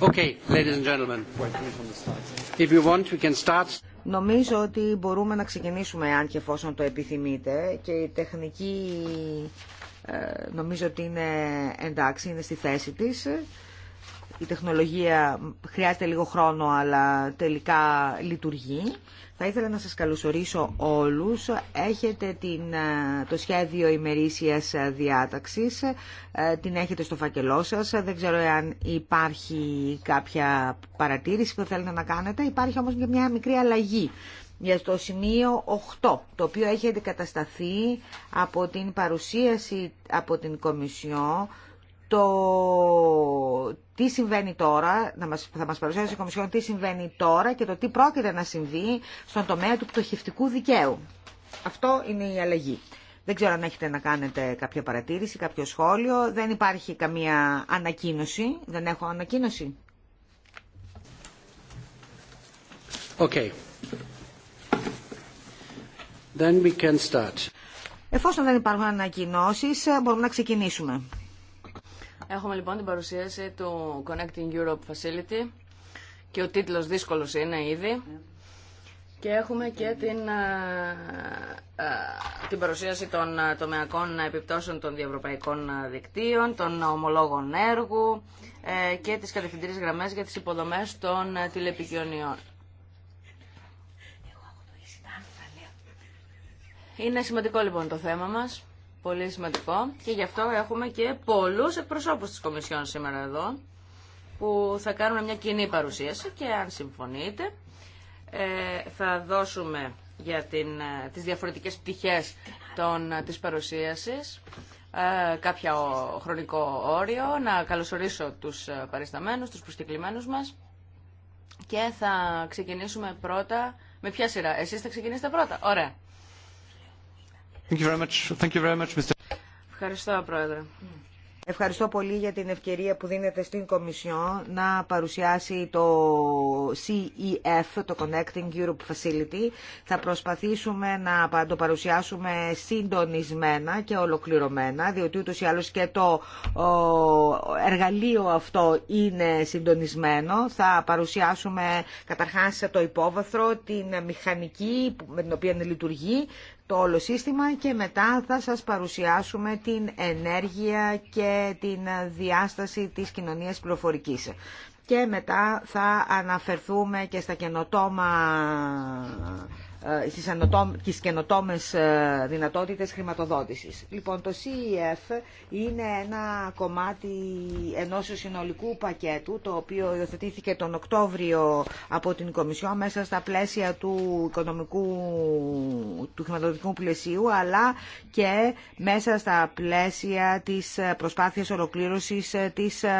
Okay, ladies we can Νομίζω ότι μπορούμε να ξεκινήσουμε αν και εφόσον το επιθυμείτε και η τεχνική ε, νομίζω ότι είναι εντάξει, είναι στη θέση της η τεχνολογία χρειάζεται λίγο χρόνο αλλά τελικά λειτουργεί. Θα ήθελα να σας καλωσορίσω όλους. Έχετε την, ε, το σχέδιο ημερήσιας ε, διάταξης, ε, την έχετε στο φακελό σας. Δεν ξέρω αν υπάρχει κάποια παρατήρηση που θέλετε να κάνετε. Υπάρχει όμως και μια μικρή αλλαγή για το σημείο 8, το οποίο έχει αντικατασταθεί από την παρουσίαση από την Κομισιό το τι συμβαίνει τώρα, μας, θα μας παρουσιάσει η Κομισιόν τι συμβαίνει τώρα και το τι πρόκειται να συμβεί στον τομέα του πτωχευτικού δικαίου. Αυτό είναι η αλλαγή. Δεν ξέρω αν έχετε να κάνετε κάποια παρατήρηση, κάποιο σχόλιο. Δεν υπάρχει καμία ανακοίνωση. Δεν έχω ανακοίνωση. Okay. Then we can start. Εφόσον δεν υπάρχουν ανακοινώσεις, μπορούμε να ξεκινήσουμε. Έχουμε λοιπόν την παρουσίαση του Connecting Europe Facility και ο τίτλος δύσκολος είναι ήδη. Και έχουμε και την, ε, ε, την παρουσίαση των ε, τομεακών επιπτώσεων των διευρωπαϊκών δικτύων, των ομολόγων έργου και τις κατευθυντήριες γραμμές για τις υποδομές των τηλεπικοινωνιών. Είναι σημαντικό λοιπόν το θέμα μας πολύ σημαντικό και γι' αυτό έχουμε και πολλούς εκπροσώπους της Κομισιόν σήμερα εδώ που θα κάνουν μια κοινή παρουσίαση και αν συμφωνείτε ε, θα δώσουμε για την, ε, τις διαφορετικές πτυχές των, ε, της παρουσίασης κάποια χρονικό όριο, να καλωσορίσω τους παρισταμένους, τους προσκεκλημένου μας και θα ξεκινήσουμε πρώτα με ποια σειρά. Εσείς θα ξεκινήσετε πρώτα. Ωραία. Ευχαριστώ, πολύ για την ευκαιρία που δίνεται στην Κομισιόν να παρουσιάσει το CEF, το Connecting Europe Facility. Θα προσπαθήσουμε να το παρουσιάσουμε συντονισμένα και ολοκληρωμένα, διότι ούτως ή άλλως και το εργαλείο αυτό είναι συντονισμένο. Θα παρουσιάσουμε καταρχάς το υπόβαθρο, την μηχανική με την οποία λειτουργεί, το όλο σύστημα και μετά θα σας παρουσιάσουμε την ενέργεια και την διάσταση της κοινωνίας πληροφορικής. Και μετά θα αναφερθούμε και στα καινοτόμα ε, τις καινοτόμες ε, δυνατότητες χρηματοδότησης. Λοιπόν, το CEF είναι ένα κομμάτι ενός συνολικού πακέτου, το οποίο υιοθετήθηκε τον Οκτώβριο από την Κομισιό μέσα στα πλαίσια του οικονομικού του χρηματοδοτικού πλαισίου, αλλά και μέσα στα πλαίσια της προσπάθειας ολοκλήρωσης της ε,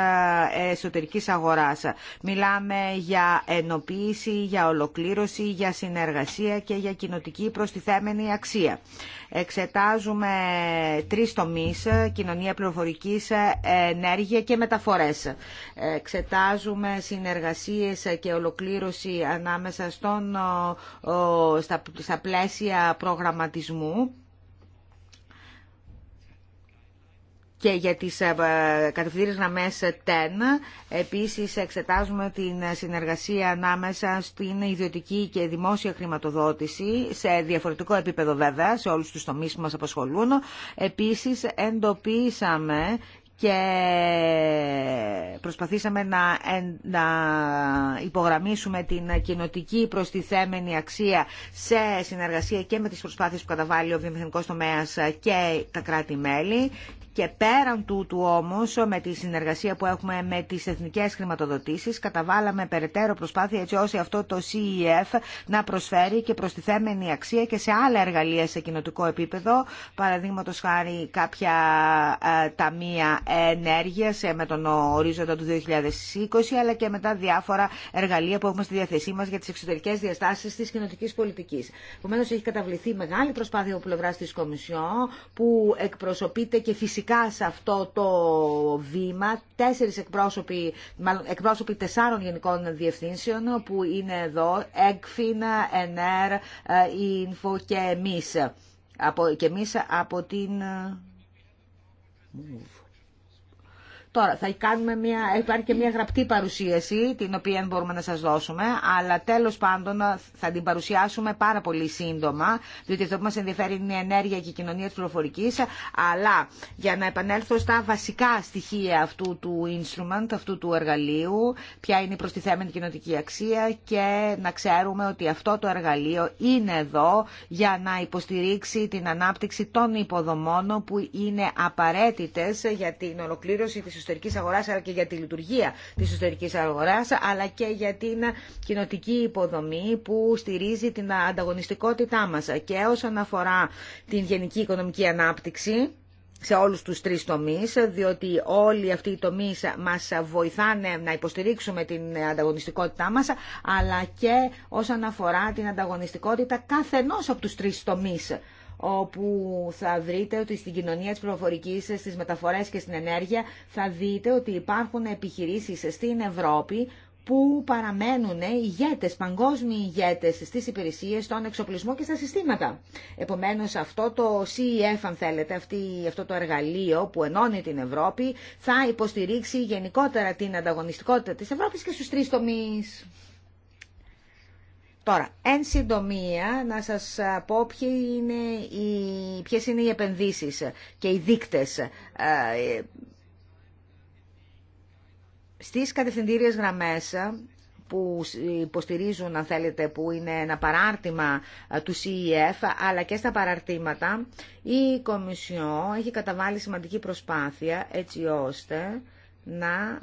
εσωτερικής αγοράς. Μιλάμε για ενοποίηση, για ολοκλήρωση, για συνεργασία για κοινοτική προστιθέμενη αξία. Εξετάζουμε τρεις τομείς, κοινωνία πληροφορικής, ενέργεια και μεταφορές. Εξετάζουμε συνεργασίες και ολοκλήρωση ανάμεσα στον, στα πλαίσια προγραμματισμού και για τις ε, κατευθύνες γραμμές TEN. Επίσης εξετάζουμε την συνεργασία ανάμεσα στην ιδιωτική και δημόσια χρηματοδότηση σε διαφορετικό επίπεδο βέβαια, σε όλους τους τομείς που μας απασχολούν. Επίσης εντοπίσαμε και προσπαθήσαμε να, να υπογραμμίσουμε την κοινοτική προστιθέμενη αξία σε συνεργασία και με τις προσπάθειες που καταβάλει ο βιομηχανικός τομέας και τα κράτη-μέλη και πέραν τούτου όμως, με τη συνεργασία που έχουμε με τις εθνικές χρηματοδοτήσεις, καταβάλαμε περαιτέρω προσπάθεια έτσι ώστε αυτό το CEF να προσφέρει και προστιθέμενη αξία και σε άλλα εργαλεία σε κοινοτικό επίπεδο, παραδείγματο χάρη κάποια ε, ταμεία ενέργειας ε, με τον ορίζοντα του 2020, αλλά και μετά διάφορα εργαλεία που έχουμε στη διαθεσή μας για τις εξωτερικές διαστάσεις της κοινοτικής πολιτικής. Επομένω, έχει καταβληθεί μεγάλη προσπάθεια από πλευρά της Κομισιό, που εκπροσωπείται και φυσικά Φυσικά σε αυτό το βήμα τέσσερις εκπρόσωποι, μάλλον εκπρόσωποι τεσσάρων γενικών διευθύνσεων που είναι εδώ, ΕΚΦΙΝ, ΕΝΕΡ, ΙΝΦΟ και εμείς. Από, και εμείς από την... Τώρα θα κάνουμε μια, υπάρχει και μια γραπτή παρουσίαση την οποία μπορούμε να σας δώσουμε αλλά τέλος πάντων θα την παρουσιάσουμε πάρα πολύ σύντομα διότι αυτό που μας ενδιαφέρει είναι η ενέργεια και η κοινωνία της πληροφορικής αλλά για να επανέλθω στα βασικά στοιχεία αυτού του instrument, αυτού του εργαλείου ποια είναι η προστιθέμενη κοινωτική αξία και να ξέρουμε ότι αυτό το εργαλείο είναι εδώ για να υποστηρίξει την ανάπτυξη των υποδομών που είναι απαραίτητες για την ολοκλήρωση της εσωτερική αλλά και για τη λειτουργία τη εσωτερική αγορά, αλλά και για την κοινοτική υποδομή που στηρίζει την ανταγωνιστικότητά μα και όσον αφορά την γενική οικονομική ανάπτυξη σε όλους τους τρεις τομείς, διότι όλοι αυτοί οι τομείς μας βοηθάνε να υποστηρίξουμε την ανταγωνιστικότητά μας, αλλά και όσον αφορά την ανταγωνιστικότητα καθενός από τους τρεις τομείς όπου θα βρείτε ότι στην κοινωνία της προφορική, στις μεταφορές και στην ενέργεια θα δείτε ότι υπάρχουν επιχειρήσεις στην Ευρώπη που παραμένουν ηγέτες, παγκόσμιοι ηγέτες στις υπηρεσίες, στον εξοπλισμό και στα συστήματα. Επομένως αυτό το CEF, αν θέλετε, αυτό το εργαλείο που ενώνει την Ευρώπη, θα υποστηρίξει γενικότερα την ανταγωνιστικότητα της Ευρώπης και στους τρεις τομείς. Τώρα, εν συντομία, να σας πω ποιε είναι οι, ποιες είναι οι επενδύσεις και οι δείκτες. Ε, στις κατευθυντήριες γραμμές που υποστηρίζουν, αν θέλετε, που είναι ένα παράρτημα ε, του CEF, αλλά και στα παραρτήματα, η Κομισιό έχει καταβάλει σημαντική προσπάθεια έτσι ώστε να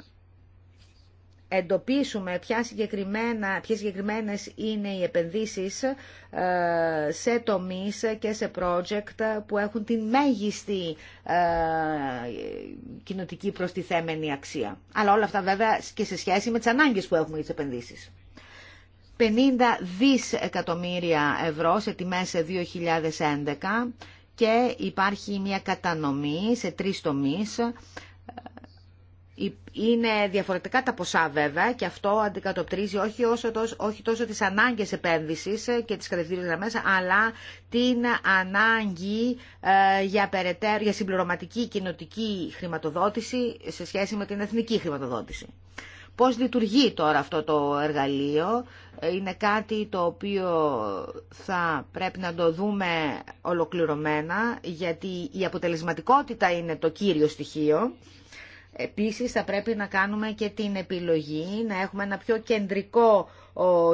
εντοπίσουμε ποια συγκεκριμένα, ποιες συγκεκριμένες είναι οι επενδύσεις ε, σε τομείς και σε project που έχουν την μέγιστη ε, κοινοτική προστιθέμενη αξία. Αλλά όλα αυτά βέβαια και σε σχέση με τις ανάγκες που έχουμε για τις επενδύσεις. 50 δις εκατομμύρια ευρώ σε τιμές 2011 και υπάρχει μια κατανομή σε τρεις τομείς είναι διαφορετικά τα ποσά βέβαια και αυτό αντικατοπτρίζει όχι, όσο τόσο, όχι τόσο τις ανάγκες επένδυσης ε, και τις κατευθύνες γραμμές αλλά την ανάγκη ε, για, περαιτέρω, για συμπληρωματική κοινοτική χρηματοδότηση σε σχέση με την εθνική χρηματοδότηση. Πώς λειτουργεί τώρα αυτό το εργαλείο ε, είναι κάτι το οποίο θα πρέπει να το δούμε ολοκληρωμένα γιατί η αποτελεσματικότητα είναι το κύριο στοιχείο Επίσης θα πρέπει να κάνουμε και την επιλογή, να έχουμε ένα πιο κεντρικό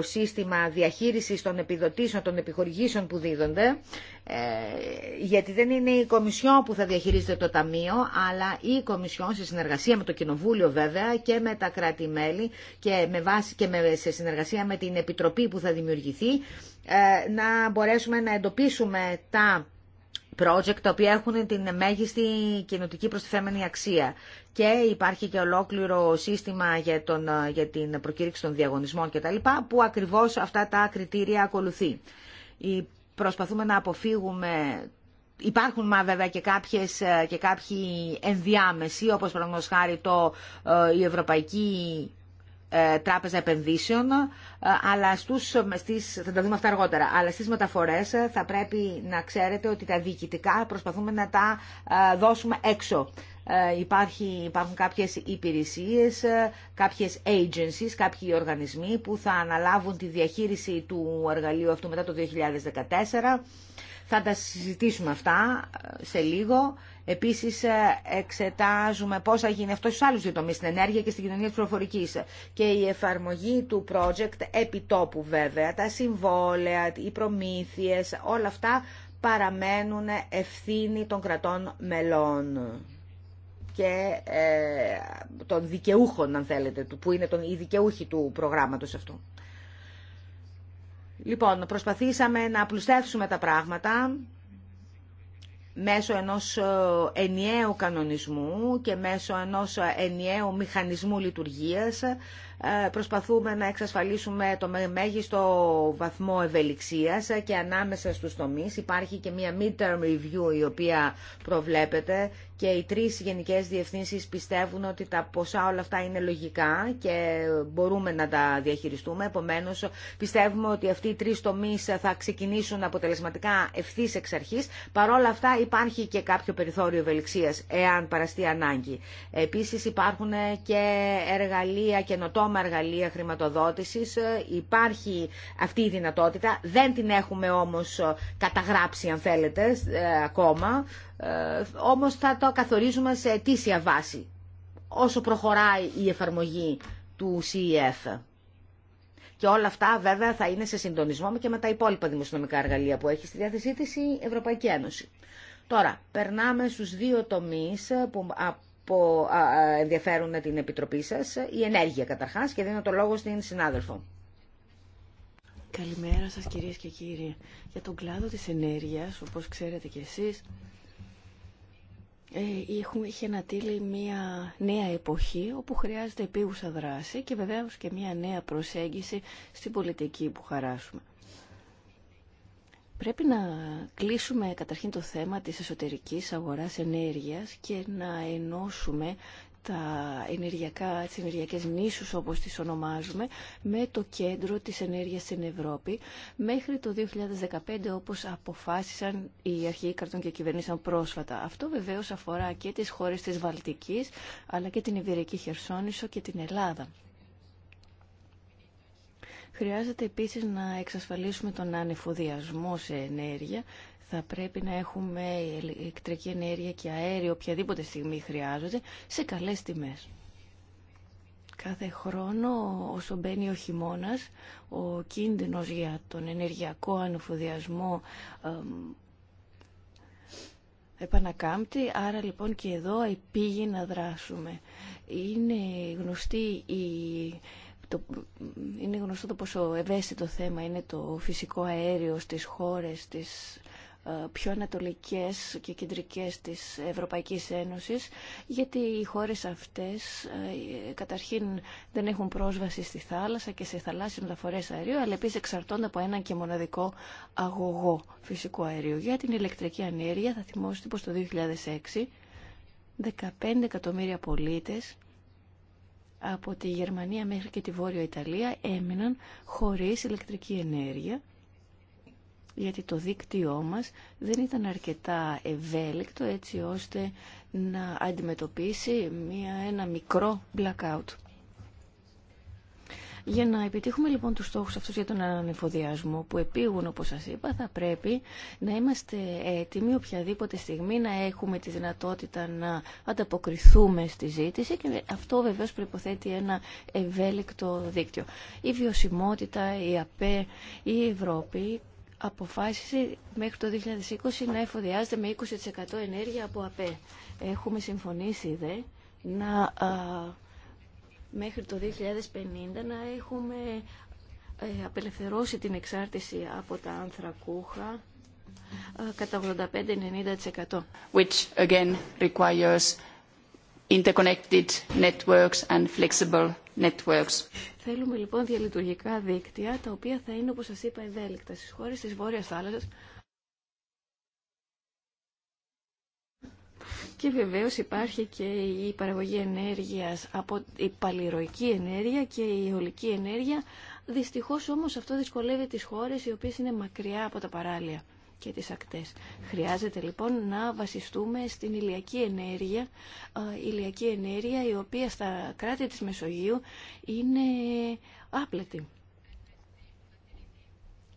σύστημα διαχείρισης των επιδοτήσεων, των επιχορηγήσεων που δίδονται, ε, γιατί δεν είναι η Κομισιόν που θα διαχειρίζεται το Ταμείο, αλλά η Κομισιόν σε συνεργασία με το Κοινοβούλιο βέβαια και με τα κράτη-μέλη και, με βάση, και με, σε συνεργασία με την Επιτροπή που θα δημιουργηθεί, ε, να μπορέσουμε να εντοπίσουμε τα project τα οποία έχουν την μέγιστη κοινωτική προστιθέμενη αξία. Και υπάρχει και ολόκληρο σύστημα για, τον, για την προκήρυξη των διαγωνισμών κτλ. που ακριβώς αυτά τα κριτήρια ακολουθεί. Προσπαθούμε να αποφύγουμε Υπάρχουν μα βέβαια και, κάποιες, και κάποιοι ενδιάμεσοι, όπως παραδείγματος χάρη το, ε, η Ευρωπαϊκή ε, τράπεζα Επενδύσεων, ε, αλλά στους, στις, θα τα δούμε αυτά αργότερα, αλλά στις μεταφορές ε, θα πρέπει να ξέρετε ότι τα διοικητικά προσπαθούμε να τα δώσουμε έξω. Υπάρχει, υπάρχουν κάποιες υπηρεσίες, κάποιες agencies, κάποιοι οργανισμοί που θα αναλάβουν τη διαχείριση του εργαλείου αυτού μετά το 2014. Θα τα συζητήσουμε αυτά σε λίγο. Επίσης ε, εξετάζουμε πώς θα γίνει αυτό στους άλλους δύο τομείς, στην ενέργεια και στην κοινωνία της προφορικής. Και η εφαρμογή του project επιτόπου βέβαια, τα συμβόλαια, οι προμήθειες, όλα αυτά παραμένουν ευθύνη των κρατών μελών και ε, των δικαιούχων, αν θέλετε, που είναι οι δικαιούχοι του προγράμματος αυτού. Λοιπόν, προσπαθήσαμε να απλουστεύσουμε τα πράγματα, μέσω ενός ε, ενιαίου κανονισμού και μέσω ενός ε, ενιαίου μηχανισμού λειτουργίας ε, προσπαθούμε να εξασφαλίσουμε το μέγιστο βαθμό ευελιξίας και ανάμεσα στους τομείς υπάρχει και μια midterm review η οποία προβλέπεται και οι τρεις γενικές διευθύνσεις πιστεύουν ότι τα ποσά όλα αυτά είναι λογικά και μπορούμε να τα διαχειριστούμε. Επομένως, πιστεύουμε ότι αυτοί οι τρεις τομείς θα ξεκινήσουν αποτελεσματικά ευθύ εξ αρχής. Παρ' όλα αυτά υπάρχει και κάποιο περιθώριο ευελιξίας, εάν παραστεί ανάγκη. Επίσης υπάρχουν και εργαλεία, καινοτόμα εργαλεία χρηματοδότησης. Υπάρχει αυτή η δυνατότητα. Δεν την έχουμε όμως καταγράψει, αν θέλετε, ακόμα. Ε, όμως θα το καθορίζουμε σε αιτήσια βάση όσο προχωράει η εφαρμογή του CEF. Και όλα αυτά βέβαια θα είναι σε συντονισμό και με τα υπόλοιπα δημοσιονομικά εργαλεία που έχει στη διάθεσή της η Ευρωπαϊκή Ένωση. Τώρα, περνάμε στους δύο τομείς που ενδιαφέρουν την Επιτροπή σας, η ενέργεια καταρχάς και δίνω το λόγο στην συνάδελφο. Καλημέρα σας κυρίες και κύριοι. Για τον κλάδο της ενέργειας, όπως ξέρετε και εσείς, ε, είχε ανατείλει μια νέα εποχή όπου χρειάζεται επίγουσα δράση και βεβαίως και μια νέα προσέγγιση στην πολιτική που χαράσουμε. Πρέπει να κλείσουμε καταρχήν το θέμα της εσωτερικής αγοράς ενέργειας και να ενώσουμε τα ενεργειακά, τις ενεργειακές νήσους όπως τις ονομάζουμε με το κέντρο της ενέργειας στην Ευρώπη μέχρι το 2015 όπως αποφάσισαν οι αρχαίοι κρατών και κυβερνήσαν πρόσφατα. Αυτό βεβαίως αφορά και τις χώρες της Βαλτικής αλλά και την Ιβηρική Χερσόνησο και την Ελλάδα. Χρειάζεται επίσης να εξασφαλίσουμε τον ανεφοδιασμό σε ενέργεια θα πρέπει να έχουμε ηλεκτρική ενέργεια και αέριο οποιαδήποτε στιγμή χρειάζονται σε καλές τιμές. Κάθε χρόνο όσο μπαίνει ο χειμώνας, ο κίνδυνος για τον ενεργειακό ανεφοδιασμό επανακάμπτει, άρα λοιπόν και εδώ επίγει να δράσουμε. Είναι γνωστή η το, είναι γνωστό το πόσο ευαίσθητο θέμα είναι το φυσικό αέριο στις χώρες της ε, πιο ανατολικές και κεντρικές της Ευρωπαϊκής Ένωσης, γιατί οι χώρες αυτές ε, καταρχήν δεν έχουν πρόσβαση στη θάλασσα και σε θαλάσσιες μεταφορές αερίου, αλλά επίσης εξαρτώνται από έναν και μοναδικό αγωγό φυσικού αερίου. Για την ηλεκτρική ανέργεια θα θυμόσαστε πως το 2006 15 εκατομμύρια πολίτες από τη Γερμανία μέχρι και τη Βόρεια Ιταλία έμειναν χωρίς ηλεκτρική ενέργεια γιατί το δίκτυό μας δεν ήταν αρκετά ευέλικτο έτσι ώστε να αντιμετωπίσει μια, ένα μικρό blackout. Για να επιτύχουμε λοιπόν τους στόχους αυτούς για τον ανεφοδιασμό που επίγουν όπως σας είπα θα πρέπει να είμαστε έτοιμοι οποιαδήποτε στιγμή να έχουμε τη δυνατότητα να ανταποκριθούμε στη ζήτηση και αυτό βεβαίως προϋποθέτει ένα ευέλικτο δίκτυο. Η βιωσιμότητα, η ΑΠΕ, η Ευρώπη αποφάσισε μέχρι το 2020 να εφοδιάζεται με 20% ενέργεια από ΑΠΕ. Έχουμε συμφωνήσει δε να μέχρι το 2050 να έχουμε ε, απελευθερώσει την εξάρτηση από τα άνθρακούχα ε, κατά 85-90%. Which again requires interconnected networks and flexible networks. Θέλουμε λοιπόν διαλειτουργικά δίκτυα τα οποία θα είναι όπως σας είπα ευέλικτα στις χώρες της Βόρειας Θάλασσας Και βεβαίως υπάρχει και η παραγωγή ενέργειας από η παλιροϊκή ενέργεια και η αιωλική ενέργεια. Δυστυχώς όμως αυτό δυσκολεύει τις χώρες οι οποίες είναι μακριά από τα παράλια και τις ακτές. Χρειάζεται λοιπόν να βασιστούμε στην ηλιακή ενέργεια, ηλιακή ενέργεια η οποία στα κράτη της Μεσογείου είναι άπλετη.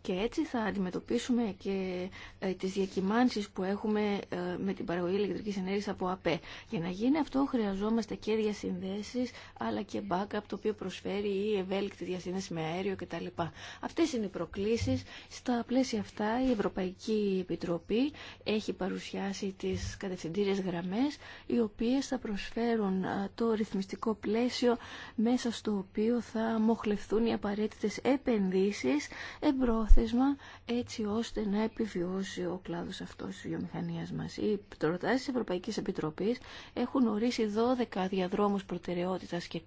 Και έτσι θα αντιμετωπίσουμε και ε, τις διακυμάνσεις που έχουμε ε, με την παραγωγή ηλεκτρικής ενέργειας από ΑΠΕ. Για να γίνει αυτό χρειαζόμαστε και διασυνδέσεις αλλά και backup το οποίο προσφέρει η ευέλικτη διασύνδεση με αέριο κτλ. Αυτές είναι οι προκλήσεις. Στα πλαίσια αυτά η Ευρωπαϊκή Επιτροπή έχει παρουσιάσει τις κατευθυντήριες γραμμές οι οποίες θα προσφέρουν το ρυθμιστικό πλαίσιο μέσα στο οποίο θα μοχλευθούν οι απαραίτητες επενδύσεις εμπρό έτσι ώστε να επιβιώσει ο κλάδος αυτός της βιομηχανίας μας. Οι προτάσεις της Ευρωπαϊκής Επιτροπής έχουν ορίσει 12 διαδρόμους προτεραιότητας και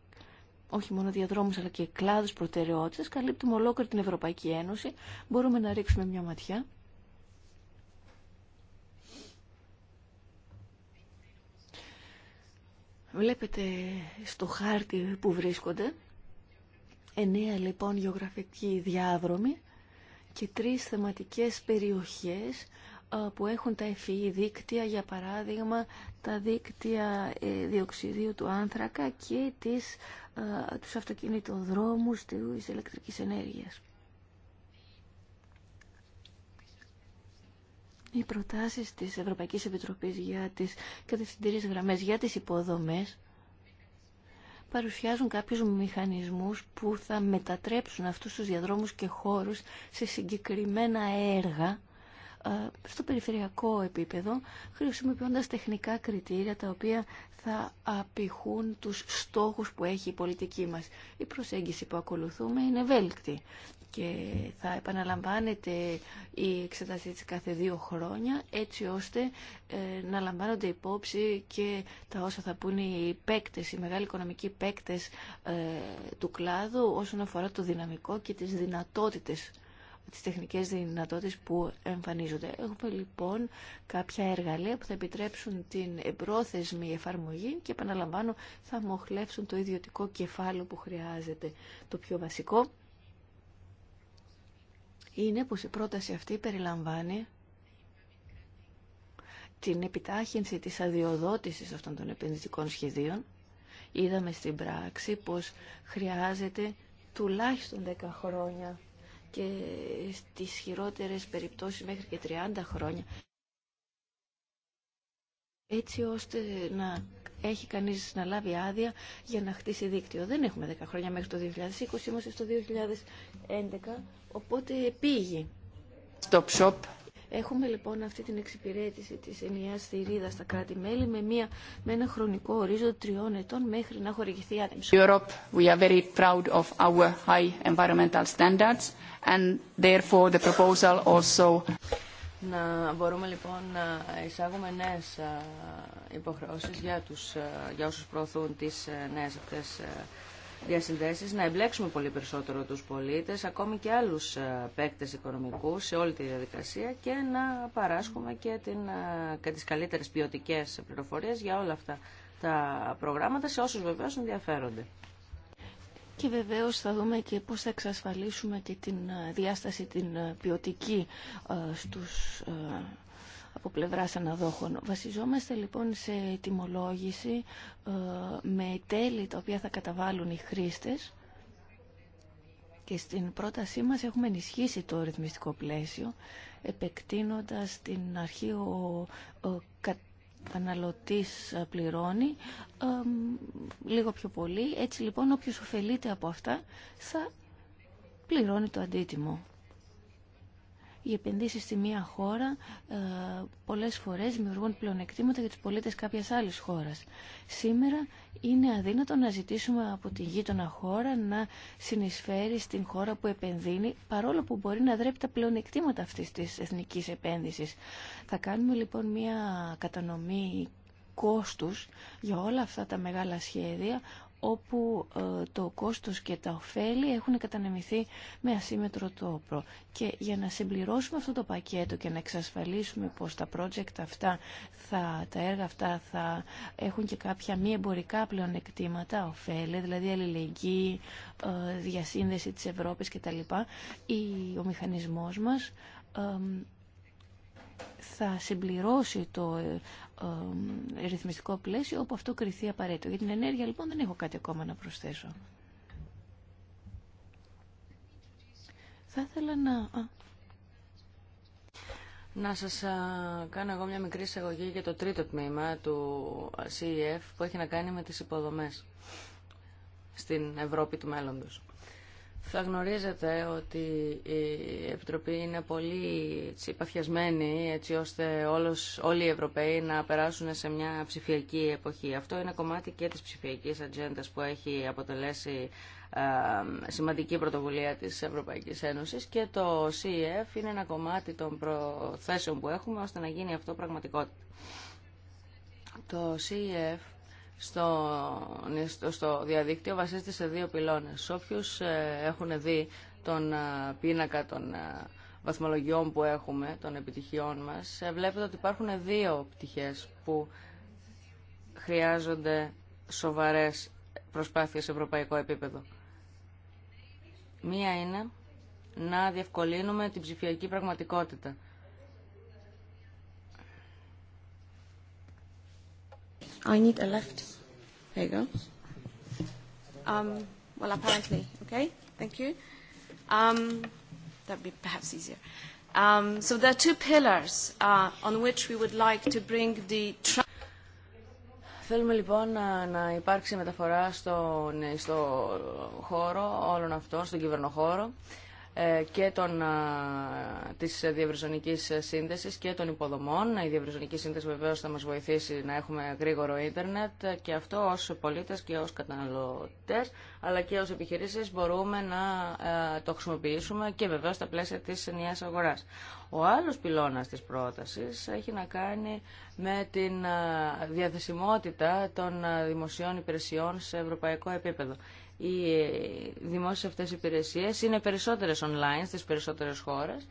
όχι μόνο διαδρόμους αλλά και κλάδους προτεραιότητας. Καλύπτουμε ολόκληρη την Ευρωπαϊκή Ένωση. Μπορούμε να ρίξουμε μια ματιά. Βλέπετε στο χάρτη που βρίσκονται. Εννέα λοιπόν γεωγραφικοί διάδρομοι και τρεις θεματικές περιοχές ε, που έχουν τα ευφυή δίκτυα, για παράδειγμα τα δίκτυα ε, διοξιδίου του άνθρακα και τις, ε, τους αυτοκινητοδρόμους της ηλεκτρικής ενέργειας. Οι προτάσεις της Ευρωπαϊκής Επιτροπής για τις κατευθυντήριες γραμμές, για τις υποδομές, παρουσιάζουν κάποιους μηχανισμούς που θα μετατρέψουν αυτούς τους διαδρόμους και χώρους σε συγκεκριμένα έργα ε, στο περιφερειακό επίπεδο, χρησιμοποιώντας τεχνικά κριτήρια τα οποία θα απηχούν τους στόχους που έχει η πολιτική μας. Η προσέγγιση που ακολουθούμε είναι ευέλικτη και θα επαναλαμβάνεται η εξετασία της κάθε δύο χρόνια έτσι ώστε ε, να λαμβάνονται υπόψη και τα όσα θα πούνε οι παίκτες, οι μεγάλοι οικονομικοί παίκτες ε, του κλάδου όσον αφορά το δυναμικό και τις δυνατότητες τις τεχνικές δυνατότητες που εμφανίζονται. Έχουμε λοιπόν κάποια εργαλεία που θα επιτρέψουν την εμπρόθεσμη εφαρμογή και επαναλαμβάνω θα μοχλεύσουν το ιδιωτικό κεφάλαιο που χρειάζεται. Το πιο βασικό είναι πως η πρόταση αυτή περιλαμβάνει την επιτάχυνση της αδειοδότησης αυτών των επενδυτικών σχεδίων. Είδαμε στην πράξη πως χρειάζεται τουλάχιστον 10 χρόνια και στις χειρότερες περιπτώσεις μέχρι και 30 χρόνια έτσι ώστε να έχει κανείς να λάβει άδεια για να χτίσει δίκτυο. Δεν έχουμε 10 χρόνια μέχρι το 2020, είμαστε στο 2011, οπότε πήγε. Stop shop. Έχουμε λοιπόν αυτή την εξυπηρέτηση της ενιαίας θηρίδας στα κράτη-μέλη με, μια, με ένα χρονικό ορίζοντα τριών ετών μέχρι να χορηγηθεί άδεια. Europe, we are very proud of our high environmental standards and therefore the proposal also... Να μπορούμε λοιπόν να εισάγουμε νέες υποχρεώσεις για, τους, για όσους προωθούν τις ε, νέες αυτές ε, διασυνδέσεις, να εμπλέξουμε πολύ περισσότερο τους πολίτες, ακόμη και άλλους παίκτες οικονομικούς σε όλη τη διαδικασία και να παράσχουμε και, την, και τις καλύτερες ποιοτικές πληροφορίες για όλα αυτά τα προγράμματα σε όσους βεβαίως ενδιαφέρονται και βεβαίως θα δούμε και πώς θα εξασφαλίσουμε και την ε, διάσταση την ε, ποιοτική ε, στους από πλευράς αναδόχων. Βασιζόμαστε λοιπόν σε τιμολόγηση με τέλη τα οποία θα καταβάλουν οι χρήστες και στην πρότασή μας έχουμε ενισχύσει το ρυθμιστικό πλαίσιο επεκτείνοντας την αρχή ο, καταναλωτής ε, πληρώνει λίγο πιο πολύ. Έτσι λοιπόν όποιος ωφελείται από αυτά θα πληρώνει το αντίτιμο. Οι επενδύσεις στη μία χώρα ε, πολλές φορές δημιουργούν πλεονεκτήματα για τους πολίτες κάποιας άλλης χώρας. Σήμερα είναι αδύνατο να ζητήσουμε από τη γείτονα χώρα να συνεισφέρει στην χώρα που επενδύνει, παρόλο που μπορεί να δρέπει τα πλεονεκτήματα αυτής της εθνικής επένδυσης. Θα κάνουμε λοιπόν μία κατανομή κόστους για όλα αυτά τα μεγάλα σχέδια όπου ε, το κόστος και τα ωφέλη έχουν κατανεμηθεί με ασύμετρο τόπο. Και για να συμπληρώσουμε αυτό το πακέτο και να εξασφαλίσουμε πως τα project αυτά, θα, τα έργα αυτά θα έχουν και κάποια μη εμπορικά πλεονεκτήματα, ωφέλη, δηλαδή αλληλεγγύη, ε, διασύνδεση της Ευρώπης κτλ. Ο μηχανισμός μας θα συμπληρώσει το ε, ε, ρυθμιστικό πλαίσιο όπου αυτό κριθεί απαραίτητο. Για την ενέργεια λοιπόν δεν έχω κάτι ακόμα να προσθέσω. Θα ήθελα να... Να σας κάνω εγώ μια μικρή εισαγωγή για το τρίτο τμήμα του CEF που έχει να κάνει με τις υποδομές στην Ευρώπη του μέλλοντος. Θα γνωρίζετε ότι η Επιτροπή είναι πολύ παθιασμένη έτσι ώστε όλος, όλοι οι Ευρωπαίοι να περάσουν σε μια ψηφιακή εποχή. Αυτό είναι κομμάτι και της ψηφιακής ατζέντα που έχει αποτελέσει σημαντική πρωτοβουλία της Ευρωπαϊκής Ένωσης και το CEF είναι ένα κομμάτι των προθέσεων που έχουμε ώστε να γίνει αυτό πραγματικότητα. Το CEF στο, στο διαδίκτυο βασίζεται σε δύο πυλώνες. Όποιους ε, έχουν δει τον ε, πίνακα των ε, βαθμολογιών που έχουμε, των επιτυχιών μας, βλέπετε ότι υπάρχουν δύο πτυχές που χρειάζονται σοβαρές προσπάθειες σε ευρωπαϊκό επίπεδο. Μία είναι να διευκολύνουμε την ψηφιακή πραγματικότητα I need a left. There you go. Um, well, apparently. Okay, thank you. Um, that would be perhaps easier. Um, so there are two pillars uh, on which we would like to bring the... Θέλουμε λοιπόν να, να υπάρξει μεταφορά στον, στο χώρο όλων αυτών, στον κυβερνοχώρο. Ε, και των, ε, της διευρυζωνικής σύνδεσης και των υποδομών. Η διευρυζωνική σύνδεση βεβαίως θα μας βοηθήσει να έχουμε γρήγορο ίντερνετ και αυτό ως πολίτες και ως καταναλωτές αλλά και ως επιχειρήσεις μπορούμε να ε, το χρησιμοποιήσουμε και βεβαίως στα πλαίσια της ενιαίας αγοράς. Ο άλλος πυλώνας της πρότασης έχει να κάνει με την διαθεσιμότητα των δημοσίων υπηρεσιών σε ευρωπαϊκό επίπεδο οι δημόσιες αυτές υπηρεσίες είναι περισσότερες online στις περισσότερες χώρες.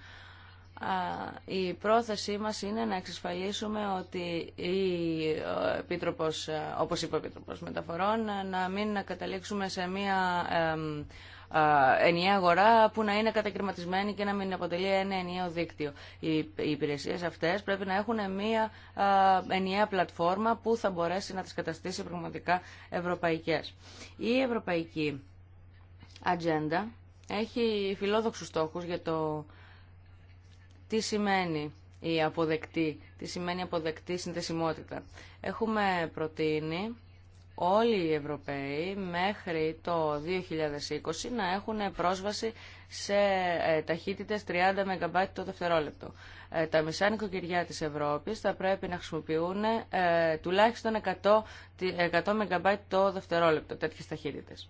Η πρόθεσή μας είναι να εξασφαλίσουμε ότι η Επίτροπος, ε, όπως είπε ο Επίτροπος Μεταφορών, να μην καταλήξουμε σε μια ε, ενιαία αγορά που να είναι κατακριματισμένη και να μην αποτελεί ένα ενιαίο δίκτυο. Οι υπηρεσίες αυτές πρέπει να έχουν μια ε, ενιαία πλατφόρμα που θα μπορέσει να τις καταστήσει πραγματικά ευρωπαϊκές. Η ευρωπαϊκή ατζέντα έχει φιλόδοξους στόχους για το τι σημαίνει η αποδεκτή, τι σημαίνει αποδεκτή συνδεσιμότητα. Έχουμε προτείνει όλοι οι Ευρωπαίοι μέχρι το 2020 να έχουν πρόσβαση σε ε, ταχύτητες 30 MB το δευτερόλεπτο. Ε, τα μισά νοικοκυριά της Ευρώπης θα πρέπει να χρησιμοποιούν ε, τουλάχιστον 100 MB το δευτερόλεπτο τέτοιες ταχύτητες.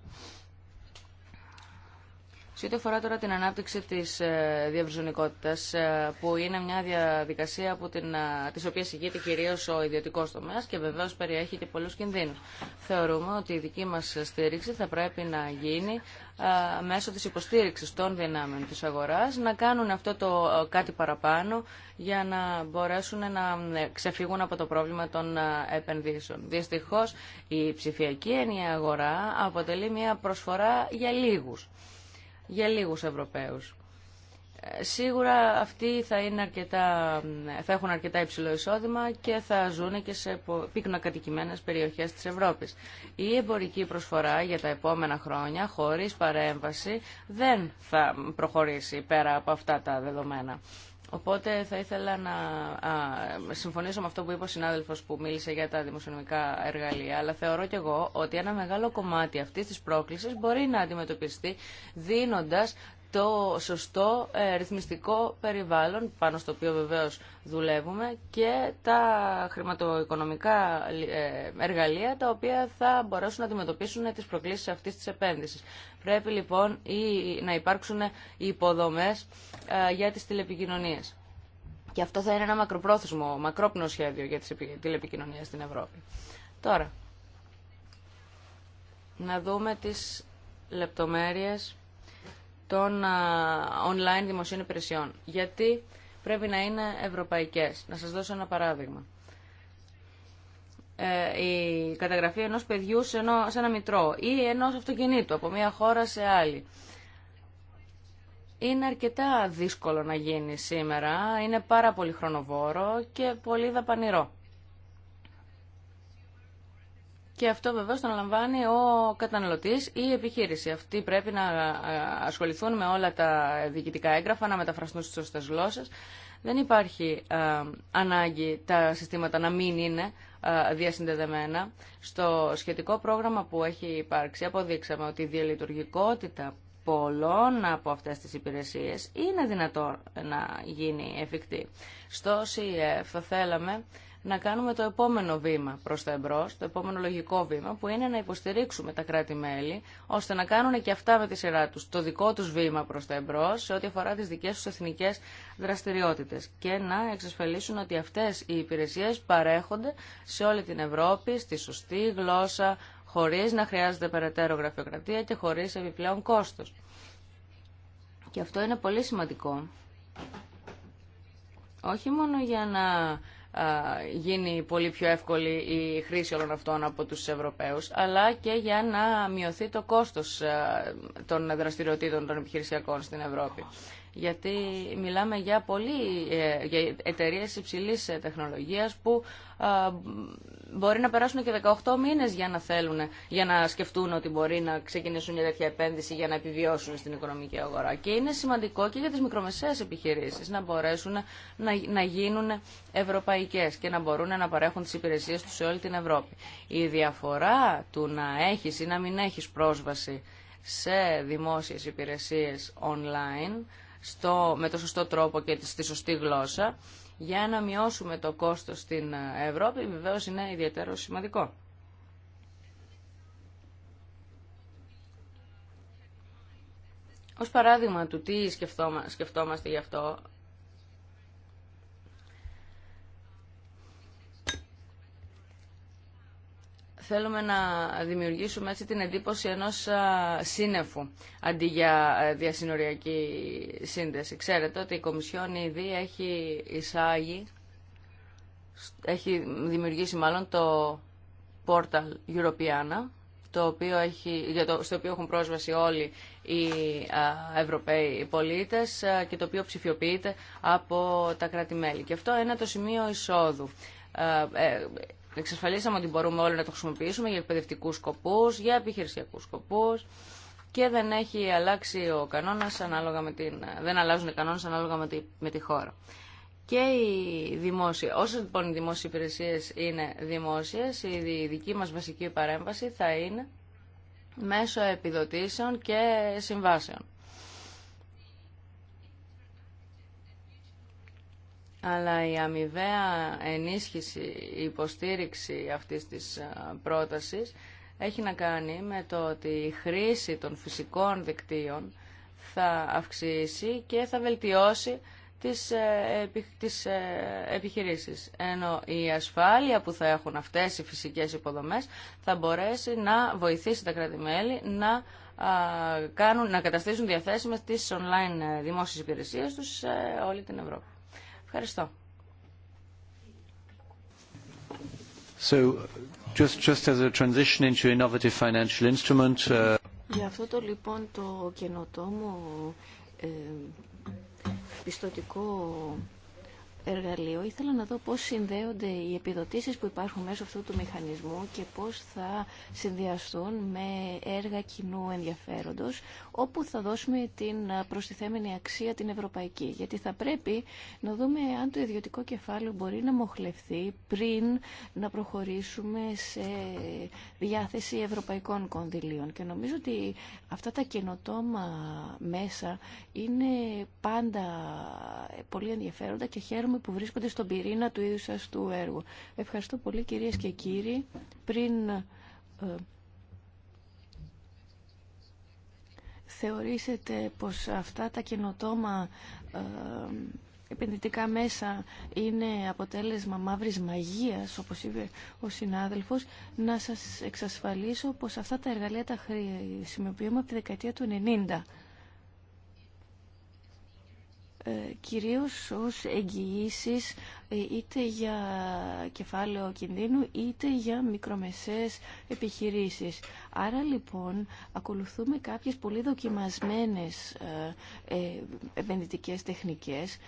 Σε ό,τι αφορά τώρα την ανάπτυξη της ε, διαβριζονικότητας, ε, που είναι μια διαδικασία που οποία ε, της οποίας ηγείται κυρίω ο ιδιωτικό τομέα και βεβαίω περιέχει και πολλού κινδύνου. Θεωρούμε ότι η δική μα στήριξη θα πρέπει να γίνει μέσω τη υποστήριξη των δυνάμεων τη αγορά, να κάνουν αυτό το κάτι παραπάνω για να μπορέσουν να ξεφύγουν από το πρόβλημα των επενδύσεων. Δυστυχώ, η ψηφιακή ενιαία αγορά αποτελεί μια προσφορά για λίγου για λίγους Ευρωπαίους. Ε, σίγουρα αυτοί θα, είναι αρκετά, θα έχουν αρκετά υψηλό εισόδημα και θα ζουν και σε πύκνα κατοικημένες περιοχές της Ευρώπης. Η εμπορική προσφορά για τα επόμενα χρόνια, χωρίς παρέμβαση, δεν θα προχωρήσει πέρα από αυτά τα δεδομένα. Οπότε θα ήθελα να συμφωνήσω με αυτό που είπε ο συνάδελφος που μίλησε για τα δημοσιονομικά εργαλεία, αλλά θεωρώ και εγώ ότι ένα μεγάλο κομμάτι αυτής της πρόκλησης μπορεί να αντιμετωπιστεί δίνοντας το σωστό ε, ρυθμιστικό περιβάλλον πάνω στο οποίο βεβαίως δουλεύουμε και τα χρηματοοικονομικά ε, εργαλεία τα οποία θα μπορέσουν να αντιμετωπίσουν τις προκλήσεις αυτής της επένδυσης. Πρέπει λοιπόν να υπάρξουν υποδομές ε, για τις τηλεπικοινωνίες. Και αυτό θα είναι ένα μακροπρόθεσμο, μακρόπνο σχέδιο για τις τηλεπικοινωνίες στην Ευρώπη. Τώρα, να δούμε τις λεπτομέρειες των online δημοσίων υπηρεσιών. Γιατί πρέπει να είναι ευρωπαϊκές. Να σας δώσω ένα παράδειγμα. Ε, η καταγραφή ενός παιδιού σε ένα μητρό ή ενός αυτοκινήτου από μια χώρα σε άλλη. Είναι αρκετά δύσκολο να γίνει σήμερα, είναι πάρα πολύ χρονοβόρο και πολύ δαπανηρό και αυτό βεβαίω το αναλαμβάνει ο καταναλωτή ή η επιχείρηση. Αυτοί πρέπει να ε, ασχοληθούν με όλα τα διοικητικά έγγραφα, να μεταφραστούν στι σωστέ γλώσσες. Δεν υπάρχει ε, ανάγκη τα συστήματα να μην είναι ε, διασυνδεδεμένα. Στο σχετικό πρόγραμμα που έχει υπάρξει αποδείξαμε ότι η διαλειτουργικότητα πολλών από αυτές τις υπηρεσίες είναι δυνατόν να γίνει εφικτή. Στο ΣΥΕΦ θα θέλαμε να κάνουμε το επόμενο βήμα προς τα εμπρός, το επόμενο λογικό βήμα, που είναι να υποστηρίξουμε τα κράτη-μέλη, ώστε να κάνουν και αυτά με τη σειρά τους το δικό τους βήμα προς τα εμπρός, σε ό,τι αφορά τις δικές τους εθνικές δραστηριότητες και να εξασφαλίσουν ότι αυτές οι υπηρεσίες παρέχονται σε όλη την Ευρώπη, στη σωστή γλώσσα, χωρίς να χρειάζεται περαιτέρω γραφειοκρατία και χωρίς επιπλέον κόστος. Και αυτό είναι πολύ σημαντικό. Όχι μόνο για να γίνει πολύ πιο εύκολη η χρήση όλων αυτών από τους Ευρωπαίους, αλλά και για να μειωθεί το κόστος των δραστηριοτήτων των επιχειρησιακών στην Ευρώπη γιατί μιλάμε για, πολύ, ε, για εταιρείες υψηλής ε, τεχνολογίας που ε, μπορεί να περάσουν και 18 μήνες για να θέλουν, για να σκεφτούν ότι μπορεί να ξεκινήσουν μια τέτοια επένδυση για να επιβιώσουν στην οικονομική αγορά. Και είναι σημαντικό και για τις μικρομεσαίες επιχειρήσεις να μπορέσουν να, να γίνουν ευρωπαϊκές και να μπορούν να παρέχουν τις υπηρεσίες τους σε όλη την Ευρώπη. Η διαφορά του να έχεις ή να μην έχεις πρόσβαση σε δημόσιες υπηρεσίες online στο, με το σωστό τρόπο και στη σωστή γλώσσα για να μειώσουμε το κόστος στην ε, Ευρώπη βεβαίως είναι ιδιαίτερο σημαντικό. Ως παράδειγμα του τι σκεφτόμαστε γι' αυτό, θέλουμε να δημιουργήσουμε έτσι την εντύπωση ενός σύννεφου αντί για διασυνοριακή σύνδεση. Ξέρετε ότι η Κομισιόν ήδη έχει εισάγει, έχει δημιουργήσει μάλλον το πόρταλ Europeana, το οποίο έχει, για το, στο οποίο έχουν πρόσβαση όλοι οι Ευρωπαίοι πολίτες και το οποίο ψηφιοποιείται από τα κράτη-μέλη. Και αυτό είναι το σημείο εισόδου ε, εξασφαλίσαμε ότι μπορούμε όλοι να το χρησιμοποιήσουμε για εκπαιδευτικού σκοπούς, για επιχειρησιακούς σκοπούς και δεν έχει αλλάξει ο κανόνα, ανάλογα με την, δεν αλλάζουν οι κανόνες ανάλογα με τη, με τη χώρα. Και οι δημόσιοι, όσες λοιπόν οι δημόσιε υπηρεσίες είναι δημόσιες, η δική μας βασική παρέμβαση θα είναι μέσω επιδοτήσεων και συμβάσεων. αλλά η αμοιβαία ενίσχυση, η υποστήριξη αυτής της πρότασης έχει να κάνει με το ότι η χρήση των φυσικών δικτύων θα αυξήσει και θα βελτιώσει τις, ε, τις ε, επιχειρήσεις. Ενώ η ασφάλεια που θα έχουν αυτές οι φυσικές υποδομές θα μπορέσει να βοηθήσει τα κράτη-μέλη να, κάνουν, να καταστήσουν διαθέσιμες τις online ε, δημόσιες υπηρεσίες τους σε όλη την Ευρώπη. Ευχαριστώ. So, just, just as a transition into innovative financial instrument, uh, Για αυτό το λοιπόν το καινοτόμο ε, πιστοτικό εργαλείο ήθελα να δω πώς συνδέονται οι επιδοτήσεις που υπάρχουν μέσω αυτού του μηχανισμού και πώς θα συνδυαστούν με έργα κοινού ενδιαφέροντος όπου θα δώσουμε την ε, προστιθέμενη αξία την ευρωπαϊκή. Γιατί θα πρέπει να δούμε αν το ιδιωτικό κεφάλαιο μπορεί να μοχλευθεί πριν να προχωρήσουμε σε διάθεση ευρωπαϊκών κονδυλίων. Και νομίζω ότι αυτά τα καινοτόμα μέσα είναι πάντα πολύ ενδιαφέροντα και χαίρομαι που βρίσκονται στον πυρήνα του ίδιου σας του έργου. Ευχαριστώ πολύ κυρίες και κύριοι. Πριν ε, θεωρήσετε πως αυτά τα καινοτόμα ε, επενδυτικά μέσα είναι αποτέλεσμα μαύρης μαγείας, όπως είπε ο συνάδελφος, να σας εξασφαλίσω πως αυτά τα εργαλεία τα χρησιμοποιούμε από τη δεκαετία του 90. Ε, κυρίως ως εγγυήσει ε, είτε για κεφάλαιο κινδύνου είτε για μικρομεσές επιχειρήσεις. Άρα λοιπόν ακολουθούμε κάποιες πολύ δοκιμασμένες ε, επενδυτικές τεχνικές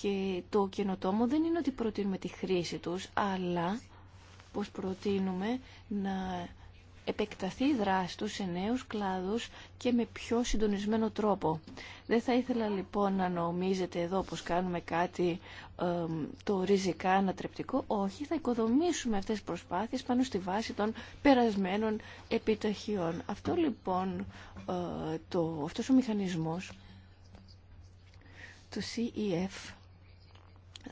και το καινοτόμο δεν είναι ότι προτείνουμε τη χρήση τους, αλλά πως προτείνουμε να επεκταθεί η δράση τους σε νέους κλάδους και με πιο συντονισμένο τρόπο. Δεν θα ήθελα λοιπόν να νομίζετε εδώ πως κάνουμε κάτι το ριζικά ανατρεπτικό. Όχι, θα οικοδομήσουμε αυτές τις προσπάθειες πάνω στη βάση των περασμένων επιταχειών. Αυτό λοιπόν, ε, το, αυτός ο μηχανισμός του CEF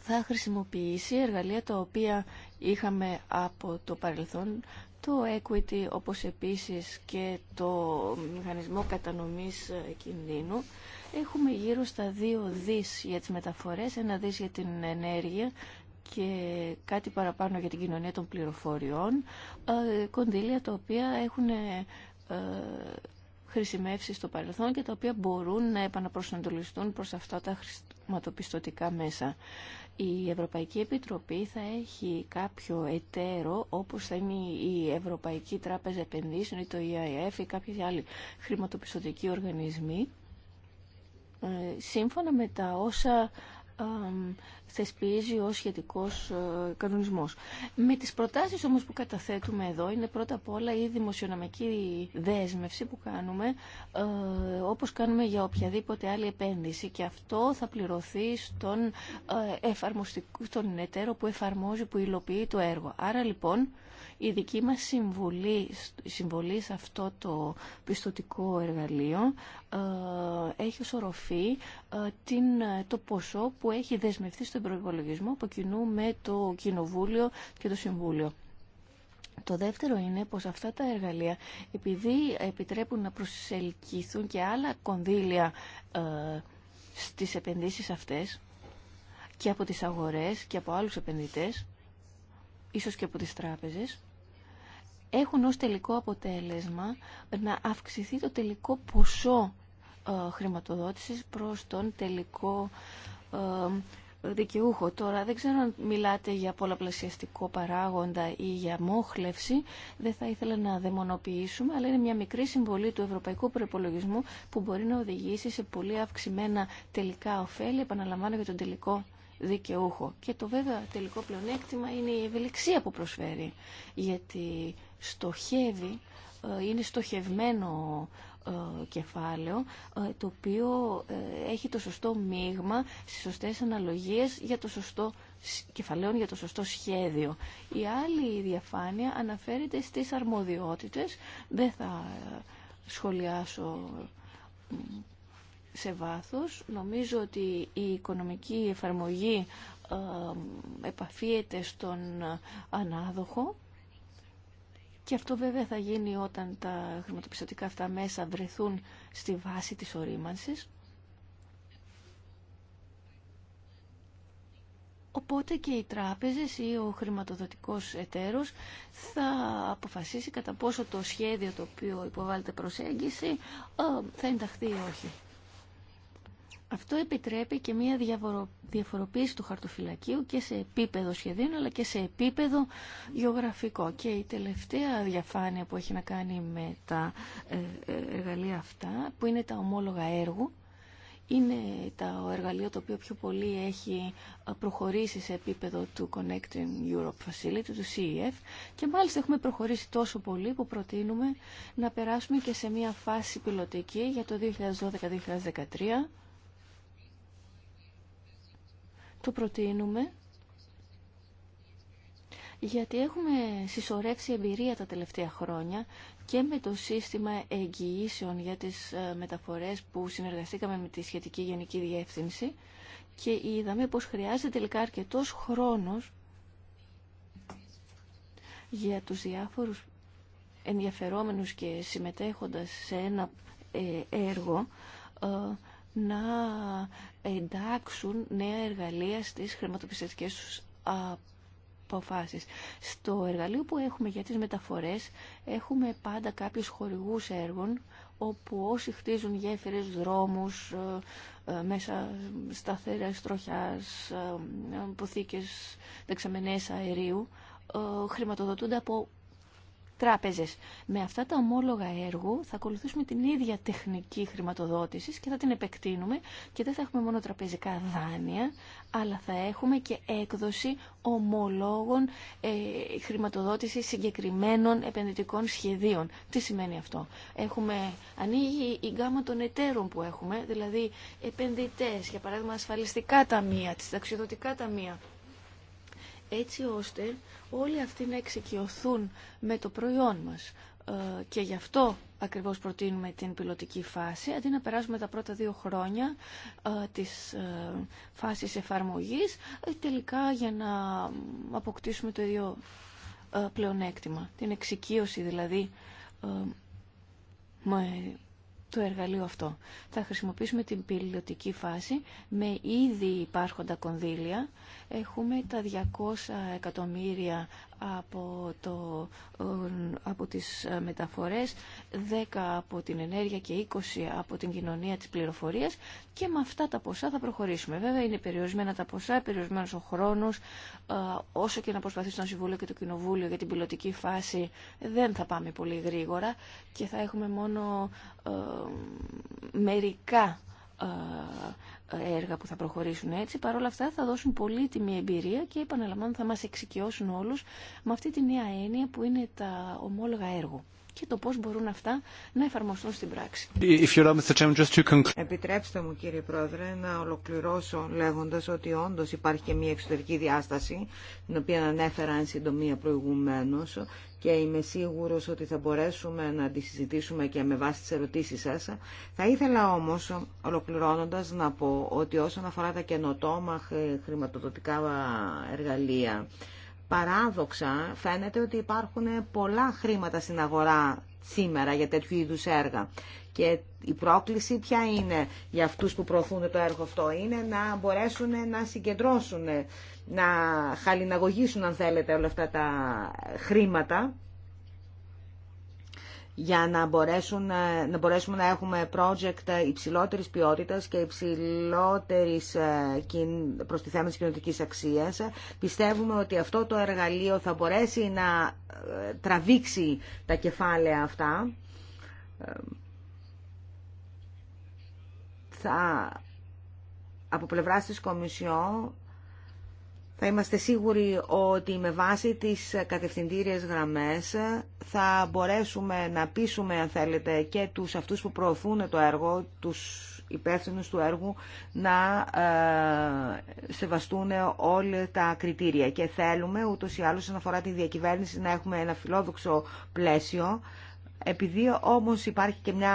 θα χρησιμοποιήσει εργαλεία τα οποία είχαμε από το παρελθόν το equity όπως επίσης και το μηχανισμό κατανομής ε, κινδύνου. Έχουμε γύρω στα δύο δις για τις μεταφορές, ένα δις για την ενέργεια και κάτι παραπάνω για την κοινωνία των πληροφοριών, ε, κονδύλια τα οποία έχουν ε, χρησιμεύσει στο παρελθόν και τα οποία μπορούν να επαναπροσανατολιστούν προς αυτά τα χρηματοπιστωτικά μέσα η Ευρωπαϊκή Επιτροπή θα έχει κάποιο εταίρο όπως θα είναι η Ευρωπαϊκή Τράπεζα Επενδύσεων ή το EIF ή κάποιοι άλλοι χρηματοπιστωτικοί οργανισμοί ε, σύμφωνα με τα όσα θεσπίζει ο σχετικός ε, κανονισμός. Με τις προτάσεις όμως που καταθέτουμε εδώ είναι πρώτα απ' όλα η δημοσιονομική δέσμευση που κάνουμε ε, όπως κάνουμε για οποιαδήποτε άλλη επένδυση και αυτό θα πληρωθεί στον, ε, εφαρμοστικό, στον εταίρο που εφαρμόζει, που υλοποιεί το έργο. Άρα λοιπόν η δική μας συμβολή, συμβολή σε αυτό το πιστοτικό εργαλείο ε, έχει ως ε, την, το ποσό που έχει δεσμευτεί στον προϋπολογισμό από κοινού με το Κοινοβούλιο και το Συμβούλιο. Το δεύτερο είναι πως αυτά τα εργαλεία, επειδή επιτρέπουν να προσελκυθούν και άλλα κονδύλια ε, στις επενδύσεις αυτές και από τις αγορές και από άλλους επενδυτές, ίσως και από τις τράπεζες, έχουν ως τελικό αποτέλεσμα να αυξηθεί το τελικό ποσό ε, χρηματοδότησης προς τον τελικό ε, δικαιούχο. Τώρα δεν ξέρω αν μιλάτε για πολλαπλασιαστικό παράγοντα ή για μόχλευση, δεν θα ήθελα να δαιμονοποιήσουμε, αλλά είναι μια μικρή συμβολή του ευρωπαϊκού προπολογισμού που μπορεί να οδηγήσει σε πολύ αυξημένα τελικά ωφέλη, επαναλαμβάνω για τον τελικό δικαιούχο. Και το βέβαια τελικό πλεονέκτημα είναι η ευελιξία που προσφέρει, γιατί στοχεύει, ε, είναι στοχευμένο ε, κεφάλαιο, ε, το οποίο έχει το σωστό μείγμα στις σωστές αναλογίες για το σωστό κεφαλαίο, για το σωστό σχέδιο. Η άλλη διαφάνεια αναφέρεται στις αρμοδιότητες. Δεν θα σχολιάσω σε βάθος. Νομίζω ότι η οικονομική εφαρμογή ε, επαφίεται στον ανάδοχο και αυτό βέβαια θα γίνει όταν τα χρηματοπιστωτικά αυτά μέσα βρεθούν στη βάση της ορίμανσης. Οπότε και οι τράπεζες ή ο χρηματοδοτικός εταίρος θα αποφασίσει κατά πόσο το σχέδιο το οποίο υποβάλλεται προσέγγιση ε, θα ενταχθεί ή όχι. Αυτό επιτρέπει και μια διαφοροποίηση του χαρτοφυλακίου και σε επίπεδο σχεδίων αλλά και σε επίπεδο γεωγραφικό. Και η τελευταία διαφάνεια που έχει να κάνει με τα ε, ε, εργαλεία αυτά, που είναι τα ομόλογα έργου, είναι το εργαλείο το οποίο πιο πολύ έχει ε, προχωρήσει σε επίπεδο του Connecting Europe Facility, του CEF και μάλιστα έχουμε προχωρήσει τόσο πολύ που προτείνουμε να περάσουμε και σε μια φάση πιλωτική για το 2012-2013 το προτείνουμε γιατί έχουμε συσσωρεύσει εμπειρία τα τελευταία χρόνια και με το σύστημα εγγυήσεων για τις ε, μεταφορές που συνεργαστήκαμε με τη σχετική Γενική Διεύθυνση και είδαμε πως χρειάζεται τελικά αρκετός χρόνος για τους διάφορους ενδιαφερόμενους και συμμετέχοντας σε ένα ε, έργο ε, να εντάξουν νέα εργαλεία στις χρηματοπιστωτικές τους αποφάσεις. Στο εργαλείο που έχουμε για τις μεταφορές έχουμε πάντα κάποιους χορηγούς έργων όπου όσοι χτίζουν γέφυρες, δρόμους, μέσα σταθερές τροχιάς, ποθήκες δεξαμενές αερίου, χρηματοδοτούνται από τράπεζες. Με αυτά τα ομόλογα έργου θα ακολουθήσουμε την ίδια τεχνική χρηματοδότησης και θα την επεκτείνουμε και δεν θα έχουμε μόνο τραπεζικά δάνεια, αλλά θα έχουμε και έκδοση ομολόγων ε, χρηματοδότησης συγκεκριμένων επενδυτικών σχεδίων. Τι σημαίνει αυτό. Έχουμε, ανοίγει η γκάμα των εταίρων που έχουμε, δηλαδή επενδυτές, για παράδειγμα ασφαλιστικά ταμεία, ταξιδοτικά ταμεία, έτσι ώστε όλοι αυτοί να εξοικειωθούν με το προϊόν μας. Ε, και γι' αυτό ακριβώς προτείνουμε την πιλωτική φάση, αντί να περάσουμε τα πρώτα δύο χρόνια ε, της ε, φάσης εφαρμογής, τελικά για να αποκτήσουμε το ίδιο πλεονέκτημα. Την εξοικείωση δηλαδή με το εργαλείο αυτό. Θα χρησιμοποιήσουμε την πιλωτική φάση με ήδη υπάρχοντα κονδύλια Έχουμε τα 200 εκατομμύρια από, το, από τις μεταφορές, 10 από την ενέργεια και 20 από την κοινωνία της πληροφορίας και με αυτά τα ποσά θα προχωρήσουμε. Βέβαια είναι περιορισμένα τα ποσά, περιορισμένος ο χρόνος, όσο και να προσπαθήσει το Συμβούλιο και το Κοινοβούλιο για την πιλωτική φάση δεν θα πάμε πολύ γρήγορα και θα έχουμε μόνο ε, μερικά έργα που θα προχωρήσουν έτσι. Παρ' όλα αυτά θα δώσουν πολύτιμη εμπειρία και επαναλαμβάνω θα μας εξοικειώσουν όλους με αυτή τη νέα έννοια που είναι τα ομόλογα έργου και το πώς μπορούν αυτά να εφαρμοστούν στην πράξη. Επιτρέψτε μου κύριε Πρόεδρε να ολοκληρώσω λέγοντας ότι όντως υπάρχει και μια εξωτερική διάσταση την οποία ανέφερα εν συντομία προηγουμένως και είμαι σίγουρος ότι θα μπορέσουμε να τη συζητήσουμε και με βάση τις ερωτήσεις σας. Θα ήθελα όμως, ολοκληρώνοντας, να πω ότι όσον αφορά τα καινοτόμα χρηματοδοτικά εργαλεία, παράδοξα φαίνεται ότι υπάρχουν πολλά χρήματα στην αγορά σήμερα για τέτοιου είδους έργα. Και η πρόκληση ποια είναι για αυτούς που προωθούν το έργο αυτό, είναι να μπορέσουν να συγκεντρώσουν, να χαλιναγωγήσουν αν θέλετε όλα αυτά τα χρήματα για να, μπορέσουν, ε, να μπορέσουμε να έχουμε project υψηλότερης ποιότητας και υψηλότερης ε, προστιθέμενης κοινωτικής αξίας. Πιστεύουμε ότι αυτό το εργαλείο θα μπορέσει να ε, τραβήξει τα κεφάλαια αυτά. Θα, από πλευράς της Κομισιόν θα είμαστε σίγουροι ότι με βάση τις κατευθυντήριες γραμμές θα μπορέσουμε να πείσουμε, αν θέλετε, και τους αυτούς που προωθούν το έργο, τους υπεύθυνους του έργου, να ε, σεβαστούν όλα τα κριτήρια. Και θέλουμε, ούτως ή άλλως, όσον αφορά τη διακυβέρνηση, να έχουμε ένα φιλόδοξο πλαίσιο επειδή όμως υπάρχει και μια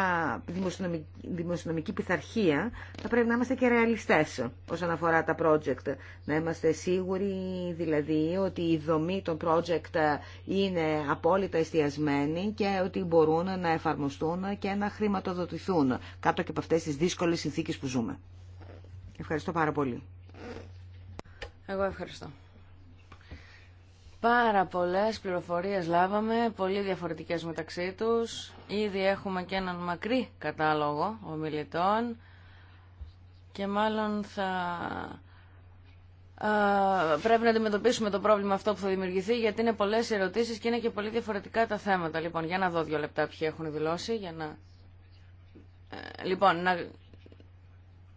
δημοσιονομική, δημοσιονομική πειθαρχία, θα πρέπει να είμαστε και ρεαλιστές όσον αφορά τα project. Να είμαστε σίγουροι δηλαδή ότι η δομή των project είναι απόλυτα εστιασμένη και ότι μπορούν να εφαρμοστούν και να χρηματοδοτηθούν κάτω και από αυτές τις δύσκολες συνθήκες που ζούμε. Ευχαριστώ πάρα πολύ. Εγώ ευχαριστώ. Πάρα πολλές πληροφορίες λάβαμε, πολύ διαφορετικές μεταξύ τους. Ήδη έχουμε και έναν μακρύ κατάλογο ομιλητών και μάλλον θα πρέπει να αντιμετωπίσουμε το πρόβλημα αυτό που θα δημιουργηθεί γιατί είναι πολλές ερωτήσεις και είναι και πολύ διαφορετικά τα θέματα. Λοιπόν, για να δω δύο λεπτά ποιοι έχουν δηλώσει. Για να... Ε, λοιπόν, να...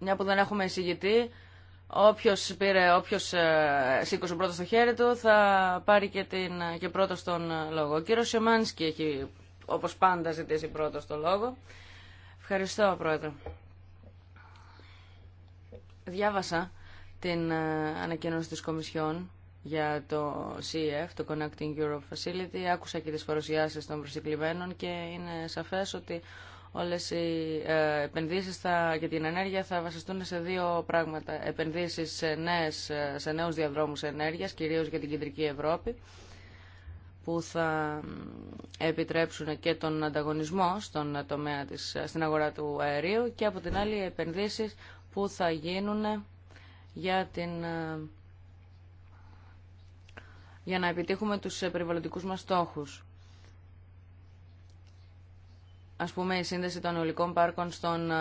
μια που δεν έχουμε εισηγητή, Όποιος πήρε, όποιος ε, σήκωσε πρώτο στο χέρι του θα πάρει και, την, και πρώτο τον ε, λόγο. Ο κύριος Σιωμάνσκι έχει όπως πάντα ζητήσει πρώτο τον λόγο. Ευχαριστώ πρόεδρε. Διάβασα την ε, ανακοίνωση της Κομισιόν για το CEF, το Connecting Europe Facility. Άκουσα και τις παρουσιάσεις των προσυκλημένων και είναι σαφές ότι όλες οι ε, επενδύσεις για την ενέργεια θα βασιστούν σε δύο πράγματα. Επενδύσεις σε, νέες, ε, σε νέους διαδρόμους ενέργειας, κυρίως για την κεντρική Ευρώπη, που θα επιτρέψουν και τον ανταγωνισμό στον τομέα της, ε, στην αγορά του αερίου και από την άλλη επενδύσεις που θα γίνουν για την για να επιτύχουμε τους περιβαλλοντικούς μας στόχους ας πούμε, η σύνδεση των αιωλικών πάρκων στον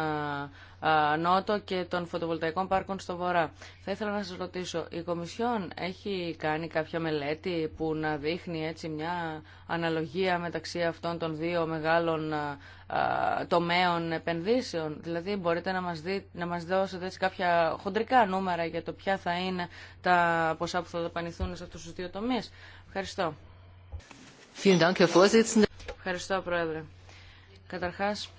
νότο και των φωτοβολταϊκών πάρκων στο βορρά. Θα ήθελα να σας ρωτήσω, η Κομισιόν έχει κάνει κάποια μελέτη που να δείχνει έτσι μια αναλογία μεταξύ αυτών των δύο μεγάλων τομέων επενδύσεων. Δηλαδή, μπορείτε να μας, δει, να μας δώσετε κάποια χοντρικά νούμερα για το ποια θα είναι τα ποσά που θα δαπανηθούν σε αυτούς τους δύο τομείς. Ευχαριστώ. Ευχαριστώ, Πρόεδρε. Καταρχάς,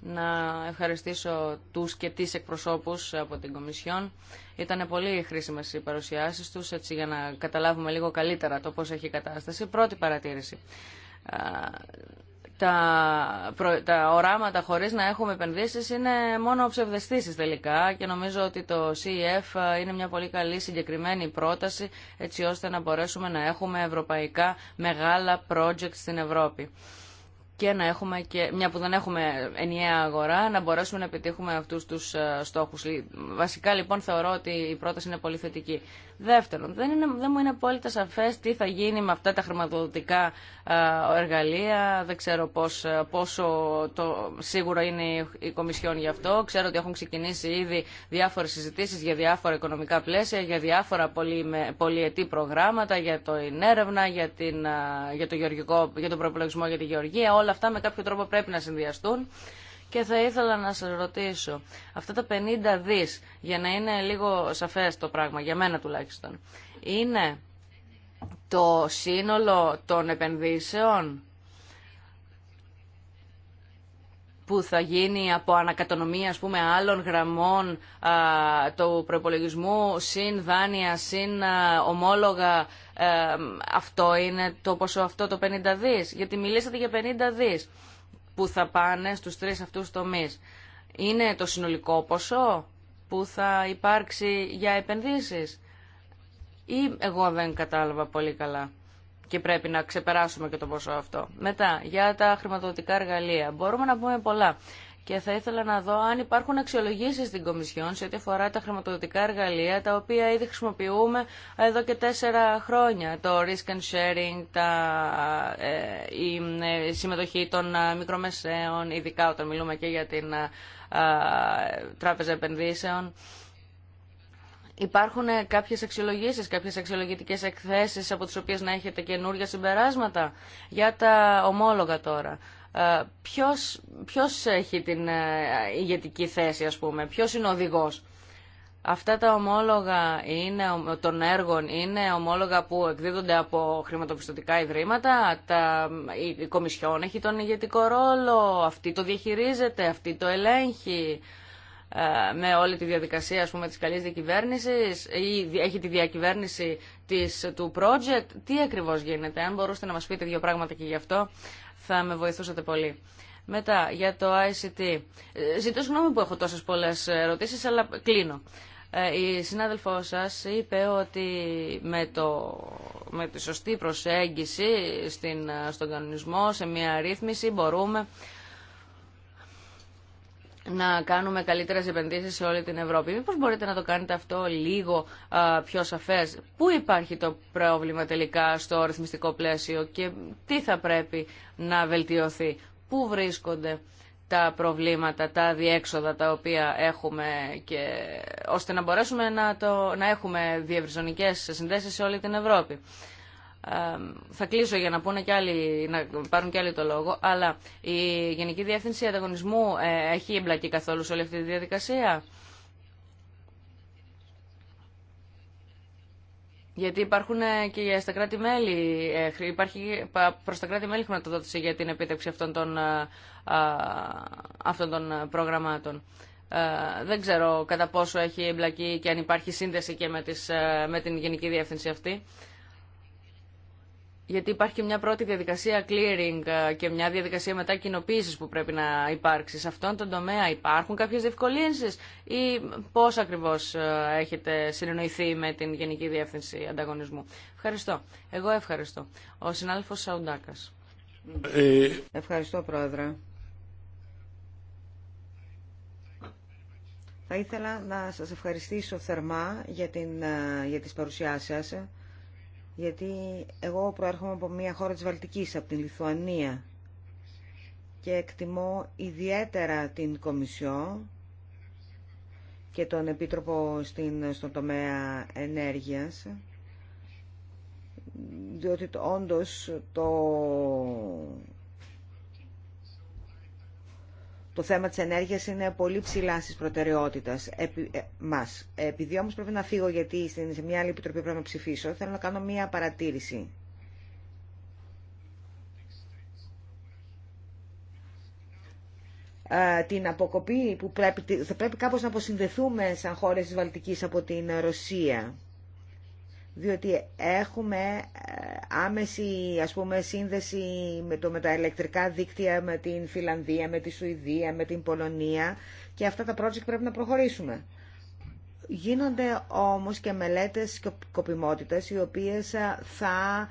να ευχαριστήσω τους και τις εκπροσώπους από την Κομισιόν. Ήταν πολύ χρήσιμες οι παρουσιάσεις τους, έτσι για να καταλάβουμε λίγο καλύτερα το πώς έχει η κατάσταση. Πρώτη παρατήρηση. Τα, τα οράματα χωρίς να έχουμε επενδύσεις είναι μόνο ψευδεστήσεις τελικά και νομίζω ότι το CEF είναι μια πολύ καλή συγκεκριμένη πρόταση έτσι ώστε να μπορέσουμε να έχουμε ευρωπαϊκά μεγάλα project στην Ευρώπη και να έχουμε και, μια που δεν έχουμε ενιαία αγορά, να μπορέσουμε να επιτύχουμε αυτού του ε, στόχου. Βασικά λοιπόν θεωρώ ότι η πρόταση είναι πολύ θετική. Δεύτερον, δεν, είναι, δεν μου είναι απόλυτα σαφές τι θα γίνει με αυτά τα χρηματοδοτικά εργαλεία. Δεν ξέρω πώς, πόσο το, σίγουρο είναι η Κομισιόν γι' αυτό. Ξέρω ότι έχουν ξεκινήσει ήδη διάφορες συζητήσει για διάφορα οικονομικά πλαίσια, για διάφορα πολυ, πολυετή προγράμματα, για το ενέρευνα, για, την, για, το γεωργικό, για τον προπολογισμό για τη γεωργία. Όλα αυτά με κάποιο τρόπο πρέπει να συνδυαστούν. Και θα ήθελα να σας ρωτήσω, αυτά τα 50 δις, για να είναι λίγο σαφές το πράγμα, για μένα τουλάχιστον, είναι το σύνολο των επενδύσεων που θα γίνει από ανακατονομή ας πούμε άλλων γραμμών α, του προπολογισμού συν δάνεια, συν ομόλογα ε, αυτό είναι το ποσό αυτό το 50 δις γιατί μιλήσατε για 50 δις που θα πάνε στους τρεις αυτούς τομείς. Είναι το συνολικό ποσό που θα υπάρξει για επενδύσεις ή εγώ δεν κατάλαβα πολύ καλά και πρέπει να ξεπεράσουμε και το ποσό αυτό. Μετά, για τα χρηματοδοτικά εργαλεία. Μπορούμε να πούμε πολλά και θα ήθελα να δω αν υπάρχουν αξιολογήσεις στην Κομισιόν σε ό,τι αφορά τα χρηματοδοτικά εργαλεία τα οποία ήδη χρησιμοποιούμε εδώ και τέσσερα χρόνια. Το risk and sharing, τα, ε, η ε, συμμετοχή των ε, μικρομεσαίων, ειδικά όταν μιλούμε και για την τράπεζα επενδύσεων. Υπάρχουν κάποιες αξιολογήσεις, κάποιες αξιολογητικές εκθέσεις από τις οποίες να έχετε καινούργια συμπεράσματα για τα ομόλογα τώρα. Ε, ποιος, έχει την ε, ηγετική θέση ας πούμε, ποιος είναι ο οδηγός. Αυτά τα ομόλογα είναι, των έργων είναι ομόλογα που εκδίδονται από χρηματοπιστωτικά ιδρύματα. Τα, η, η Κομισιόν έχει τον ηγετικό ρόλο, αυτή το διαχειρίζεται, αυτή το ελέγχει ε, με όλη τη διαδικασία ας πούμε, της καλής διακυβέρνησης ή έχει τη διακυβέρνηση της, του project. Τι ακριβώς γίνεται, αν μπορούσατε να μας πείτε δύο πράγματα και γι' αυτό θα με βοηθούσατε πολύ. Μετά, για το ICT. Ε, ζητώ συγγνώμη που έχω τόσες πολλές ερωτήσεις, αλλά κλείνω. Ε, η συνάδελφό σας είπε ότι με, το, με τη σωστή προσέγγιση στην, στον κανονισμό, σε μια ρύθμιση, μπορούμε να κάνουμε καλύτερες επενδύσεις σε όλη την Ευρώπη. Μήπω μπορείτε να το κάνετε αυτό λίγο πιο σαφές. Πού υπάρχει το πρόβλημα τελικά στο ρυθμιστικό πλαίσιο και τι θα πρέπει να βελτιωθεί. Πού βρίσκονται τα προβλήματα, τα διέξοδα τα οποία έχουμε και ώστε να μπορέσουμε να, το, να έχουμε διευρυζωνικές συνδέσεις σε όλη την Ευρώπη θα κλείσω για να, πούνε και άλλοι, να πάρουν και άλλοι το λόγο, αλλά η Γενική Διεύθυνση Ανταγωνισμού ε, έχει εμπλακεί καθόλου σε όλη αυτή τη διαδικασία. Γιατί υπάρχουν ε, και στα κράτη-μέλη, ε, υπάρχει προς τα κράτη-μέλη χρηματοδότηση για την επίτευξη αυτών των, αυτών των προγραμμάτων. Δεν ξέρω κατά πόσο έχει εμπλακεί και αν υπάρχει σύνδεση και με, τις, με την Γενική Διεύθυνση αυτή γιατί υπάρχει και μια πρώτη διαδικασία clearing ε, και μια διαδικασία μετά κοινοποίηση που πρέπει να υπάρξει. Σε αυτόν τον τομέα υπάρχουν κάποιε διευκολύνσει ή πώ ακριβώ ε, έχετε συνεννοηθεί με την Γενική Διεύθυνση Ανταγωνισμού. Ευχαριστώ. Εγώ ευχαριστώ. Ο συνάδελφο Σαουντάκα. Ε... Ευχαριστώ, Πρόεδρε. Θα ήθελα να σας ευχαριστήσω θερμά για, την, ε, για τις παρουσιάσεις σας γιατί εγώ προέρχομαι από μια χώρα της Βαλτικής, από την Λιθουανία και εκτιμώ ιδιαίτερα την Κομισιό και τον Επίτροπο στην, στον τομέα ενέργειας διότι όντως το το θέμα της ενέργειας είναι πολύ ψηλά στις προτεραιότητες επί, ε, μας. Επειδή όμως πρέπει να φύγω γιατί σε μια άλλη επιτροπή πρέπει να ψηφίσω, θέλω να κάνω μια παρατήρηση. Ε, την αποκοπή που πρέπει, θα πρέπει κάπως να αποσυνδεθούμε σαν χώρες της Βαλτικής από την Ρωσία διότι έχουμε ε, άμεση ας πούμε, σύνδεση με, το, με τα ηλεκτρικά δίκτυα με την Φιλανδία, με τη Σουηδία, με την Πολωνία και αυτά τα project πρέπει να προχωρήσουμε. Γίνονται όμως και μελέτες κοπιμότητες οι οποίες ε, θα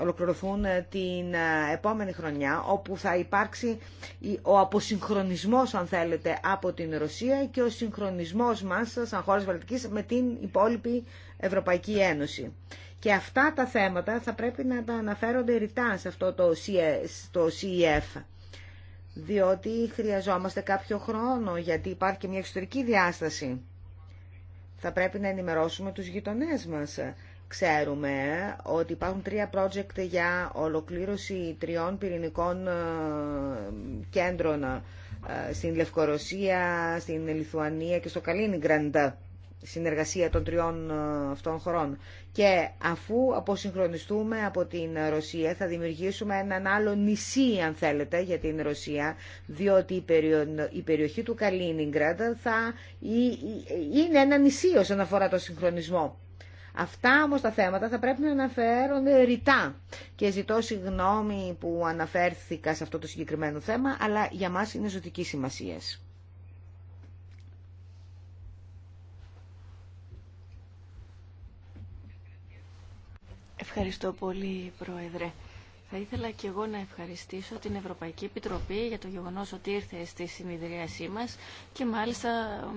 ολοκληρωθούν ε, την ε, επόμενη χρονιά όπου θα υπάρξει ο αποσυγχρονισμός αν θέλετε από την Ρωσία και ο συγχρονισμός μας σαν χώρες Βαλτικής με την υπόλοιπη Ευρωπαϊκή Ένωση. Και αυτά τα θέματα θα πρέπει να τα αναφέρονται ρητά σε αυτό το, το CEF διότι χρειαζόμαστε κάποιο χρόνο γιατί υπάρχει και μια εξωτερική διάσταση. Θα πρέπει να ενημερώσουμε τους γειτονές μας Ξέρουμε ότι υπάρχουν τρία project για ολοκλήρωση τριών πυρηνικών ε, κέντρων ε, στην Λευκορωσία, στην Λιθουανία και στο Καλίνιγκραντ συνεργασία των τριών ε, αυτών χωρών. Και αφού αποσυγχρονιστούμε από την Ρωσία θα δημιουργήσουμε έναν άλλο νησί αν θέλετε για την Ρωσία διότι η περιοχή του Καλίνιγκραντ θα είναι ένα νησί όσον αφορά το συγχρονισμό. Αυτά όμως τα θέματα θα πρέπει να αναφέρονται ρητά και ζητώ συγγνώμη που αναφέρθηκα σε αυτό το συγκεκριμένο θέμα, αλλά για μας είναι ζωτική σημασία. Ευχαριστώ πολύ, Πρόεδρε. Θα ήθελα και εγώ να ευχαριστήσω την Ευρωπαϊκή Επιτροπή για το γεγονός ότι ήρθε στη συνεδρίασή μας και μάλιστα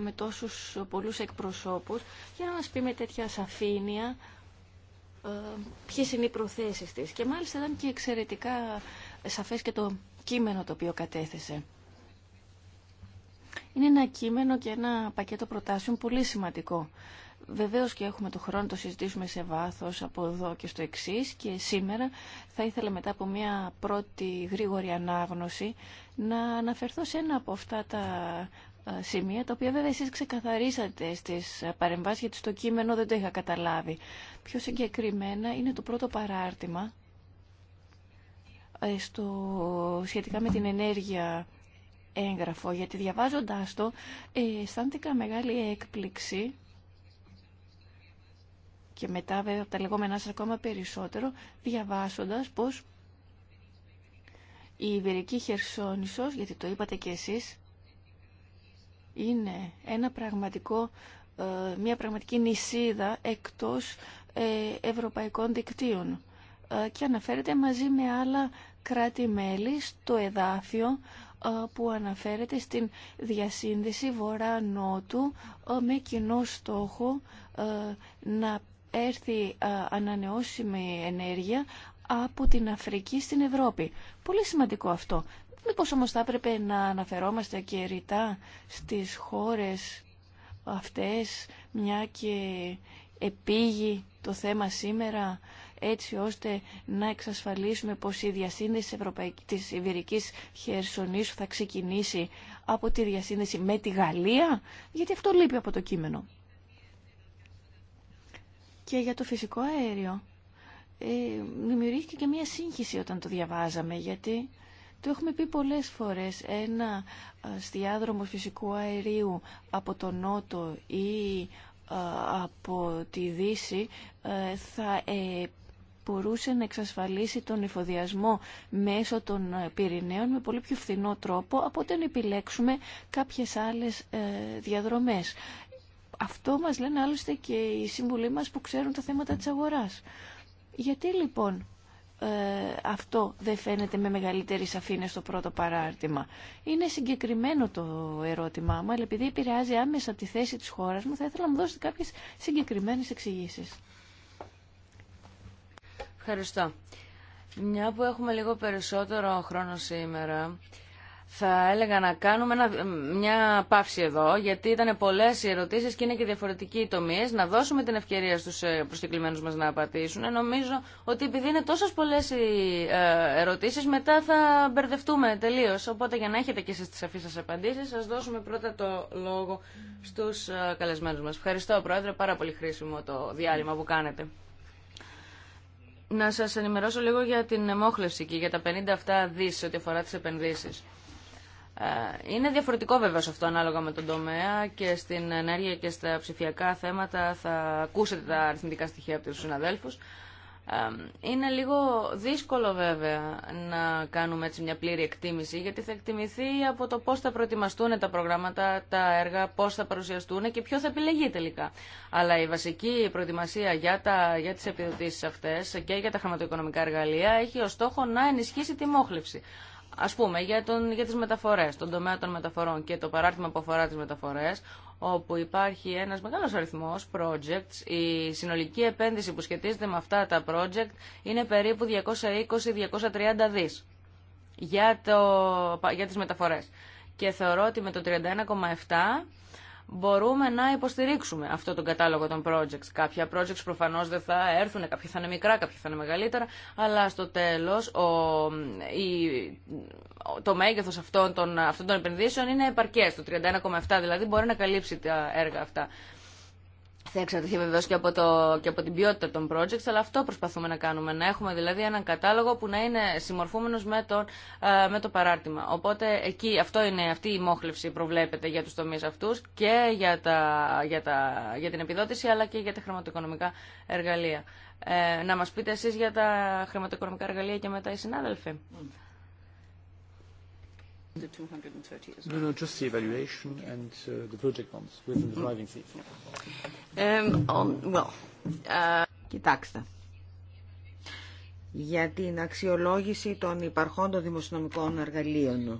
με τόσους πολλούς εκπροσώπους για να μας πει με τέτοια σαφήνεια ε, ποιε είναι οι προθέσεις της. Και μάλιστα ήταν και εξαιρετικά σαφές και το κείμενο το οποίο κατέθεσε. Είναι ένα κείμενο και ένα πακέτο προτάσεων πολύ σημαντικό. Βεβαίως και έχουμε το χρόνο, το συζητήσουμε σε βάθος από εδώ και στο εξή και σήμερα θα ήθελα μετά από μια πρώτη γρήγορη ανάγνωση να αναφερθώ σε ένα από αυτά τα ε, σημεία, τα οποία βέβαια εσείς ξεκαθαρίσατε στις παρεμβάσεις γιατί στο κείμενο δεν το είχα καταλάβει. Πιο συγκεκριμένα είναι το πρώτο παράρτημα ε, στο, σχετικά με την ενέργεια έγγραφο, γιατί διαβάζοντάς το ε, αισθάνθηκα μεγάλη έκπληξη και μετά βέβαια από τα λεγόμενά σας ακόμα περισσότερο, διαβάσοντας πως η Ιβηρική Χερσόνησος, γιατί το είπατε και εσείς, είναι ένα πραγματικό, ε, μια πραγματική νησίδα εκτός ε, ευρωπαϊκών δικτύων ε, και αναφέρεται μαζί με άλλα κράτη-μέλη στο εδάφιο που αναφέρεται στην διασύνδεση βορρά-νότου με κοινό στόχο να έρθει ανανεώσιμη ενέργεια από την Αφρική στην Ευρώπη. Πολύ σημαντικό αυτό. Μήπως όμως θα έπρεπε να αναφερόμαστε και ρητά στις χώρες αυτές, μια και επίγει το θέμα σήμερα, έτσι ώστε να εξασφαλίσουμε πως η διασύνδεση της Ιβηρικής Χερσονήσου θα ξεκινήσει από τη διασύνδεση με τη Γαλλία, γιατί αυτό λείπει από το κείμενο και για το φυσικό αέριο. Ε, δημιουργήθηκε και μία σύγχυση όταν το διαβάζαμε, γιατί το έχουμε πει πολλές φορές, ένα στιάδρομο φυσικού αερίου από τον νότο ή ε, από τη Δύση ε, θα ε, μπορούσε να εξασφαλίσει τον εφοδιασμό μέσω των Πυρηναίων με πολύ πιο φθηνό τρόπο από όταν επιλέξουμε κάποιες άλλες διαδρομές. Αυτό μας λένε άλλωστε και οι σύμβουλοι μας που ξέρουν τα θέματα της αγοράς. Γιατί λοιπόν ε, αυτό δεν φαίνεται με μεγαλύτερη σαφήνεια στο πρώτο παράρτημα. Είναι συγκεκριμένο το ερώτημά μου, αλλά επειδή επηρεάζει άμεσα τη θέση της χώρας μου, θα ήθελα να μου δώσετε κάποιες συγκεκριμένες εξηγήσεις. Ευχαριστώ. Μια που έχουμε λίγο περισσότερο χρόνο σήμερα, θα έλεγα να κάνουμε ένα, μια παύση εδώ, γιατί ήταν πολλέ οι ερωτήσει και είναι και διαφορετικοί οι τομεί. Να δώσουμε την ευκαιρία στου ε, προσκεκλημένου μα να απαντήσουν. Ε, νομίζω ότι επειδή είναι τόσε πολλέ οι ε, ερωτήσει, μετά θα μπερδευτούμε τελείω. Οπότε για να έχετε και εσεί τι αφήσει σα απαντήσει, σα δώσουμε πρώτα το λόγο στου καλεσμένου μα. Ευχαριστώ, Πρόεδρε. Πάρα πολύ χρήσιμο το διάλειμμα που κάνετε. Να σας ενημερώσω λίγο για την εμόχλευση και για τα 50 αυτά ό,τι αφορά τι επενδύσεις. Ε, είναι διαφορετικό βέβαια σε αυτό ανάλογα με τον τομέα και στην ενέργεια και στα ψηφιακά θέματα θα ακούσετε τα αριθμητικά στοιχεία από τους συναδέλφους. Ε, είναι λίγο δύσκολο βέβαια να κάνουμε έτσι μια πλήρη εκτίμηση γιατί θα εκτιμηθεί από το πώς θα προετοιμαστούν τα προγράμματα, τα έργα, πώς θα παρουσιαστούν και ποιο θα επιλεγεί τελικά. Αλλά η βασική προετοιμασία για, τα, για τις επιδοτήσεις αυτές και για τα χρηματοοικονομικά εργαλεία έχει ως στόχο να ενισχύσει τη μόχλευση. Ας πούμε, για, τον, για τις μεταφορές, τον τομέα των μεταφορών και το παράρτημα που αφορά τις μεταφορές, όπου υπάρχει ένας μεγάλος αριθμός projects, η συνολική επένδυση που σχετίζεται με αυτά τα project είναι περίπου 220-230 δις για, το, για τις μεταφορές. Και θεωρώ ότι με το 31,7 μπορούμε να υποστηρίξουμε αυτό τον κατάλογο των projects. Κάποια projects προφανώς δεν θα έρθουν, κάποια θα είναι μικρά, κάποια θα είναι μεγαλύτερα, αλλά στο τέλος ο, το μέγεθος αυτών των, αυτών των επενδύσεων είναι επαρκές. Το 31,7 δηλαδή μπορεί να καλύψει τα έργα αυτά θα εξαρτηθεί βεβαίω και, από και από την ποιότητα των projects, αλλά αυτό προσπαθούμε να κάνουμε. Να έχουμε δηλαδή έναν κατάλογο που να είναι συμμορφούμενο με, ε, με το παράρτημα. Οπότε εκεί, αυτό είναι, αυτή η μόχλευση προβλέπεται για του τομεί αυτού και για, τα, για, τα, για την επιδότηση, αλλά και για τα χρηματοοικονομικά εργαλεία. Ε, να μα πείτε εσεί για τα χρηματοοικονομικά εργαλεία και μετά οι συνάδελφοι. Mm the 230 as well. No, just the evaluation and uh, the project bonds within the mm. driving seat. Um, um, well, uh, κοιτάξτε. Για την αξιολόγηση των υπαρχών των δημοσιονομικών εργαλείων.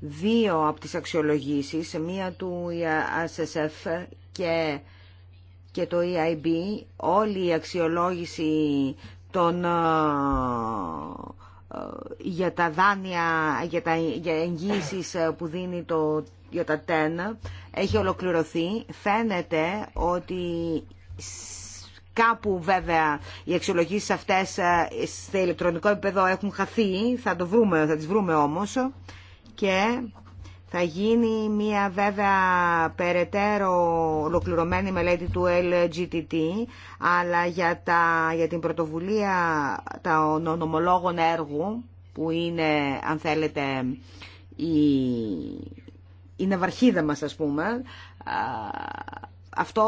Δύο από τις αξιολογήσεις, μία του SSF και, και το EIB, όλη η αξιολόγηση των ε, για τα δάνεια, για τα για εγγύησεις ε, που δίνει το, για τα ΤΕΝ έχει ολοκληρωθεί. Φαίνεται ότι κάπου βέβαια οι αξιολογήσεις αυτές ε, σε ηλεκτρονικό επίπεδο έχουν χαθεί, θα το βρούμε, θα τις βρούμε όμως και θα γίνει μια βέβαια περαιτέρω ολοκληρωμένη μελέτη του LGTT, αλλά για, τα, για την πρωτοβουλία των ονομολόγων έργου, που είναι, αν θέλετε, η, η ναυαρχίδα μας, ας πούμε, αυτό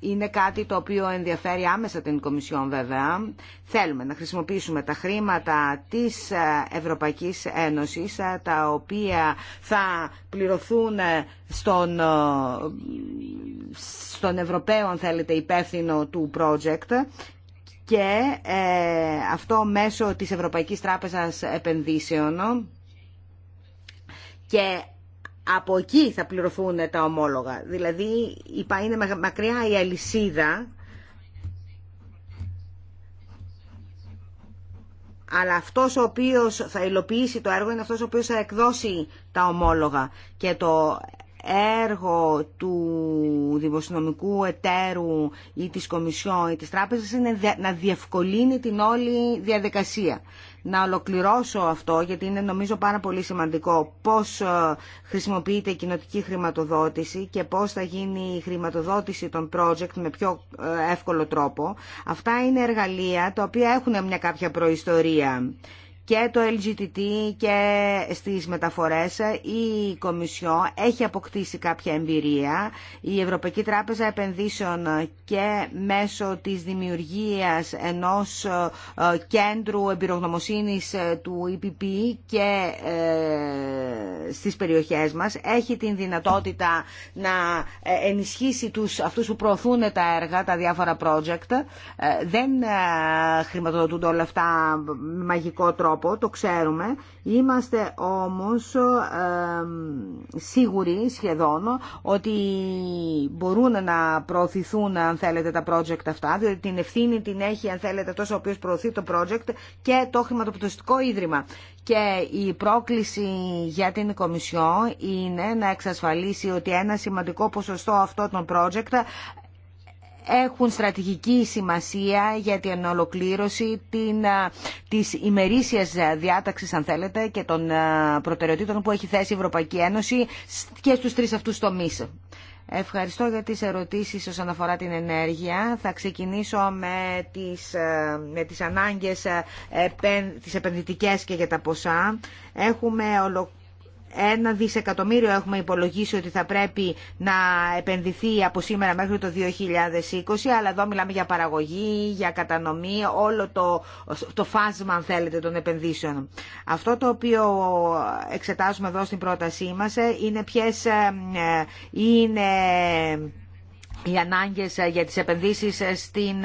είναι κάτι το οποίο ενδιαφέρει άμεσα την Κομισιόν βέβαια. Θέλουμε να χρησιμοποιήσουμε τα χρήματα της ε, Ευρωπαϊκής Ένωσης, ε, τα οποία θα πληρωθούν ε, στον, στον Ευρωπαίο, αν θέλετε, υπεύθυνο του project και αυτό μέσω της Ευρωπαϊκής Τράπεζας Επενδύσεων και από εκεί θα πληρωθούν τα ομόλογα. Δηλαδή είναι μακριά η αλυσίδα, αλλά αυτός ο οποίος θα υλοποιήσει το έργο είναι αυτός ο οποίος θα εκδώσει τα ομόλογα. Και το έργο του δημοσιονομικού εταίρου ή της Κομισιόν ή της Τράπεζας είναι να διευκολύνει την όλη διαδικασία να ολοκληρώσω αυτό, γιατί είναι νομίζω πάρα πολύ σημαντικό πώς ε, χρησιμοποιείται η κοινοτική χρηματοδότηση και πώς θα γίνει η χρηματοδότηση των project με πιο ε, εύκολο τρόπο. Αυτά είναι εργαλεία τα οποία έχουν μια κάποια προϊστορία και το LGTT και στις μεταφορές η Κομισιό έχει αποκτήσει κάποια εμπειρία. Η Ευρωπαϊκή Τράπεζα Επενδύσεων και μέσω της δημιουργίας ενός ε, κέντρου εμπειρογνωμοσύνης ε, του EPP και ε, στις περιοχές μας έχει την δυνατότητα να ενισχύσει τους, αυτούς που προωθούν τα έργα, τα διάφορα project. Δεν χρηματοδοτούνται όλα αυτά με μαγικό τρόπο τρόπο, το ξέρουμε. Είμαστε όμως σίγουροι σχεδόν ότι μπορούν να προωθηθούν αν θέλετε τα project αυτά, διότι την ευθύνη την έχει αν θέλετε τόσο ο οποίος προωθεί το project και το χρηματοπιστωτικό ίδρυμα. Και η πρόκληση για την Κομισιό είναι να εξασφαλίσει ότι ένα σημαντικό ποσοστό αυτών των project έχουν στρατηγική σημασία για την ολοκλήρωση την, της ημερήσιας διάταξης, αν θέλετε, και των προτεραιοτήτων που έχει θέσει η Ευρωπαϊκή Ένωση και στους τρεις αυτούς τομείς. Ευχαριστώ για τις ερωτήσεις όσον αφορά την ενέργεια. Θα ξεκινήσω με τις, με τις ανάγκες τις επενδυτικές και για τα ποσά. Έχουμε ένα δισεκατομμύριο έχουμε υπολογίσει ότι θα πρέπει να επενδυθεί από σήμερα μέχρι το 2020, αλλά εδώ μιλάμε για παραγωγή, για κατανομή, όλο το, το φάσμα αν θέλετε των επενδύσεων. Αυτό το οποίο εξετάζουμε εδώ στην πρότασή μας ε, είναι ποιες ε, είναι οι ανάγκες ε, για τις επενδύσεις στην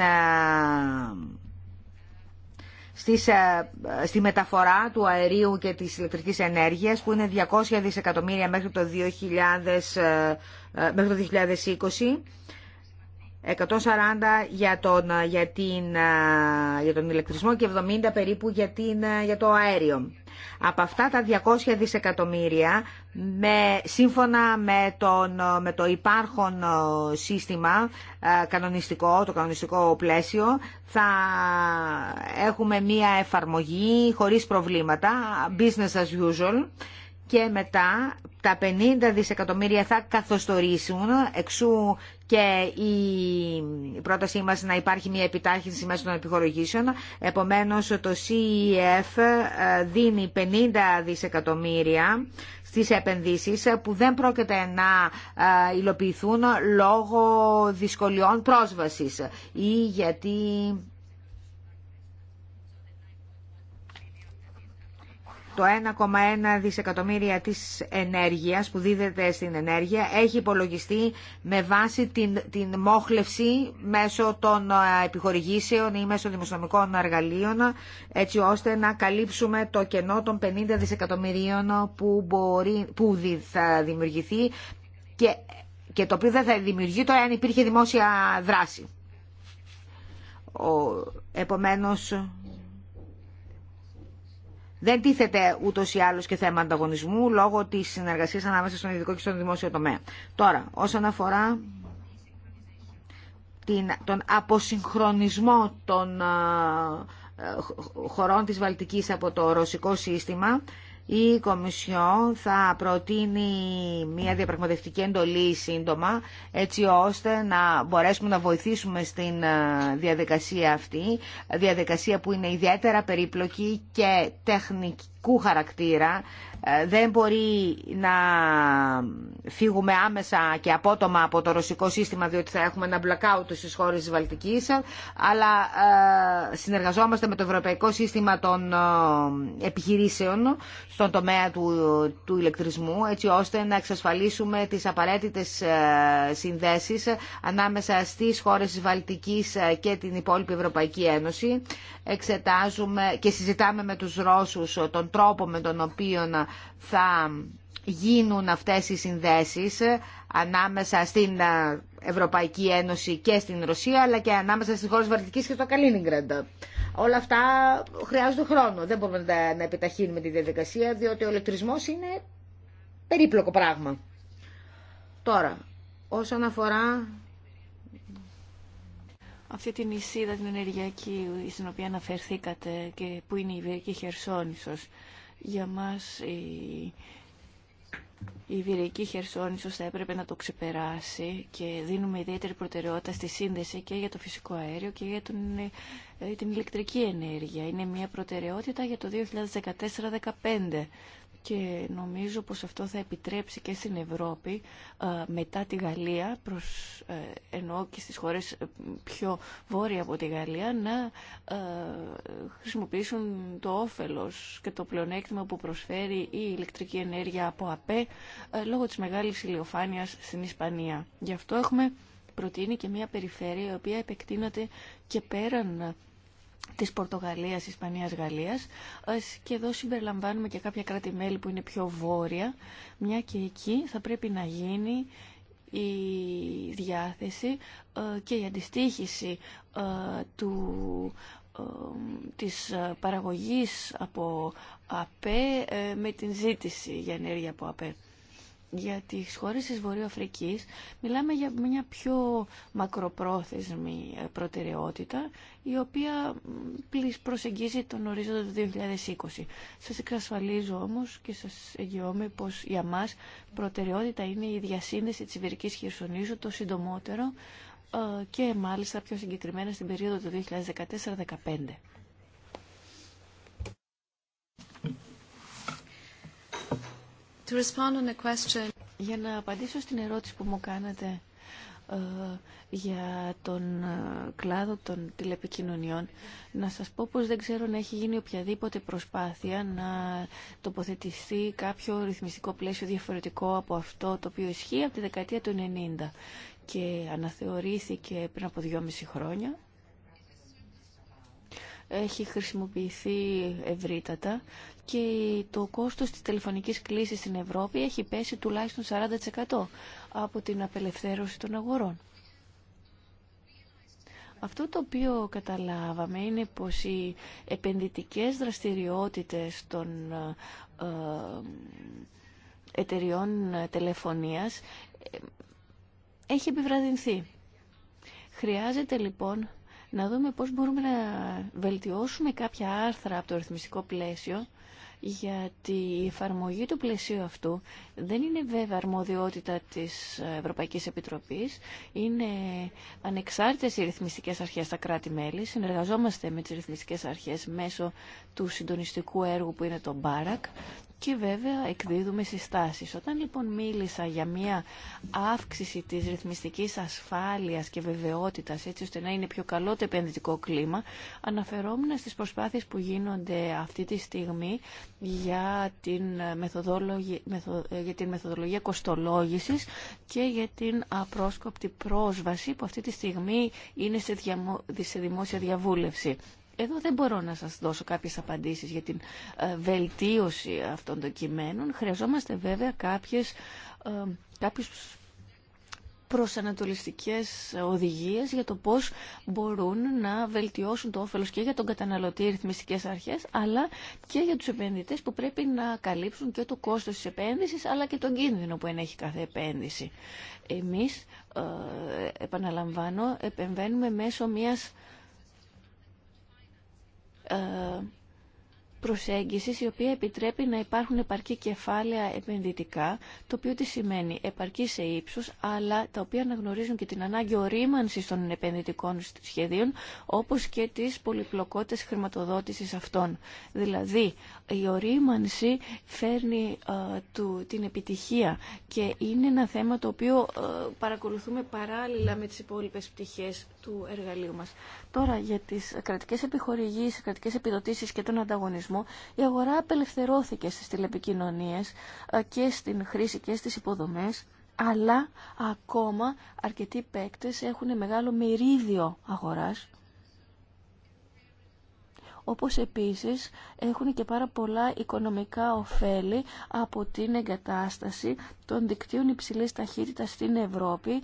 στις, ε, στη μεταφορά του αερίου και της ηλεκτρικής ενέργειας που είναι 200 δισεκατομμύρια μέχρι το, 2000, ε, ε, μέχρι το 2020 140 για τον, για, την, για τον ηλεκτρισμό και 70 περίπου για, την, για το αέριο. Από αυτά τα 200 δισεκατομμύρια, με, σύμφωνα με, τον, με το υπάρχον ε, σύστημα ε, κανονιστικό, το κανονιστικό πλαίσιο, θα έχουμε μία εφαρμογή χωρίς προβλήματα, business as usual, και μετά τα 50 δισεκατομμύρια θα καθοστορήσουν εξού και η πρότασή μας να υπάρχει μια επιτάχυνση μέσω των επιχορογήσεων. Επομένως το CEF ε, δίνει 50 δισεκατομμύρια στις επενδύσεις που δεν πρόκειται να ε, υλοποιηθούν λόγω δυσκολιών πρόσβασης ή γιατί το 1,1 δισεκατομμύρια της ενέργειας που δίδεται στην ενέργεια έχει υπολογιστεί με βάση την, την μόχλευση μέσω των ε, επιχορηγήσεων ή μέσω δημοσιονομικών εργαλείων έτσι ώστε να καλύψουμε το κενό των 50 δισεκατομμυρίων που, μπορεί, που θα δημιουργηθεί και, και το οποίο δεν θα δημιουργεί το αν υπήρχε δημόσια δράση. Ο, δεν τίθεται ούτω ή άλλω και θέμα ανταγωνισμού λόγω τη συνεργασία ανάμεσα στον ειδικό και στον δημόσιο τομέα. Τώρα, όσον αφορά την, τον αποσυγχρονισμό των ε, χωρών της Βαλτικής από το ρωσικό σύστημα η Κομισιόν θα προτείνει μια διαπραγματευτική εντολή σύντομα, έτσι ώστε να μπορέσουμε να βοηθήσουμε στην ε, διαδικασία αυτή, διαδικασία που είναι ιδιαίτερα περίπλοκη και τεχνική χαρακτήρα. Ε, δεν μπορεί να φύγουμε άμεσα και απότομα από το ρωσικό σύστημα διότι θα έχουμε ένα blackout στις χώρες της Βαλτικής αλλά ε, συνεργαζόμαστε με το ευρωπαϊκό σύστημα των ε, επιχειρήσεων στον τομέα του, του ηλεκτρισμού έτσι ώστε να εξασφαλίσουμε τις απαραίτητες συνδέσεις ανάμεσα στις χώρες της Βαλτικής και την υπόλοιπη Ευρωπαϊκή Ένωση εξετάζουμε και συζητάμε με τους Ρώσους τον τρόπο με τον οποίο θα γίνουν αυτές οι συνδέσεις ανάμεσα στην Ευρωπαϊκή Ένωση και στην Ρωσία αλλά και ανάμεσα στις χώρες Βαρτικής και στο Καλίνιγκραντ. Όλα αυτά χρειάζονται χρόνο. Δεν μπορούμε να επιταχύνουμε τη διαδικασία διότι ο ηλεκτρισμός είναι περίπλοκο πράγμα. Τώρα, όσον αφορά αυτή την εισίδα, την ενεργειακή στην οποία αναφερθήκατε και που είναι η Βυρική Χερσόνησος. Για μας η, η Βυρική Χερσόνησος θα έπρεπε να το ξεπεράσει και δίνουμε ιδιαίτερη προτεραιότητα στη σύνδεση και για το φυσικό αέριο και για τον, ε, την ηλεκτρική ενέργεια. Είναι μια προτεραιότητα για το 2014-2015 και νομίζω πως αυτό θα επιτρέψει και στην Ευρώπη ε, μετά τη Γαλλία, προς, ε, εννοώ και στις χώρες ε, πιο βόρεια από τη Γαλλία, να χρησιμοποιήσουν το όφελος και το πλεονέκτημα που προσφέρει η ηλεκτρική ενέργεια από ΑΠΕ λόγω της μεγάλης ηλιοφάνειας στην Ισπανία. Γι' αυτό έχουμε προτείνει και μια περιφέρεια η οποία επεκτείνεται και πέραν της Πορτογαλίας, Ισπανίας, Γαλλίας και εδώ συμπεριλαμβάνουμε και κάποια κράτη-μέλη που είναι πιο βόρεια μια και εκεί θα πρέπει να γίνει η διάθεση ε, και η αντιστοίχηση ε, του ε, της παραγωγής από ΑΠΕ με την ζήτηση για ενέργεια από ΑΠΕ για τις χώρες της Βορειοαφρικής μιλάμε για μια πιο μακροπρόθεσμη ε, προτεραιότητα η οποία προσεγγίζει τον ορίζοντα του 2020. Σας εξασφαλίζω όμως και σας εγγυώμαι πως για μας προτεραιότητα είναι η διασύνδεση της Ιβυρικής Χερσονήσου το συντομότερο ε, και μάλιστα πιο συγκεκριμένα στην περίοδο του 2014-2015. Για να απαντήσω στην ερώτηση που μου κάνατε ε, για τον ε, κλάδο των τηλεπικοινωνιών, να σας πω πως δεν ξέρω να έχει γίνει οποιαδήποτε προσπάθεια να τοποθετηθεί κάποιο ρυθμιστικό πλαίσιο διαφορετικό από αυτό το οποίο ισχύει από τη δεκαετία του 90 και αναθεωρήθηκε πριν από δυόμιση χρόνια έχει χρησιμοποιηθεί ευρύτατα και το κόστος της τηλεφωνικής κλήσης στην Ευρώπη έχει πέσει τουλάχιστον 40% από την απελευθέρωση των αγορών. Αυτό το οποίο καταλάβαμε είναι πως οι επενδυτικές δραστηριότητες των ε, εταιριών τηλεφωνίας ε, έχει επιβραδυνθεί. Χρειάζεται λοιπόν να δούμε πώς μπορούμε να βελτιώσουμε κάποια άρθρα από το ρυθμιστικό πλαίσιο γιατί η εφαρμογή του πλαισίου αυτού δεν είναι βέβαια αρμοδιότητα της Ευρωπαϊκής Επιτροπής, είναι ανεξάρτητες οι ρυθμιστικές αρχές στα κράτη-μέλη. Συνεργαζόμαστε με τις ρυθμιστικές αρχές μέσω του συντονιστικού έργου που είναι το Μπάρακ και βέβαια εκδίδουμε συστάσεις. Όταν λοιπόν μίλησα για μια αύξηση της ρυθμιστικής ασφάλειας και βεβαιότητας έτσι ώστε να είναι πιο καλό το επενδυτικό κλίμα αναφερόμουν στις προσπάθειες που γίνονται αυτή τη στιγμή για την, για την μεθοδολογία κοστολόγησης και για την απρόσκοπτη πρόσβαση που αυτή τη στιγμή είναι σε δημόσια διαβούλευση. Εδώ δεν μπορώ να σας δώσω κάποιες απαντήσεις για την ε, βελτίωση αυτών των κειμένων. Χρειαζόμαστε βέβαια κάποιες, ε, κάποιες προσανατολιστικές οδηγίες για το πώς μπορούν να βελτιώσουν το όφελος και για τον καταναλωτή ρυθμιστικές αρχές, αλλά και για τους επενδυτές που πρέπει να καλύψουν και το κόστος της επένδυσης, αλλά και τον κίνδυνο που ενέχει κάθε επένδυση. Εμείς, ε, επαναλαμβάνω, επεμβαίνουμε μέσω μιας ε, προσέγγισης η οποία επιτρέπει να υπάρχουν επαρκή κεφάλαια επενδυτικά, το οποίο τι σημαίνει επαρκή σε ύψους, αλλά τα οποία αναγνωρίζουν και την ανάγκη ορίμανσης των επενδυτικών σχεδίων, όπως και τις πολυπλοκότητες χρηματοδότησης αυτών. Δηλαδή, η ορίμανση φέρνει ε, του, την επιτυχία και είναι ένα θέμα το οποίο ε, παρακολουθούμε παράλληλα με τις υπόλοιπες πτυχές του εργαλείου μας. Τώρα για τις κρατικές επιχορηγήσεις, κρατικές επιδοτήσεις και τον ανταγωνισμό, η αγορά απελευθερώθηκε στις τηλεπικοινωνίες ε, και στην χρήση και στις υποδομές αλλά ακόμα αρκετοί παίκτες έχουν μεγάλο μερίδιο αγοράς όπως επίσης έχουν και πάρα πολλά οικονομικά ωφέλη από την εγκατάσταση των δικτύων υψηλής ταχύτητας στην Ευρώπη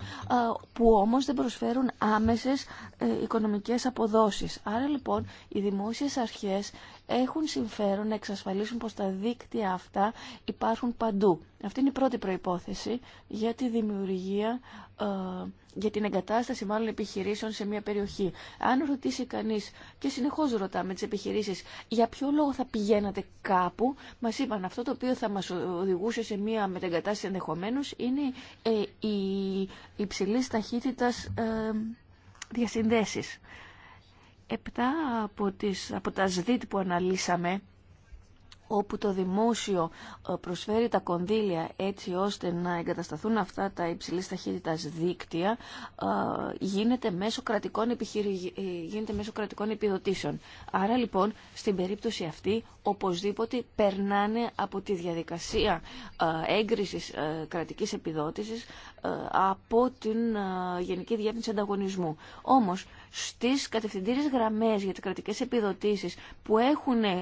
που όμως δεν προσφέρουν άμεσες ε, οικονομικές αποδόσεις. Άρα λοιπόν οι δημόσιες αρχές έχουν συμφέρον να εξασφαλίσουν πως τα δίκτυα αυτά υπάρχουν παντού. Αυτή είναι η πρώτη προϋπόθεση για τη δημιουργία, ε, για την εγκατάσταση μάλλον επιχειρήσεων σε μια περιοχή. Αν ρωτήσει κανείς, και συνεχώς ρωτάμε τις επιχειρήσεις, για ποιο λόγο θα πηγαίνατε κάπου, μας είπαν αυτό το οποίο θα μας οδηγούσε σε μια μετεγκατάσταση ενδεχομένω είναι ε, η υψηλής ταχύτητας ε, διασυνδέσεις. Επτά από, τις, από τα ΣΔΙΤ που αναλύσαμε, όπου το δημόσιο ε, προσφέρει τα κονδύλια έτσι ώστε να εγκατασταθούν αυτά τα υψηλής ταχύτητας δίκτυα, ε, γίνεται μέσω κρατικών, επιχειρη... Ε, γίνεται μέσω κρατικών επιδοτήσεων. Άρα λοιπόν, στην περίπτωση αυτή, οπωσδήποτε περνάνε από τη διαδικασία έγκρισης κρατικής επιδότησης από την Γενική Διεύθυνση Ανταγωνισμού. Όμως, στις κατευθυντήριες γραμμές για τις κρατικές επιδοτήσεις που έχουν ε,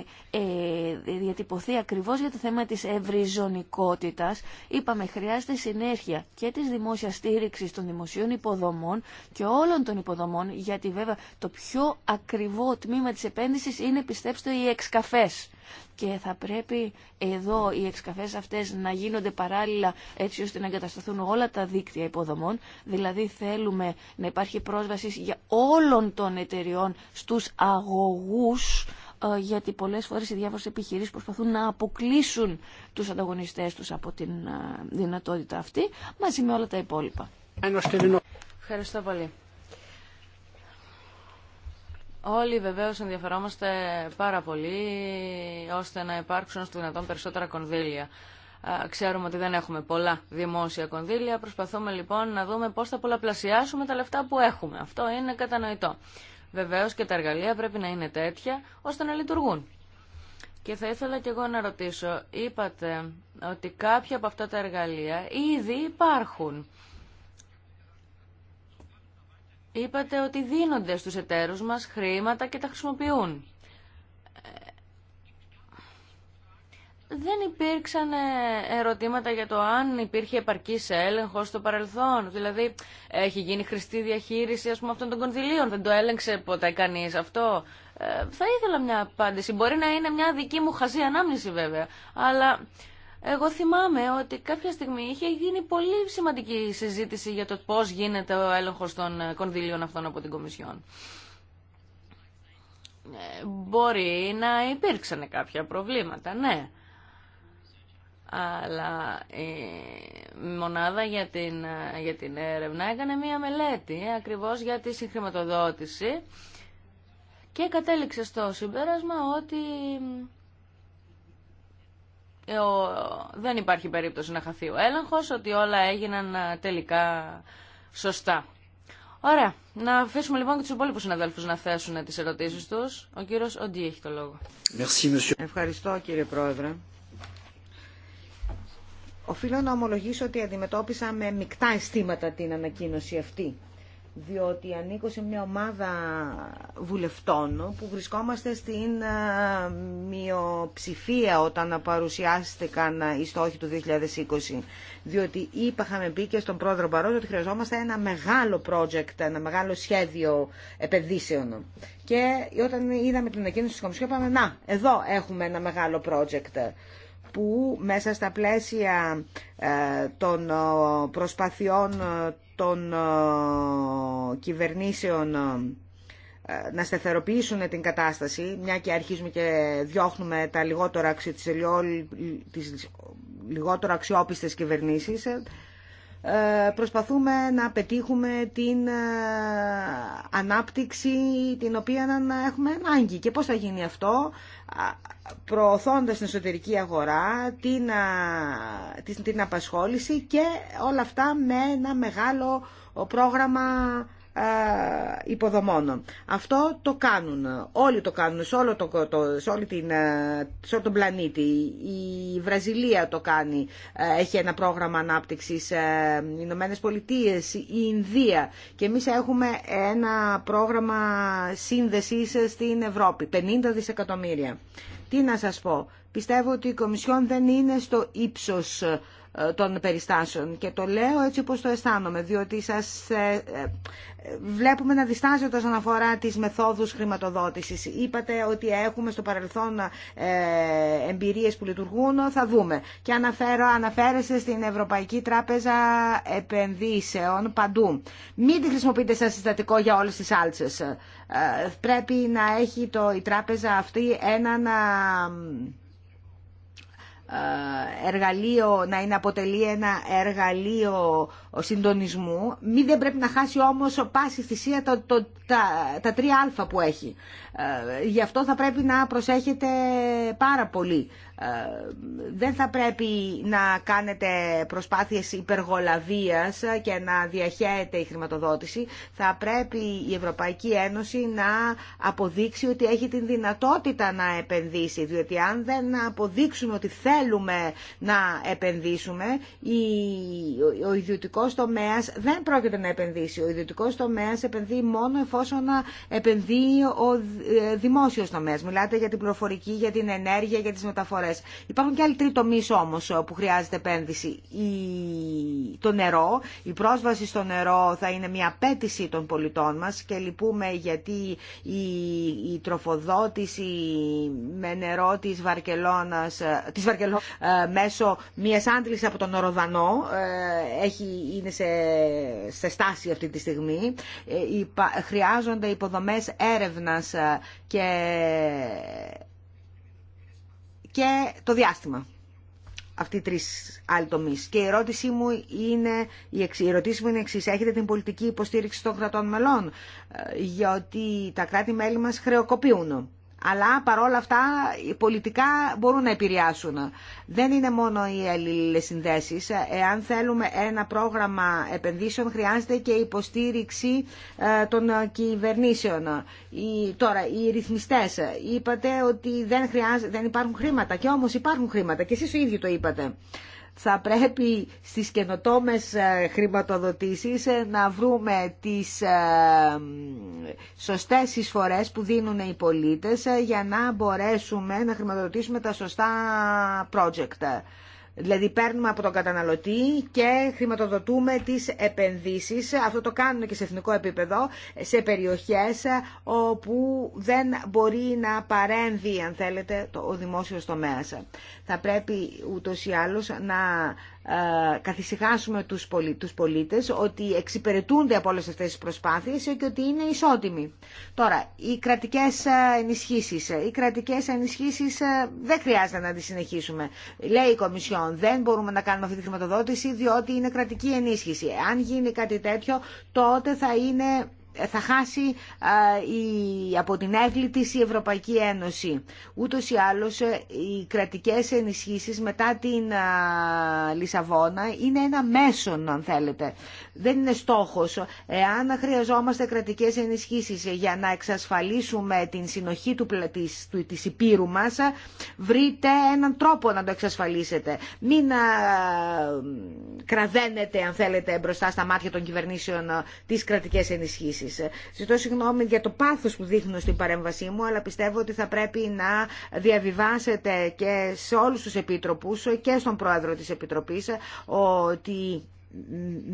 διατυπωθεί ακριβώς για το θέμα της ευρυζωνικότητας, είπαμε χρειάζεται συνέχεια και της δημόσιας στήριξης των δημοσίων υποδομών και όλων των υποδομών, γιατί βέβαια το πιο ακριβό τμήμα της επένδυσης είναι, πιστέψτε, οι εξκαφές και θα πρέπει εδώ οι εξκαφές αυτές να γίνονται παράλληλα έτσι ώστε να εγκατασταθούν όλα τα δίκτυα υποδομών. Δηλαδή θέλουμε να υπάρχει πρόσβαση για όλων των εταιριών στους αγωγούς ε, γιατί πολλές φορές οι διάφορες επιχειρήσεις προσπαθούν να αποκλείσουν τους ανταγωνιστές τους από την ε, δυνατότητα αυτή μαζί με όλα τα υπόλοιπα. Ευχαριστώ πολύ. Όλοι βεβαίω ενδιαφερόμαστε πάρα πολύ ώστε να υπάρξουν στο δυνατόν περισσότερα κονδύλια. Ξέρουμε ότι δεν έχουμε πολλά δημόσια κονδύλια. Προσπαθούμε λοιπόν να δούμε πώς θα πολλαπλασιάσουμε τα λεφτά που έχουμε. Αυτό είναι κατανοητό. Βεβαίω και τα εργαλεία πρέπει να είναι τέτοια ώστε να λειτουργούν. Και θα ήθελα και εγώ να ρωτήσω, είπατε ότι κάποια από αυτά τα εργαλεία ήδη υπάρχουν. Είπατε ότι δίνονται στους εταίρους μας χρήματα και τα χρησιμοποιούν. Δεν υπήρξαν ε, ερωτήματα για το αν υπήρχε επαρκής έλεγχος στο παρελθόν. Δηλαδή, έχει γίνει χρηστή διαχείριση ας πούμε, αυτών των κονδυλίων. Δεν το έλεγξε ποτέ κανείς αυτό. Ε, θα ήθελα μια απάντηση. Μπορεί να είναι μια δική μου χαζή ανάμνηση βέβαια. Αλλά εγώ θυμάμαι ότι κάποια στιγμή είχε γίνει πολύ σημαντική συζήτηση για το πώς γίνεται ο έλεγχος των κονδύλιων αυτών από την Κομισιόν. Ε, μπορεί να υπήρξαν κάποια προβλήματα, ναι. Αλλά η μονάδα για την, για την έρευνα έκανε μία μελέτη ακριβώς για τη συγχρηματοδότηση και κατέληξε στο συμπέρασμα ότι ε, δεν υπάρχει περίπτωση να χαθεί ο έλεγχος, ότι όλα έγιναν ε, τελικά σωστά. Ωραία. Να αφήσουμε λοιπόν και τους υπόλοιπους συναδέλφους να θέσουν τις ερωτήσεις τους. Ο κύριος Οντί έχει το λόγο. Ευχαριστώ κύριε Πρόεδρε. Οφείλω να ομολογήσω ότι αντιμετώπισα με μεικτά αισθήματα την ανακοίνωση αυτή διότι ανήκω σε μια ομάδα βουλευτών που βρισκόμαστε στην ε, μειοψηφία όταν παρουσιάστηκαν οι στόχοι του 2020. Διότι είπαμε μπει και στον πρόεδρο Μπαρόζο ότι χρειαζόμαστε ένα μεγάλο project, ένα μεγάλο σχέδιο επενδύσεων. Και όταν είδαμε την ανακοίνωση της Κομισιόν, είπαμε να, εδώ έχουμε ένα μεγάλο project που μέσα στα πλαίσια ε, των ε, προσπαθειών ε, των κυβερνήσεων να σταθεροποιήσουν την κατάσταση, μια και αρχίζουμε και διώχνουμε τα λιγότερα, τις λιγότερο αξιόπιστες κυβερνήσεις, ε, προσπαθούμε να πετύχουμε την ε, ανάπτυξη την οποία να έχουμε ανάγκη. Και πώς θα γίνει αυτό, προωθώντας την εσωτερική αγορά, την, την απασχόληση και όλα αυτά με ένα μεγάλο πρόγραμμα υποδομών. Αυτό το κάνουν. Όλοι το κάνουν σε όλο, το, το, την, σε τον πλανήτη. Η Βραζιλία το κάνει. Έχει ένα πρόγραμμα ανάπτυξης. Οι Ηνωμένε Πολιτείε, η Ινδία. Και εμείς έχουμε ένα πρόγραμμα σύνδεσης στην Ευρώπη. 50 δισεκατομμύρια. Τι να σας πω. Πιστεύω ότι η Κομισιόν δεν είναι στο ύψος ε, των περιστάσεων. Και το λέω έτσι όπως το αισθάνομαι, διότι σας ε, ε, βλέπουμε να διστάζετε όσον αφορά τις μεθόδους χρηματοδότησης. Είπατε ότι έχουμε στο παρελθόν εμπειρίες που λειτουργούν, θα δούμε. Και αναφέρω, αναφέρεστε στην Ευρωπαϊκή Τράπεζα Επενδύσεων παντού. Μην τη χρησιμοποιείτε σαν συστατικό για όλες τις άλτσες. Πρέπει να έχει το, η τράπεζα αυτή έναν ε, εργαλείο, να είναι αποτελεί ένα εργαλείο συντονισμού. Μη δεν πρέπει να χάσει όμως πάση θυσία το, τα, τα τρία αλφα που έχει. Ε, γι' αυτό θα πρέπει να προσέχετε πάρα πολύ δεν θα πρέπει να κάνετε προσπάθειες υπεργολαβίας και να διαχέεται η χρηματοδότηση. Θα πρέπει η Ευρωπαϊκή Ένωση να αποδείξει ότι έχει την δυνατότητα να επενδύσει, διότι αν δεν αποδείξουμε ότι θέλουμε να επενδύσουμε, ο ιδιωτικός τομέας δεν πρόκειται να επενδύσει. Ο ιδιωτικός τομέας επενδύει μόνο εφόσον επενδύει ο ε, δημόσιος τομέας. Μιλάτε για την πληροφορική, για την ενέργεια, για τις μεταφορές Υπάρχουν και άλλοι τρει τομείς όμως ε, που χρειάζεται επένδυση. Η... Το νερό, η πρόσβαση στο νερό θα είναι μια απέτηση των πολιτών μας και λυπούμε γιατί η, τροφοδότηση με νερό της Βαρκελώνας, ε, της Βαρκελώνας ε, μέσω μιας άντληση από τον Οροδανό έχει, είναι σε, σε στάση αυτή τη στιγμή. Χρειάζονται υποδομές έρευνας και και το διάστημα. Αυτοί οι τρεις άλλοι τομεί. Και η ερώτησή μου είναι, η ερωτήση μου είναι Έχετε την πολιτική υποστήριξη των κρατών μελών, ε, γιατί τα κράτη-μέλη μας χρεοκοπούν αλλά παρόλα αυτά πολιτικά μπορούν να επηρεάσουν. Δεν είναι μόνο οι αλληλεσυνδέσεις. Εάν θέλουμε ένα πρόγραμμα επενδύσεων χρειάζεται και υποστήριξη ε, των κυβερνήσεων. τώρα, οι ρυθμιστές είπατε ότι δεν, χρειάζεται, δεν υπάρχουν χρήματα και όμως υπάρχουν χρήματα και εσείς το ίδιο το είπατε θα πρέπει στις καινοτόμες ε, χρηματοδοτήσεις ε, να βρούμε τις ε, σωστές εισφορές που δίνουν οι πολίτες για να μπορέσουμε να χρηματοδοτήσουμε τα σωστά project. Δηλαδή παίρνουμε από τον καταναλωτή και χρηματοδοτούμε τις επενδύσεις. Αυτό το κάνουμε και σε εθνικό επίπεδο, σε περιοχές όπου δεν μπορεί να παρέμβει, αν θέλετε, το, ο δημόσιος τομέας. Θα πρέπει ούτως ή άλλως να ε, καθησυχάσουμε τους, πολί, τους πολίτες ότι εξυπηρετούνται από όλες αυτές τις προσπάθειες και ότι είναι ισότιμοι. Τώρα, οι κρατικές ε, ενισχύσεις. Οι κρατικές ενισχύσεις ε, δεν χρειάζεται να τις συνεχίσουμε. Λέει η Κομισιόν Λοιπόν, δεν μπορούμε να κάνουμε αυτή τη χρηματοδότηση διότι είναι κρατική ενίσχυση. Αν γίνει κάτι τέτοιο τότε θα είναι θα χάσει η, από την έγκλη η Ευρωπαϊκή Ένωση. Ούτως ή άλλως ε, οι κρατικές ενισχύσεις μετά την Λισαβόνα είναι ένα μέσον αν θέλετε. Δεν είναι στόχος. Εάν χρειαζόμαστε κρατικές ενισχύσεις για να εξασφαλίσουμε την συνοχή του, του, της υπήρου μας, βρείτε έναν τρόπο να το εξασφαλίσετε. Μην κραδένετε αν θέλετε μπροστά στα μάτια των κυβερνήσεων τις κρατικές ενισχύσεις. Ζητώ συγγνώμη για το πάθος που δείχνω στην παρέμβασή μου, αλλά πιστεύω ότι θα πρέπει να διαβιβάσετε και σε όλους τους επιτροπούς και στον πρόεδρο της Επιτροπής ότι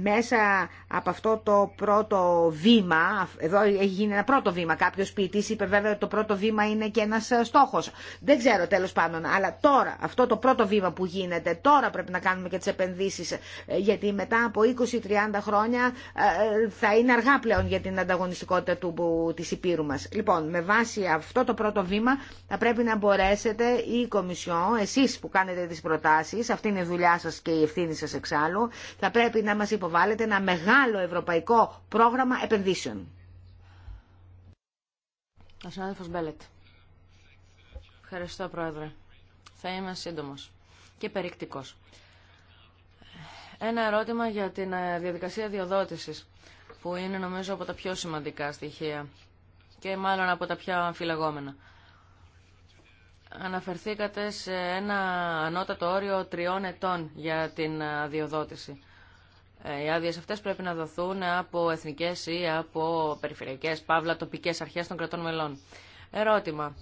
μέσα από αυτό το πρώτο βήμα, εδώ έχει γίνει ένα πρώτο βήμα, κάποιος ποιητής είπε βέβαια ότι το πρώτο βήμα είναι και ένας ε, στόχος. Δεν ξέρω τέλος πάντων, αλλά τώρα αυτό το πρώτο βήμα που γίνεται, τώρα πρέπει να κάνουμε και τις επενδύσεις, ε, γιατί μετά από 20-30 χρόνια ε, θα είναι αργά πλέον για την ανταγωνιστικότητα του, της Υπήρου μας. Λοιπόν, με βάση αυτό το πρώτο βήμα θα πρέπει να μπορέσετε η Κομισιό, εσείς που κάνετε τις προτάσεις, αυτή είναι η δουλειά σας και η ευθύνη σας εξάλλου, θα πρέπει πρέπει να μας υποβάλλεται ένα μεγάλο ευρωπαϊκό πρόγραμμα επενδύσεων. Ο συνάδελφος Μπέλετ. Ευχαριστώ, Πρόεδρε. Θα είμαι σύντομος και περίκτικος. Ένα ερώτημα για την ε, διαδικασία διοδότησης, που είναι νομίζω από τα πιο σημαντικά στοιχεία και μάλλον από τα πιο αμφιλεγόμενα. Αναφερθήκατε σε ένα ανώτατο όριο τριών ετών για την ε, διοδότηση. Ε, οι άδειε αυτέ πρέπει να δοθούν από εθνικέ ή από περιφερειακέ, παύλα τοπικέ αρχέ των κρατών μελών. Ερώτημα.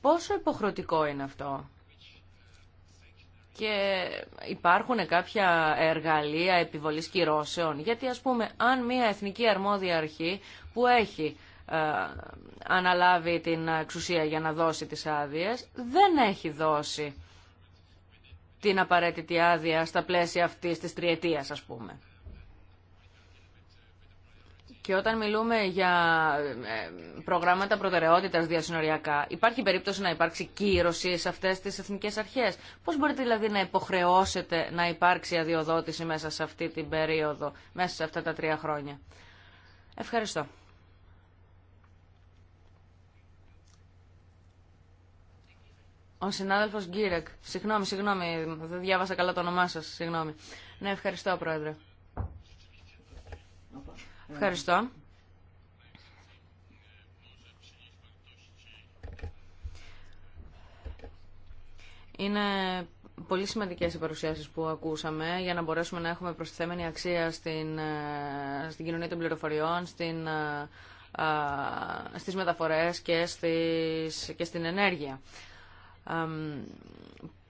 Πόσο υποχρεωτικό είναι αυτό, και υπάρχουν κάποια εργαλεία επιβολής κυρώσεων. Γιατί ας πούμε, αν μια εθνική αρμόδια αρχή που έχει ε, αναλάβει την εξουσία για να δώσει τις άδειες, δεν έχει δώσει την απαραίτητη άδεια στα πλαίσια αυτή της τριετίας, ας πούμε. Και όταν μιλούμε για ε, προγράμματα προτεραιότητας διασυνοριακά, υπάρχει περίπτωση να υπάρξει κύρωση σε αυτές τις εθνικές αρχές. Πώς μπορείτε δηλαδή να υποχρεώσετε να υπάρξει αδειοδότηση μέσα σε αυτή την περίοδο, μέσα σε αυτά τα τρία χρόνια. Ευχαριστώ. Ο συνάδελφο Γκίρεκ. Συγγνώμη, συγγνώμη, δεν διάβασα καλά το όνομά σα. Συγγνώμη. Ναι, ευχαριστώ, Πρόεδρε. Ευχαριστώ. Είναι πολύ σημαντικές οι παρουσιάσεις που ακούσαμε για να μπορέσουμε να έχουμε προστιθέμενη αξία στην, ε, στην κοινωνία των πληροφοριών, στην, ε, ε, στις μεταφορές και, στις, και στην ενέργεια.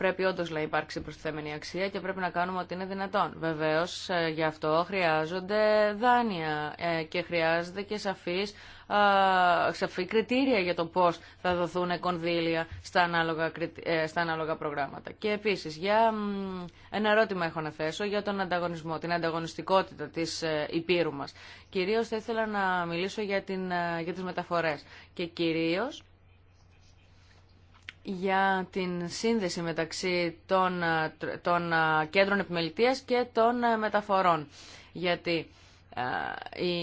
Πρέπει όντω να υπάρξει προστιθέμενη αξία και πρέπει να κάνουμε ό,τι είναι δυνατόν. Βεβαίω, ε, γι' αυτό χρειάζονται δάνεια ε, και χρειάζονται και σαφή κριτήρια για το πώ θα δοθούν κονδύλια στα ανάλογα, ε, στα ανάλογα προγράμματα. Και επίση, για ένα ερώτημα έχω να θέσω για τον ανταγωνισμό, την ανταγωνιστικότητα τη υπήρου μα. Κυρίω θα ήθελα να μιλήσω για, την, για τι μεταφορέ και κυρίω για την σύνδεση μεταξύ των, των κέντρων επιμελητίας και των μεταφορών. Γιατί η,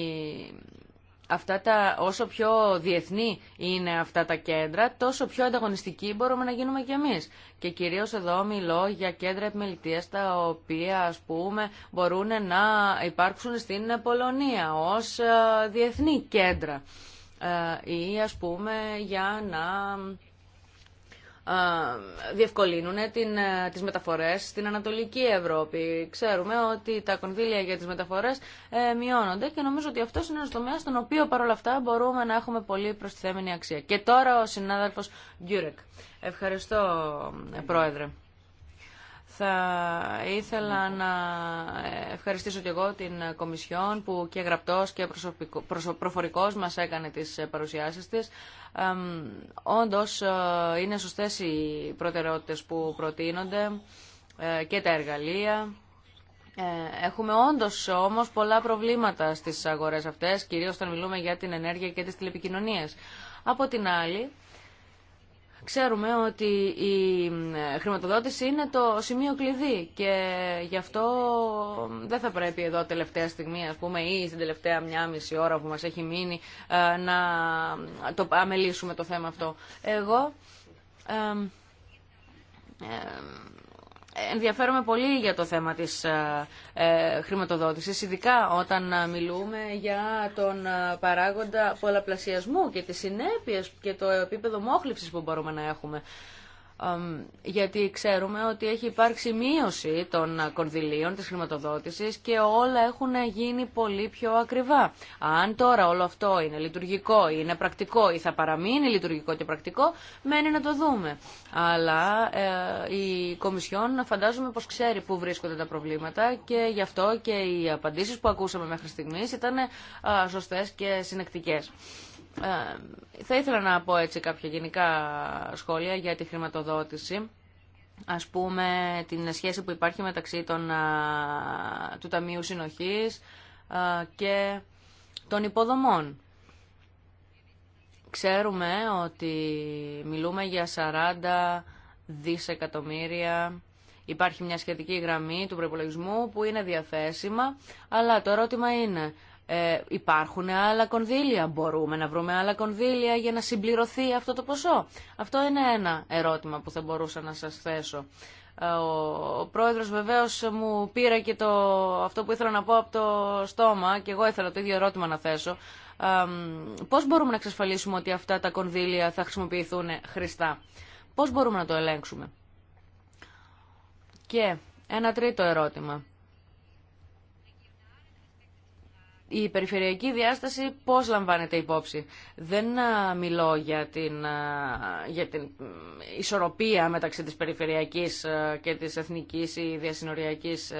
αυτά τα, όσο πιο διεθνή είναι αυτά τα κέντρα, τόσο πιο ανταγωνιστική μπορούμε να γίνουμε κι εμείς. Και κυρίως εδώ μιλώ για κέντρα επιμελητίας τα οποία ας πούμε μπορούν να υπάρξουν στην Πολωνία ως διεθνή κέντρα. ή ας πούμε για να διευκολύνουν την, τις μεταφορές στην Ανατολική Ευρώπη. Ξέρουμε ότι τα κονδύλια για τις μεταφορές ε, μειώνονται και νομίζω ότι αυτό είναι ένας τομέας στον οποίο παρόλα αυτά μπορούμε να έχουμε πολύ προστιθέμενη αξία. Και τώρα ο συνάδελφος Γκιούρεκ. Ευχαριστώ, ε, Πρόεδρε. Θα ήθελα να ευχαριστήσω και εγώ την Κομισιόν που και γραπτός και προφορικός μας έκανε τις παρουσιάσεις της. Όντως ε, είναι σωστές οι προτεραιότητες που προτείνονται ε, και τα εργαλεία. Ε, έχουμε όντως όμως πολλά προβλήματα στις αγορές αυτές, κυρίως όταν μιλούμε για την ενέργεια και τις τηλεπικοινωνίες. Από την άλλη, Ξέρουμε ότι η χρηματοδότηση είναι το σημείο κλειδί και γι' αυτό δεν θα πρέπει εδώ τελευταία στιγμή ας πούμε, ή στην τελευταία μια μισή ώρα που μας έχει μείνει ε, να το αμελήσουμε το θέμα αυτό. Εγώ ε, ε, ενδιαφέρομαι πολύ για το θέμα της ε, ε, χρηματοδότησης, ειδικά όταν ε, μιλούμε για τον παράγοντα πολλαπλασιασμού και τις συνέπειες και το επίπεδο μόχλευσης που μπορούμε να έχουμε γιατί ξέρουμε ότι έχει υπάρξει μείωση των κονδυλίων της χρηματοδότησης και όλα έχουν γίνει πολύ πιο ακριβά. Αν τώρα όλο αυτό είναι λειτουργικό, είναι πρακτικό ή θα παραμείνει λειτουργικό και πρακτικό, μένει να το δούμε. Αλλά ε, η Κομισιόν φαντάζομαι πως ξέρει πού βρίσκονται τα προβλήματα και γι' αυτό και οι απαντήσεις που ακούσαμε μέχρι στιγμής ήταν σωστές και συνεκτικές. Ε, θα ήθελα να πω έτσι κάποια γενικά σχόλια για τη χρηματοδότηση ας πούμε την σχέση που υπάρχει μεταξύ των, του Ταμείου Συνοχής και των υποδομών. Ξέρουμε ότι μιλούμε για 40 δισεκατομμύρια. Υπάρχει μια σχετική γραμμή του προπολογισμού που είναι διαθέσιμα, αλλά το ερώτημα είναι ε, υπάρχουν άλλα κονδύλια, μπορούμε να βρούμε άλλα κονδύλια για να συμπληρωθεί αυτό το ποσό. Αυτό είναι ένα ερώτημα που θα μπορούσα να σας θέσω. Ε, ο πρόεδρος βεβαίως μου πήρε και το, αυτό που ήθελα να πω από το στόμα και εγώ ήθελα το ίδιο ερώτημα να θέσω. Πώς μπορούμε να εξασφαλίσουμε ότι αυτά τα κονδύλια θα χρησιμοποιηθούν χρηστά. Πώς μπορούμε να το ελέγξουμε. Και ένα τρίτο ερώτημα. η περιφερειακή διάσταση πώς λαμβάνεται υπόψη. Δεν μιλώ για την, για την ισορροπία μεταξύ της περιφερειακής και της εθνικής ή διασυνοριακής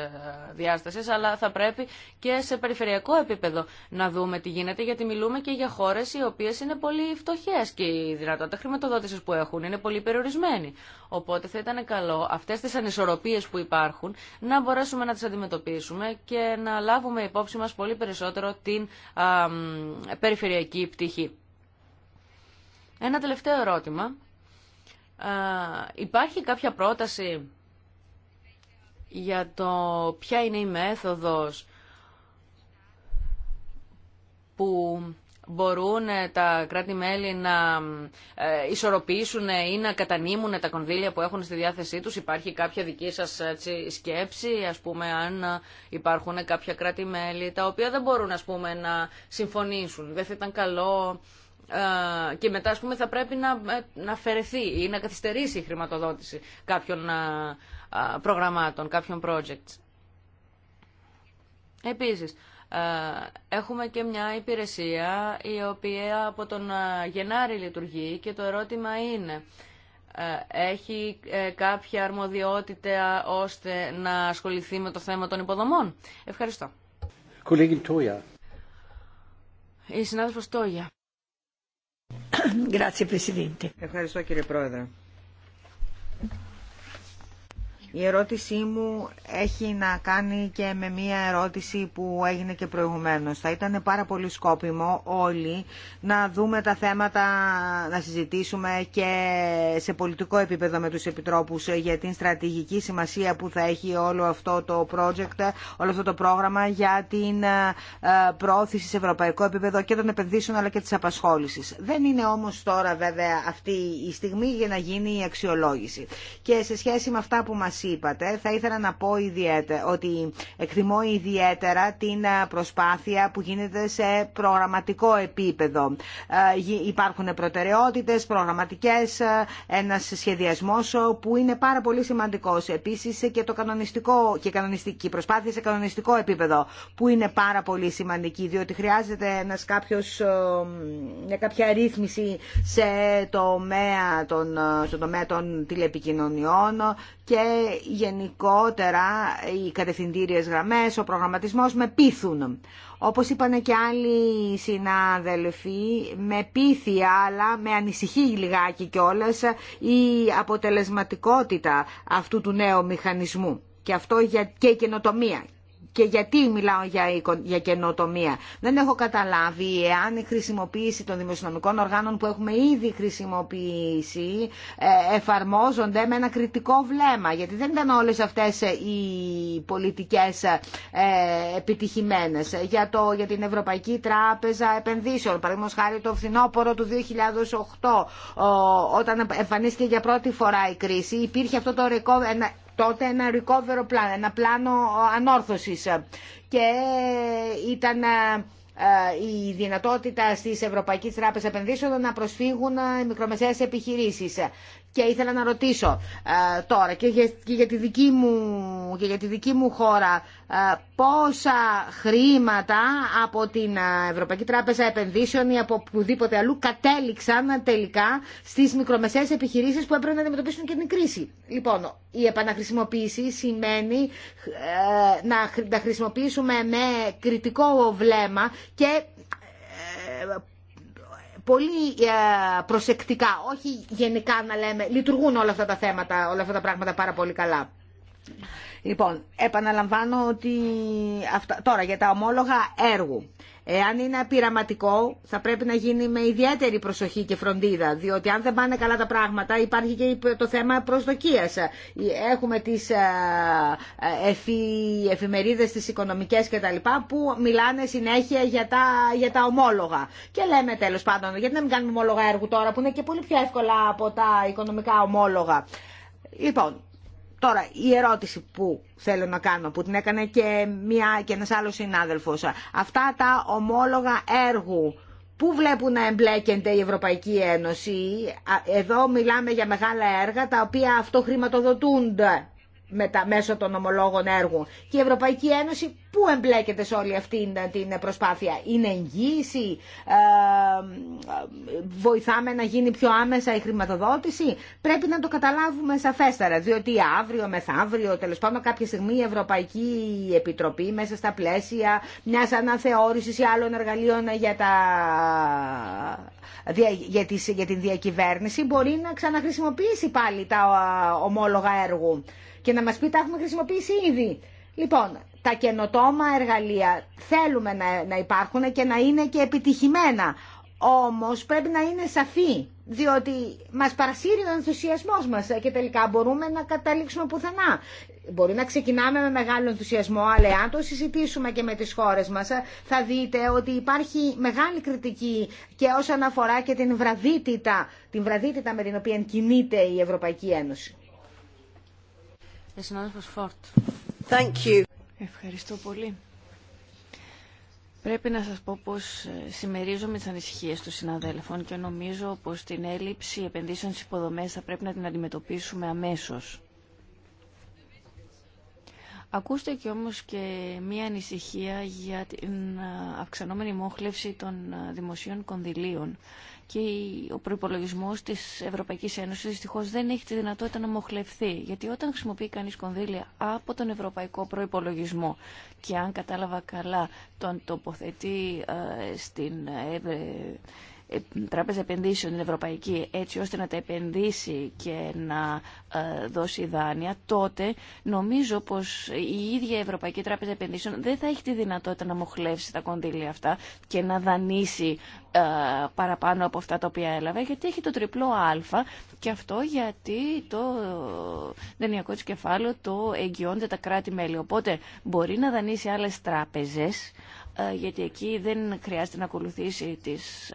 διάστασης, αλλά θα πρέπει και σε περιφερειακό επίπεδο να δούμε τι γίνεται, γιατί μιλούμε και για χώρες οι οποίες είναι πολύ φτωχές και η δυνατότητα χρηματοδότησης που έχουν είναι πολύ περιορισμένη. Οπότε θα ήταν καλό αυτές τις ανισορροπίες που υπάρχουν να μπορέσουμε να τις αντιμετωπίσουμε και να λάβουμε υπόψη μας πολύ περισσότερο την α, περιφερειακή πτυχή. Ένα τελευταίο ερώτημα. Α, υπάρχει κάποια πρόταση για το ποια είναι η μέθοδος που μπορούν ε, τα κράτη-μέλη να ε, ισορροπήσουν ε, ή να κατανείμουν τα κονδύλια που έχουν στη διάθεσή τους. Υπάρχει κάποια δική σας έτσι, σκέψη, ας πούμε, αν υπάρχουν κάποια κράτη-μέλη τα οποία δεν μπορούν ας πούμε, να συμφωνήσουν. Δεν θα ήταν καλό και μετά ας πούμε, θα πρέπει να, να αφαιρεθεί ή να καθυστερήσει η χρηματοδότηση κάποιων προγραμμάτων, κάποιων projects. Επίσης, ε, έχουμε και μια υπηρεσία η οποία από τον ε, Γενάρη λειτουργεί και το ερώτημα είναι ε, έχει κάποια αρμοδιότητα ώστε να ασχοληθεί με το θέμα των υποδομών. Ευχαριστώ. Η συνάδελφος Τόγια. Ευχαριστώ κύριε Πρόεδρε. Η ερώτησή μου έχει να κάνει και με μία ερώτηση που έγινε και προηγουμένως. Θα ήταν πάρα πολύ σκόπιμο όλοι να δούμε τα θέματα, να συζητήσουμε και σε πολιτικό επίπεδο με τους επιτρόπους για την στρατηγική σημασία που θα έχει όλο αυτό το project, όλο αυτό το πρόγραμμα για την ε, προώθηση σε ευρωπαϊκό επίπεδο και των επενδύσεων αλλά και της απασχόλησης. Δεν είναι όμως τώρα βέβαια αυτή η στιγμή για να γίνει η αξιολόγηση. Και σε σχέση με αυτά που μας θα ήθελα να πω ιδιαίτερα, ότι εκτιμώ ιδιαίτερα την ε, προσπάθεια που γίνεται σε προγραμματικό επίπεδο. Ε, υπάρχουν προτεραιότητες, προγραμματικές, ε, ένας σχεδιασμός που είναι πάρα πολύ σημαντικός. Επίσης και, το κανονιστικό, και κανονιστική προσπάθεια σε κανονιστικό επίπεδο που είναι πάρα πολύ σημαντική, διότι χρειάζεται μια κάποια ρύθμιση σε των, στο τομέα των τηλεπικοινωνιών, και γενικότερα οι κατευθυντήριες γραμμές, ο προγραμματισμός με πείθουν. Όπως είπαν και άλλοι συνάδελφοι, με πείθει αλλά με ανησυχεί λιγάκι κιόλας η αποτελεσματικότητα αυτού του νέου μηχανισμού. Και αυτό για και η καινοτομία και γιατί μιλάω για, για καινοτομία. Δεν έχω καταλάβει εάν η χρησιμοποίηση των δημοσιονομικών οργάνων που έχουμε ήδη χρησιμοποιήσει ε, εφαρμόζονται με ένα κριτικό βλέμμα. Γιατί δεν ήταν όλες αυτές ε, οι πολιτικές ε, επιτυχημένες. Για, το, για την Ευρωπαϊκή Τράπεζα Επενδύσεων, παραδείγματος χάρη το φθινόπωρο του 2008, όταν εμφανίστηκε για πρώτη φορά η κρίση, υπήρχε αυτό το ρεκόρ, ένα τότε ένα recover, plan, ένα πλάνο ε, ανόρθωσης και ήταν ε, ε, η δυνατότητα στις Ευρωπαϊκές Τράπεζες Επενδύσεων να προσφύγουν οι μικρομεσαίες επιχειρήσεις. Και ήθελα να ρωτήσω ε, τώρα και για, τη δική μου, και για τη δική μου χώρα ε, πόσα χρήματα από την ε, Ευρωπαϊκή Τράπεζα Επενδύσεων ή από οπουδήποτε αλλού κατέληξαν τελικά στις μικρομεσαίες επιχειρήσεις που έπρεπε να αντιμετωπίσουν και την κρίση. Λοιπόν, η επαναχρησιμοποίηση σημαίνει να τα χρησιμοποιήσουμε με κριτικό βλέμμα και πολύ ε, προσεκτικά, όχι γενικά να λέμε, λειτουργούν όλα αυτά τα θέματα, όλα αυτά τα πράγματα πάρα πολύ καλά. Λοιπόν, επαναλαμβάνω ότι αυτά, τώρα για τα ομόλογα έργου. Εάν είναι πειραματικό, θα πρέπει να γίνει με ιδιαίτερη προσοχή και φροντίδα, διότι αν δεν πάνε καλά τα πράγματα, υπάρχει και το θέμα προσδοκίας. Έχουμε τις ε, ε, εφημερίδες, τις οικονομικές κτλ. που μιλάνε συνέχεια για τα, για τα ομόλογα. Και λέμε τέλος πάντων, γιατί να μην κάνουμε ομόλογα έργου τώρα, που είναι και πολύ πιο εύκολα από τα οικονομικά ομόλογα. Λοιπόν, Τώρα, η ερώτηση που θέλω να κάνω, που την έκανε και, μια, και ένας άλλος συνάδελφος. Αυτά τα ομόλογα έργου, πού βλέπουν να εμπλέκεται η Ευρωπαϊκή Ένωση. Εδώ μιλάμε για μεγάλα έργα τα οποία αυτοχρηματοδοτούνται με τα, μέσω των ομολόγων έργου. Και η Ευρωπαϊκή Ένωση πού εμπλέκεται σε όλη αυτή την προσπάθεια. Είναι εγγύηση, ε, βοηθάμε να γίνει πιο άμεσα η χρηματοδότηση. Πρέπει να το καταλάβουμε σαφέστερα, διότι αύριο, μεθαύριο, τέλο πάντων κάποια στιγμή η Ευρωπαϊκή Επιτροπή μέσα στα πλαίσια μιας αναθεώρησης ή άλλων εργαλείων για τα για, τις, για την διακυβέρνηση μπορεί να ξαναχρησιμοποιήσει πάλι τα ομόλογα έργου και να μας πει τα έχουμε χρησιμοποιήσει ήδη. Λοιπόν, τα καινοτόμα εργαλεία θέλουμε να, να υπάρχουν και να είναι και επιτυχημένα. Όμως πρέπει να είναι σαφή, διότι μας παρασύρει ο ενθουσιασμός μας και τελικά μπορούμε να καταλήξουμε πουθενά. Μπορεί να ξεκινάμε με μεγάλο ενθουσιασμό, αλλά αν το συζητήσουμε και με τις χώρες μας, θα δείτε ότι υπάρχει μεγάλη κριτική και όσον αφορά και την βραδύτητα, την βραδύτητα με την οποία κινείται η Ευρωπαϊκή Ένωση. Ευχαριστώ πολύ. Πρέπει να σας πω πως ε, συμμερίζομαι τις ανησυχίες των συναδέλφων και νομίζω πως την έλλειψη επενδύσεων στις υποδομές θα πρέπει να την αντιμετωπίσουμε αμέσως. Ακούστε και όμως και μία ανησυχία για την ε, αυξανόμενη μόχλευση των ε, δημοσίων κονδυλίων και ο προπολογισμό τη Ευρωπαϊκή Ένωση δυστυχώ δεν έχει τη δυνατότητα να μοχλευθεί. Γιατί όταν χρησιμοποιεί κανεί κονδύλια από τον ευρωπαϊκό προπολογισμό και αν κατάλαβα καλά τον τοποθετεί ε, στην ε, Τράπεζα Επενδύσεων την Ευρωπαϊκή έτσι ώστε να τα επενδύσει και να ε, δώσει δάνεια, τότε νομίζω πως η ίδια Ευρωπαϊκή Τράπεζα Επενδύσεων δεν θα έχει τη δυνατότητα να μοχλεύσει τα κονδύλια αυτά και να δανείσει ε, παραπάνω από αυτά τα οποία έλαβε, γιατί έχει το τριπλό α και αυτό γιατί το δανειακό της κεφάλαιο το εγγυώνται τα κράτη-μέλη. Οπότε μπορεί να δανείσει άλλες τράπεζες, ε, γιατί εκεί δεν χρειάζεται να ακολουθήσει τις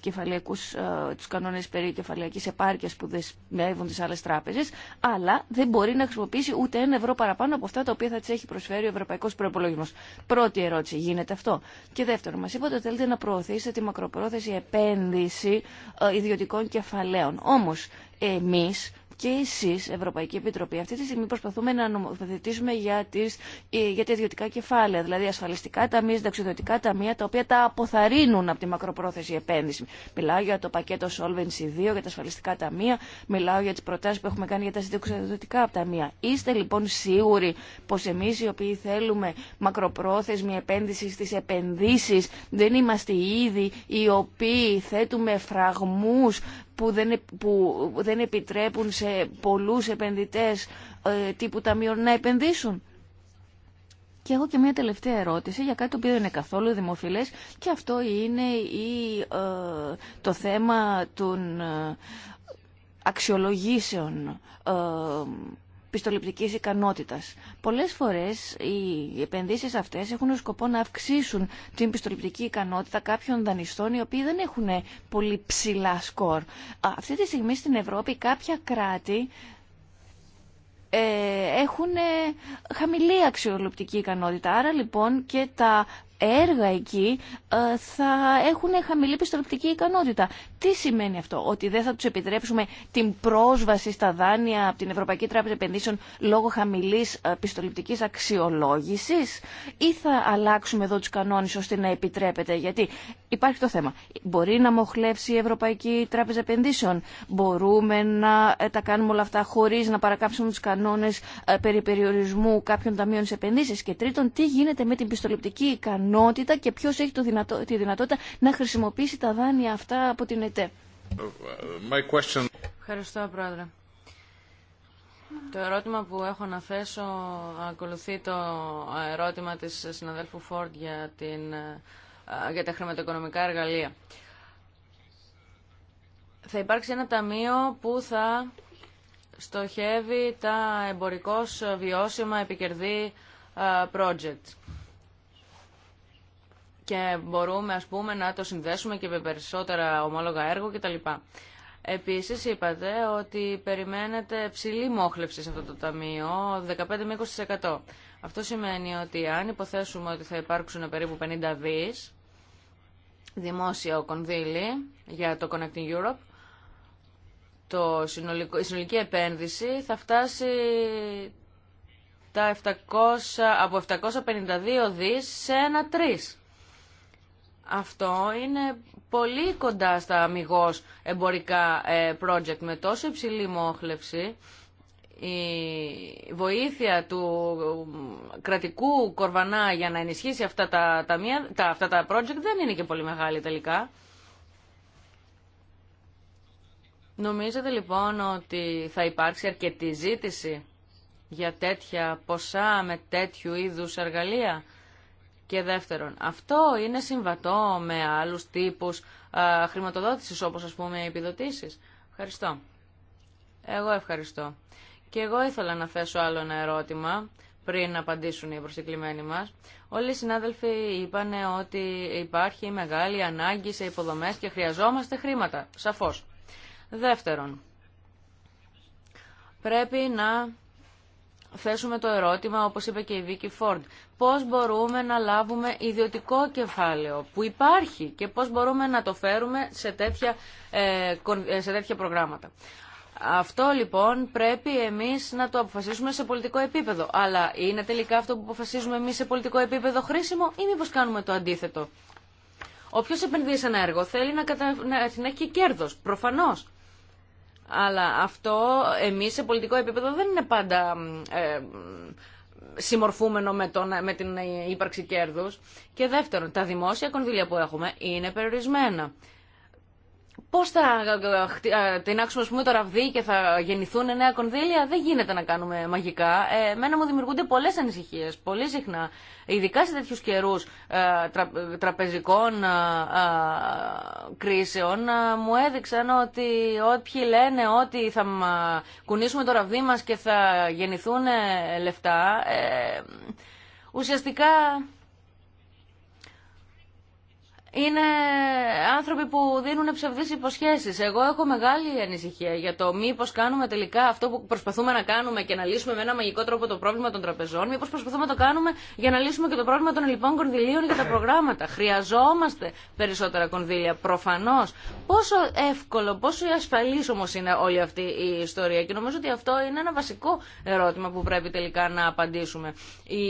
κεφαλαιακούς, ε, τους κανόνες περί κεφαλιακής επάρκειας που δεσμεύουν τις άλλες τράπεζες, αλλά δεν μπορεί να χρησιμοποιήσει ούτε ένα ευρώ παραπάνω από αυτά τα οποία θα της έχει προσφέρει ο Ευρωπαϊκός Προϋπολογισμός. Πρώτη ερώτηση, γίνεται αυτό. Και δεύτερο, μας είπατε ότι θέλετε να προωθήσετε τη μακροπρόθεση επένδυση ε, ιδιωτικών κεφαλαίων. Όμως, εμείς και εσείς, Ευρωπαϊκή Επιτροπή, αυτή τη στιγμή προσπαθούμε να νομοθετήσουμε για, τις, ε, για τα ιδιωτικά κεφάλαια, δηλαδή ασφαλιστικά ταμεία, συνταξιδοτικά ταμεία, τα οποία τα αποθαρρύνουν από τη μακροπρόθεση επένδυση. Μιλάω για το πακέτο Solvency 2, για τα ασφαλιστικά ταμεία, μιλάω για τις προτάσεις που έχουμε κάνει για τα συνταξιδοτικά ταμεία. Είστε λοιπόν σίγουροι πως εμείς οι οποίοι θέλουμε μακροπρόθεσμη επένδυση στις επενδύσεις, δεν είμαστε ήδη οι οποίοι θέτουμε φραγμούς που δεν, ε, που δεν επιτρέπουν σε πολλούς επενδυτές ε, τύπου ταμείων να επενδύσουν. Και έχω και μια τελευταία ερώτηση για κάτι το οποίο δεν είναι καθόλου δημοφιλές και αυτό είναι η, ε, το θέμα των αξιολογήσεων πιστοληπτικής ικανότητας. Πολλές φορές οι επενδύσεις αυτές έχουν σκοπό να αυξήσουν την πιστοληπτική ικανότητα κάποιων δανειστών οι οποίοι δεν έχουν πολύ ψηλά σκορ. Αυτή τη στιγμή στην Ευρώπη κάποια κράτη ε, έχουν ε, χαμηλή αξιολοπτική ικανότητα. Άρα λοιπόν και τα έργα εκεί ε, θα έχουν χαμηλή πιστοληπτική ικανότητα. Τι σημαίνει αυτό, ότι δεν θα τους επιτρέψουμε την πρόσβαση στα δάνεια από την Ευρωπαϊκή Τράπεζα Επενδύσεων λόγω χαμηλής ε, πιστοληπτικής αξιολόγησης ή θα αλλάξουμε εδώ τους κανόνες ώστε να επιτρέπεται, γιατί υπάρχει το θέμα. Μπορεί να μοχλεύσει η Ευρωπαϊκή Τράπεζα Επενδύσεων, μπορούμε να ε, τα κάνουμε όλα αυτά χωρίς να παρακάψουμε τους κανόνες περί περιορισμού κάποιων ταμείων σε επενδύσεις και τρίτον τι γίνεται με την πιστοληπτική ικανότητα ικανότητα και ποιος έχει το τη δυνατότητα να χρησιμοποιήσει τα δάνεια αυτά από την ΕΤΕ. My question... Ευχαριστώ, Πρόεδρε. Το ερώτημα που έχω να θέσω ακολουθεί το ερώτημα της συναδέλφου Φόρντ για, την, για τα χρηματοοικονομικά εργαλεία. Θα υπάρξει ένα ταμείο που θα στοχεύει τα εμπορικώς βιώσιμα επικερδή project και μπορούμε ας πούμε να το συνδέσουμε και με περισσότερα ομόλογα έργο κτλ. Επίσης είπατε ότι περιμένετε ψηλή μόχλευση σε αυτό το ταμείο, 15 με 20%. Αυτό σημαίνει ότι αν υποθέσουμε ότι θα υπάρξουν περίπου 50 δις δημόσιο κονδύλι για το Connecting Europe, το συνολικό, η συνολική επένδυση θα φτάσει τα 700, από 752 δις σε ένα αυτό είναι πολύ κοντά στα αμυγός εμπορικά ε, project με τόσο υψηλή μόχλευση η βοήθεια του κρατικού Κορβανά για να ενισχύσει αυτά τα, τα, τα, αυτά τα project δεν είναι και πολύ μεγάλη τελικά. Νομίζετε λοιπόν ότι θα υπάρξει αρκετή ζήτηση για τέτοια ποσά με τέτοιου είδους εργαλεία και δεύτερον, αυτό είναι συμβατό με άλλους τύπους χρηματοδότησης όπως ας πούμε οι επιδοτήσεις. Ευχαριστώ. Εγώ ευχαριστώ. Και εγώ ήθελα να θέσω άλλο ένα ερώτημα πριν απαντήσουν οι προσκεκλημένοι μας. Όλοι οι συνάδελφοι είπαν ότι υπάρχει μεγάλη ανάγκη σε υποδομές και χρειαζόμαστε χρήματα, σαφώς. Δεύτερον, πρέπει να θέσουμε το ερώτημα, όπως είπε και η Βίκη Φόρντ, πώς μπορούμε να λάβουμε ιδιωτικό κεφάλαιο που υπάρχει και πώς μπορούμε να το φέρουμε σε τέτοια, ε, ε, σε προγράμματα. Αυτό λοιπόν πρέπει εμείς να το αποφασίσουμε σε πολιτικό επίπεδο. Αλλά είναι τελικά αυτό που αποφασίζουμε εμείς σε πολιτικό επίπεδο χρήσιμο ή μήπως κάνουμε το αντίθετο. Όποιο επενδύει σε ένα έργο θέλει να, κατα... να έχει και κέρδος, προφανώς. Αλλά αυτό εμείς σε πολιτικό επίπεδο δεν είναι πάντα ε, συμμορφούμενο με, τον, με την ε, ύπαρξη κέρδους. Και δεύτερον, τα δημόσια κονδύλια που έχουμε είναι περιορισμένα. Πώ θα ε, ε, τεινάξουμε πούμε, το ραβδί και θα γεννηθούν νέα κονδύλια, δεν γίνεται να κάνουμε μαγικά. Ε, εμένα μου δημιουργούνται πολλέ ανησυχίε, πολύ συχνά. Ειδικά σε τέτοιου καιρού τρα, τραπεζικών κρίσεων, α, μου έδειξαν ότι όποιοι λένε ότι θα κουνήσουμε το ραβδί μα και θα γεννηθούν λεφτά, ε, ουσιαστικά είναι άνθρωποι που δίνουν ψευδείς υποσχέσεις. Εγώ έχω μεγάλη ανησυχία για το μήπως κάνουμε τελικά αυτό που προσπαθούμε να κάνουμε και να λύσουμε με ένα μαγικό τρόπο το πρόβλημα των τραπεζών, μήπως προσπαθούμε να το κάνουμε για να λύσουμε και το πρόβλημα των λοιπών κονδυλίων για τα προγράμματα. Χρειαζόμαστε περισσότερα κονδύλια, προφανώς. Πόσο εύκολο, πόσο ασφαλής όμως είναι όλη αυτή η ιστορία και νομίζω ότι αυτό είναι ένα βασικό ερώτημα που πρέπει τελικά να απαντήσουμε. Η...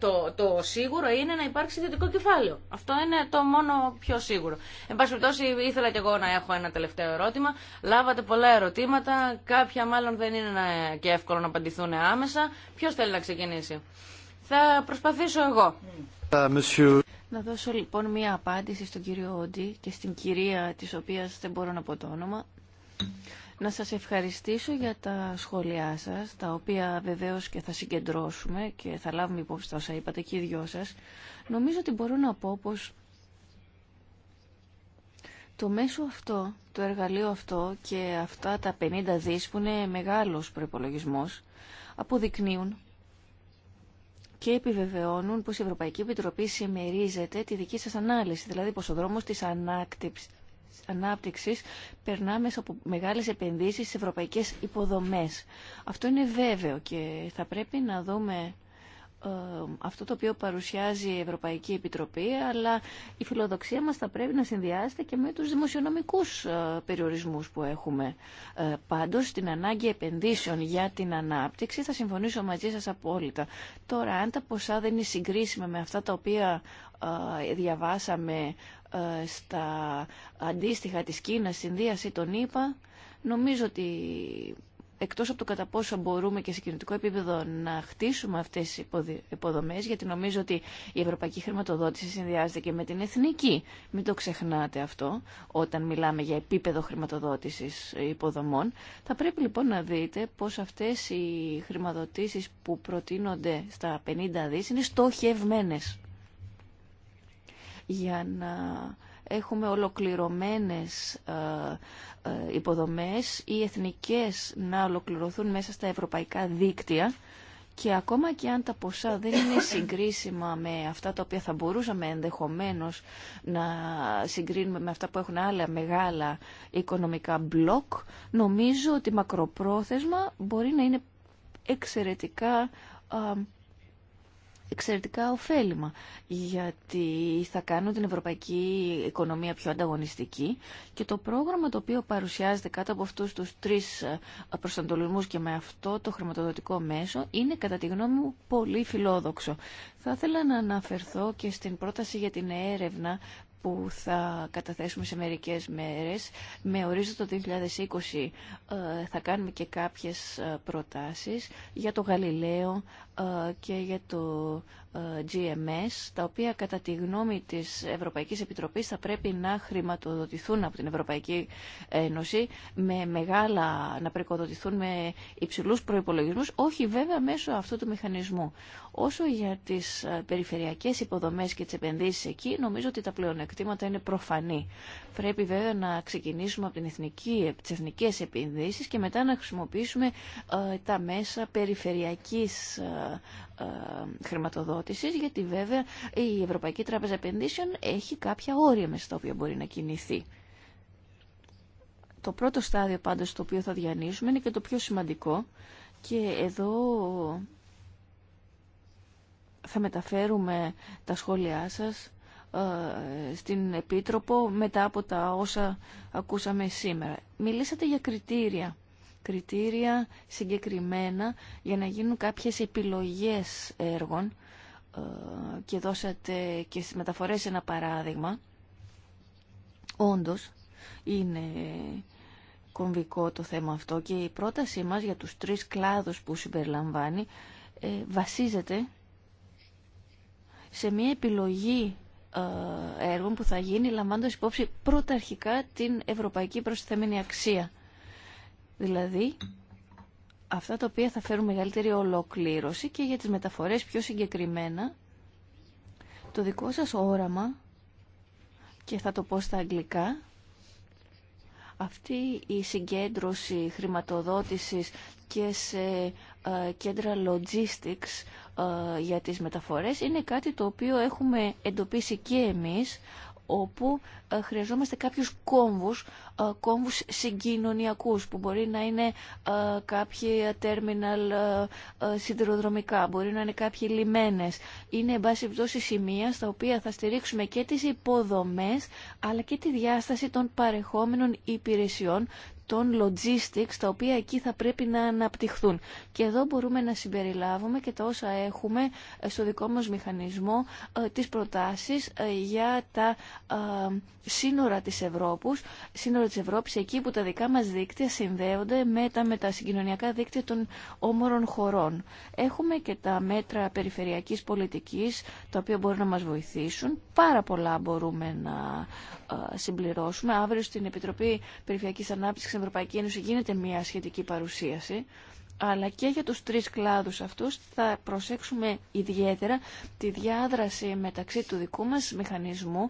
Το, το σίγουρο είναι να υπάρξει ιδιωτικό κεφάλαιο. Αυτό είναι το μόνο πιο σίγουρο. Εν πάση περιπτώσει, ήθελα και εγώ να έχω ένα τελευταίο ερώτημα. Λάβατε πολλά ερωτήματα, κάποια μάλλον δεν είναι και εύκολο να απαντηθούν άμεσα. Ποιο θέλει να ξεκινήσει. Θα προσπαθήσω εγώ. Ε, να δώσω λοιπόν μία απάντηση στον κύριο Όντι και στην κυρία της οποίας δεν μπορώ να πω το όνομα. Να σας ευχαριστήσω για τα σχόλιά σας, τα οποία βεβαίως και θα συγκεντρώσουμε και θα λάβουμε υπόψη τα όσα είπατε και οι δυο σας. Νομίζω ότι μπορώ να πω πως το μέσο αυτό, το εργαλείο αυτό και αυτά τα 50 δις που είναι μεγάλος προϋπολογισμός αποδεικνύουν και επιβεβαιώνουν πως η Ευρωπαϊκή Επιτροπή συμμερίζεται τη δική σας ανάλυση, δηλαδή πως ο δρόμος της ανάπτυξης περνά μέσα από μεγάλες επενδύσεις σε ευρωπαϊκές υποδομές. Αυτό είναι βέβαιο και θα πρέπει να δούμε ε, αυτό το οποίο παρουσιάζει η Ευρωπαϊκή Επιτροπή, αλλά η φιλοδοξία μας θα πρέπει να συνδυάζεται και με τους δημοσιονομικούς ε, περιορισμούς που έχουμε. Ε, πάντως, την ανάγκη επενδύσεων για την ανάπτυξη θα συμφωνήσω μαζί σας απόλυτα. Τώρα, αν τα ποσά δεν είναι συγκρίσιμα με αυτά τα οποία διαβάσαμε στα αντίστοιχα της Κίνας, συνδύαση των ΗΠΑ, νομίζω ότι εκτός από το κατά πόσο μπορούμε και σε κινητικό επίπεδο να χτίσουμε αυτές τις υποδομές, γιατί νομίζω ότι η ευρωπαϊκή χρηματοδότηση συνδυάζεται και με την εθνική. Μην το ξεχνάτε αυτό όταν μιλάμε για επίπεδο χρηματοδότησης υποδομών. Θα πρέπει λοιπόν να δείτε πως αυτές οι χρηματοδοτήσεις που προτείνονται στα 50 δις είναι στοχευμένες για να έχουμε ολοκληρωμένες ε, ε, υποδομές, ή εθνικές να ολοκληρωθούν μέσα στα ευρωπαϊκά δίκτυα και ακόμα και αν τα ποσά δεν είναι συγκρίσιμα με αυτά τα οποία θα μπορούσαμε ενδεχομένως να συγκρίνουμε με αυτά που έχουν άλλα μεγάλα οικονομικά μπλοκ, νομίζω ότι μακροπρόθεσμα μπορεί να είναι εξαιρετικά εξαιρετικά ωφέλιμα, γιατί θα κάνουν την ευρωπαϊκή οικονομία πιο ανταγωνιστική και το πρόγραμμα το οποίο παρουσιάζεται κάτω από αυτούς τους τρεις ε, προσανατολισμού και με αυτό το χρηματοδοτικό μέσο είναι κατά τη γνώμη μου πολύ φιλόδοξο. Θα ήθελα να αναφερθώ και στην πρόταση για την έρευνα που θα καταθέσουμε σε μερικές μέρες. Με ορίζοντα το 2020 ε, θα κάνουμε και κάποιες ε, προτάσεις για το Γαλιλαίο, ε, και για το ε, GMS, τα οποία κατά τη γνώμη της Ευρωπαϊκής Επιτροπής θα πρέπει να χρηματοδοτηθούν από την Ευρωπαϊκή Ένωση, με μεγάλα, να πρεκοδοτηθούν με υψηλούς προϋπολογισμούς, όχι βέβαια μέσω αυτού του μηχανισμού. Όσο για τις ε, περιφερειακές υποδομές και τις επενδύσεις εκεί, νομίζω ότι τα πλεονεκτήματα είναι προφανή. Πρέπει βέβαια να ξεκινήσουμε από την εθνική, τις εθνικές επενδύσεις και μετά να χρησιμοποιήσουμε τα μέσα περιφερειακής ε, χρηματοδότησης, γιατί βέβαια η Ευρωπαϊκή Τράπεζα Επενδύσεων έχει κάποια όρια με στα οποία μπορεί να κινηθεί. Το πρώτο στάδιο πάντως το οποίο θα διανύσουμε είναι και το πιο σημαντικό και εδώ θα μεταφέρουμε τα σχόλιά σας ε, στην Επίτροπο μετά από τα όσα ακούσαμε σήμερα. Μιλήσατε για κριτήρια κριτήρια συγκεκριμένα για να γίνουν κάποιες επιλογές έργων ε, και δώσατε και στις μεταφορές ένα παράδειγμα. Όντως είναι κομβικό το θέμα αυτό και η πρότασή μας για τους τρεις κλάδους που συμπεριλαμβάνει ε, βασίζεται σε μια επιλογή ε, έργων που θα γίνει λαμβάνοντας υπόψη πρωταρχικά την ευρωπαϊκή προσθέμενη αξία. Δηλαδή, αυτά τα οποία θα φέρουν μεγαλύτερη ολοκλήρωση και για τις μεταφορές πιο συγκεκριμένα, το δικό σας όραμα, και θα το πω στα αγγλικά, αυτή η συγκέντρωση χρηματοδότησης και σε ε, κέντρα logistics ε, για τις μεταφορές είναι κάτι το οποίο έχουμε εντοπίσει και εμείς όπου ε, χρειαζόμαστε κάποιους κόμβους ε, κόμβους συγκοινωνιακούς που μπορεί να είναι ε, κάποια τέρμιναλ ε, σιδηροδρομικά, μπορεί να είναι κάποιοι λιμένες. Είναι εν πάση σημεία στα οποία θα στηρίξουμε και τις υποδομές αλλά και τη διάσταση των παρεχόμενων υπηρεσιών των logistics τα οποία εκεί θα πρέπει να αναπτυχθούν. Και εδώ μπορούμε να συμπεριλάβουμε και τα όσα έχουμε στο δικό μας μηχανισμό τις προτάσεις για τα σύνορα της Ευρώπης, της Ευρώπης, εκεί που τα δικά μας δίκτυα συνδέονται με τα μετασυγκοινωνιακά δίκτυα των όμορων χωρών. Έχουμε και τα μέτρα περιφερειακής πολιτικής, τα οποία μπορούν να μας βοηθήσουν. Πάρα πολλά μπορούμε να συμπληρώσουμε. Αύριο στην Επιτροπή Περιφερειακής Ανάπτυξης στην Ευρωπαϊκή Ένωση γίνεται μια σχετική παρουσίαση αλλά και για τους τρεις κλάδους αυτούς θα προσέξουμε ιδιαίτερα τη διάδραση μεταξύ του δικού μας μηχανισμού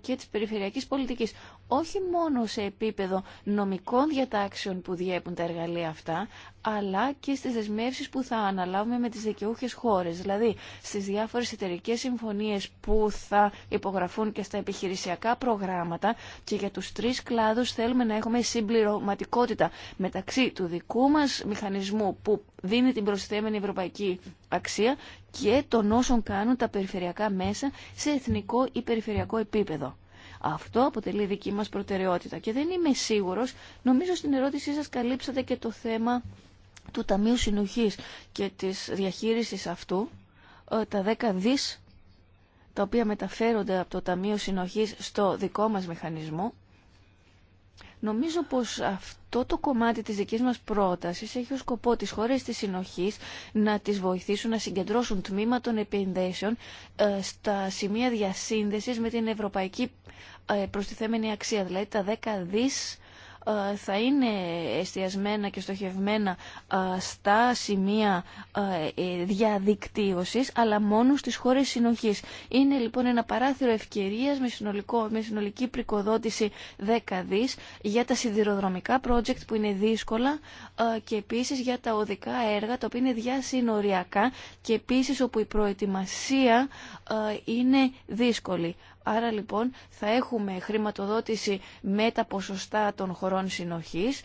και της περιφερειακής πολιτικής όχι μόνο σε επίπεδο νομικών διατάξεων που διέπουν τα εργαλεία αυτά, αλλά και στις δεσμεύσεις που θα αναλάβουμε με τις δικαιούχες χώρες, δηλαδή στις διάφορες εταιρικέ συμφωνίες που θα υπογραφούν και στα επιχειρησιακά προγράμματα και για τους τρεις κλάδους θέλουμε να έχουμε συμπληρωματικότητα μεταξύ του δικού μας μηχανισμού που δίνει την προσθέμενη ευρωπαϊκή αξία και των όσων κάνουν τα περιφερειακά μέσα σε εθνικό ή περιφερειακό επίπεδο. Αυτό αποτελεί δική μας προτεραιότητα. Και δεν είμαι σίγουρος, νομίζω στην ερώτησή σας καλύψατε και το θέμα του Ταμείου Συνοχής και της διαχείρισης αυτού, ε, τα 10 δις τα οποία μεταφέρονται από το Ταμείο Συνοχής στο δικό μας μηχανισμό, Νομίζω πως αυτό το κομμάτι της δικής μας πρότασης έχει ως σκοπό τις χώρες της συνοχής να τις βοηθήσουν να συγκεντρώσουν τμήμα των επενδύσεων ε, στα σημεία διασύνδεσης με την ευρωπαϊκή ε, προστιθέμενη αξία, δηλαδή τα 10 δις ε, θα είναι εστιασμένα και στοχευμένα ε, στα σημεία ε, διαδικτύωσης, αλλά μόνο στις χώρες συνοχής. Είναι λοιπόν ένα παράθυρο ευκαιρίας με, συνολικό, με συνολική πρικοδότηση 10 δις για τα σιδηροδρομικά project που είναι δύσκολα και επίσης για τα οδικά έργα τα οποία είναι διασυνοριακά και επίσης όπου η προετοιμασία είναι δύσκολη. Άρα λοιπόν θα έχουμε χρηματοδότηση με τα ποσοστά των χωρών συνοχής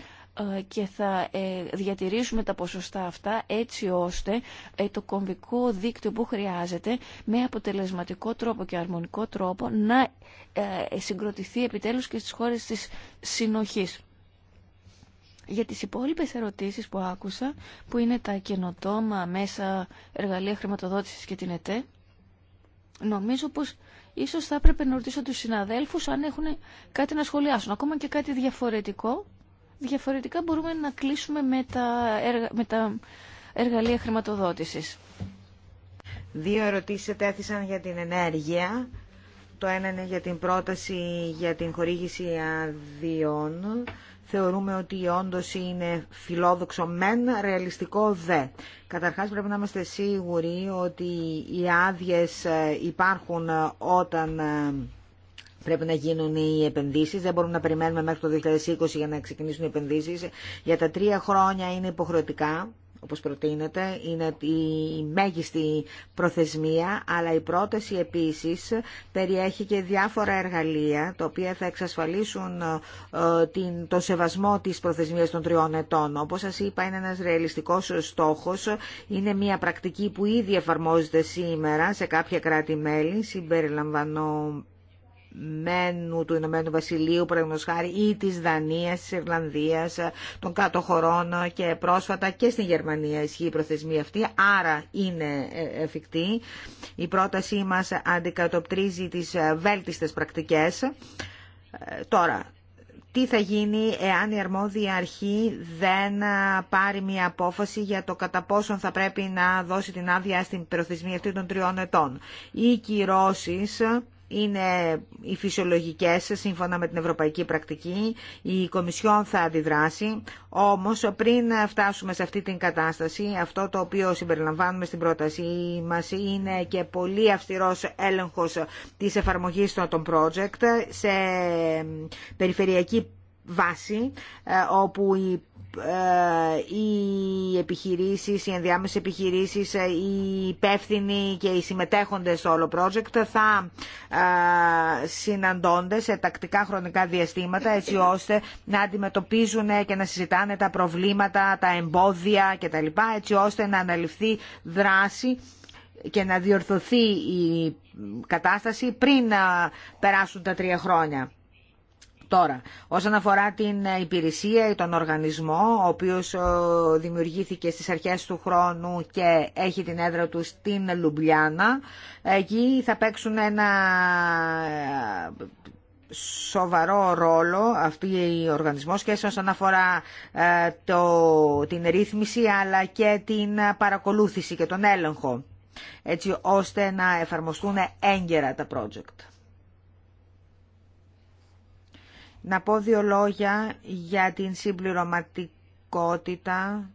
ε, και θα ε, διατηρήσουμε τα ποσοστά αυτά έτσι ώστε ε, το κομβικό δίκτυο που χρειάζεται με αποτελεσματικό τρόπο και αρμονικό τρόπο να συγκροτηθεί επιτέλους και στις χώρες της συνοχής. Για τις υπόλοιπες ερωτήσεις που άκουσα, που είναι τα καινοτόμα μέσα εργαλεία χρηματοδότησης και την ΕΤΕ, νομίζω πως ίσως θα έπρεπε να ρωτήσω τους συναδέλφους αν έχουν κάτι να σχολιάσουν. Ακόμα και κάτι διαφορετικό. Διαφορετικά μπορούμε να κλείσουμε με τα, εργα... με τα εργαλεία χρηματοδότησης. Δύο ερωτήσεις ετέθησαν για την ενέργεια. Το ένα είναι για την πρόταση για την χορήγηση αδειών θεωρούμε ότι όντω είναι φιλόδοξο μεν, ρεαλιστικό δε. Καταρχάς πρέπει να είμαστε σίγουροι ότι οι άδειε ε, υπάρχουν όταν ε, πρέπει να γίνουν οι επενδύσει. Δεν μπορούμε να περιμένουμε μέχρι το 2020 για να ξεκινήσουν οι επενδύσεις. Για τα τρία χρόνια είναι υποχρεωτικά όπως προτείνεται, είναι η μέγιστη προθεσμία, αλλά η πρόταση επίσης περιέχει και διάφορα εργαλεία, τα οποία θα εξασφαλίσουν ε, την, τον σεβασμό της προθεσμίας των τριών ετών. Όπως σας είπα, είναι ένας ρεαλιστικός στόχος, είναι μια πρακτική που ήδη εφαρμόζεται σήμερα σε κάποια κράτη-μέλη, συμπεριλαμβανομένου του Ηνωμένου Βασιλείου, παραδείγματος χάρη, ή της Δανίας, της Ιρλανδίας, των κάτω χωρών και πρόσφατα και στην Γερμανία ισχύει η προθεσμία αυτή, άρα είναι ε, εφικτή. Η πρότασή μας αντικατοπτρίζει τις βέλτιστες πρακτικές. Ε, τώρα, τι θα γίνει εάν η αρμόδια αρχή δεν πάρει μια απόφαση για το κατά πόσον θα πρέπει να δώσει την άδεια στην προθεσμία αυτή των τριών ετών. Οι κυρώσεις είναι οι φυσιολογικές σύμφωνα με την ευρωπαϊκή πρακτική. Η Κομισιόν θα αντιδράσει. Όμως πριν φτάσουμε σε αυτή την κατάσταση, αυτό το οποίο συμπεριλαμβάνουμε στην πρόταση μας είναι και πολύ αυστηρός έλεγχος της εφαρμογής των project σε περιφερειακή βάση ε, όπου ε, οι επιχειρήσεις, οι ενδιάμεσες επιχειρήσεις, ε, οι υπεύθυνοι και οι συμμετέχοντες στο όλο project θα ε, συναντώνται σε τακτικά χρονικά διαστήματα έτσι ώστε να αντιμετωπίζουν και να συζητάνε τα προβλήματα, τα εμπόδια κτλ. έτσι ώστε να αναλυφθεί δράση και να διορθωθεί η κατάσταση πριν να περάσουν τα τρία χρόνια. Τώρα, όσον αφορά την ε, υπηρεσία ή τον οργανισμό, ο οποίος ε, δημιουργήθηκε στις αρχές του χρόνου και έχει την έδρα του στην Λουμπλιάνα, εκεί θα παίξουν ένα ε, σοβαρό ρόλο αυτή η οργανισμός και όσον αφορά το, την ρύθμιση αλλά και την παρακολούθηση και τον έλεγχο έτσι ώστε να εφαρμοστούν έγκαιρα τα project. Να πω δύο λόγια για την συμπληρωματικότητα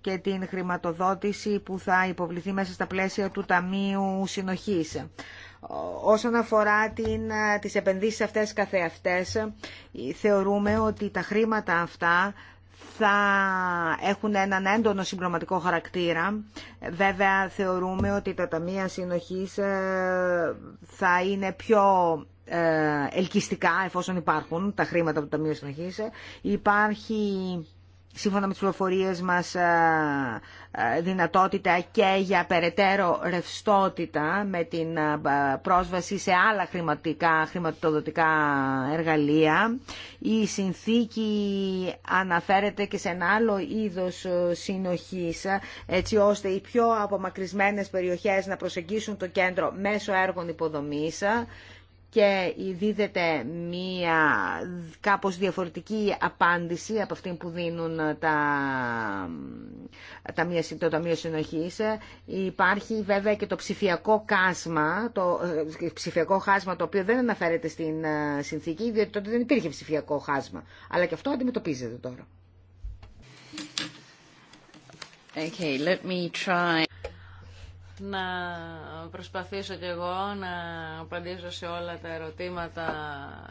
και την χρηματοδότηση που θα υποβληθεί μέσα στα πλαίσια του Ταμείου Συνοχής. Όσον αφορά την, τις επενδύσεις αυτές καθεαυτές, θεωρούμε ότι τα χρήματα αυτά θα έχουν έναν έντονο συμπληρωματικό χαρακτήρα. Βέβαια, θεωρούμε ότι τα ταμεία συνοχής ε, θα είναι πιο ε, ελκυστικά εφόσον υπάρχουν τα χρήματα από το Ταμείο Συνοχής. Ε, υπάρχει σύμφωνα με τις πληροφορίε μας ε, δυνατότητα και για περαιτέρω ρευστότητα με την πρόσβαση σε άλλα χρηματικά, χρηματοδοτικά εργαλεία. Η συνθήκη αναφέρεται και σε ένα άλλο είδος συνοχής έτσι ώστε οι πιο απομακρυσμένες περιοχές να προσεγγίσουν το κέντρο μέσω έργων υποδομής και δίδεται μία κάπως διαφορετική απάντηση από αυτή που δίνουν τα, τα το Ταμείο Συνοχής. Υπάρχει βέβαια και το ψηφιακό κάσμα, το ε, ψηφιακό χάσμα το οποίο δεν αναφέρεται στην ε, συνθήκη, διότι τότε δεν υπήρχε ψηφιακό χάσμα. Αλλά και αυτό αντιμετωπίζεται τώρα. Okay, let me try να προσπαθήσω κι εγώ να απαντήσω σε όλα τα ερωτήματα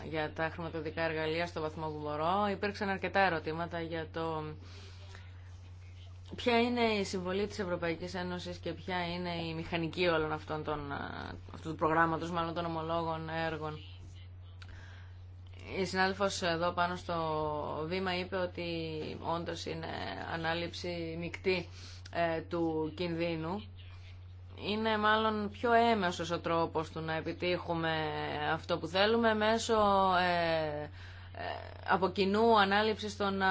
για τα χρηματοδοτικά εργαλεία στο βαθμό που μπορώ. Υπήρξαν αρκετά ερωτήματα για το ποια είναι η συμβολή της Ευρωπαϊκής Ένωσης και ποια είναι η μηχανική όλων αυτών των, αυτού του προγράμματος, μάλλον των ομολόγων έργων. Η συνάδελφος εδώ πάνω στο βήμα είπε ότι όντως είναι ανάληψη μεικτή ε, του κινδύνου είναι μάλλον πιο έμεσος ο τρόπος του να επιτύχουμε αυτό που θέλουμε μέσω ε, ε από κοινού ανάληψης των,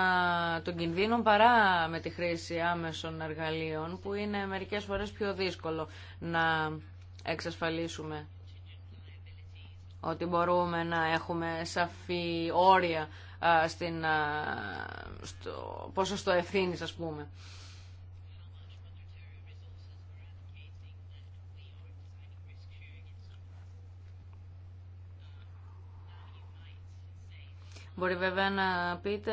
των κινδύνων παρά με τη χρήση άμεσων εργαλείων που είναι μερικές φορές πιο δύσκολο να εξασφαλίσουμε ότι μπορούμε να έχουμε σαφή όρια στην, στο ποσοστό ευθύνης ας πούμε. Μπορεί βέβαια να πείτε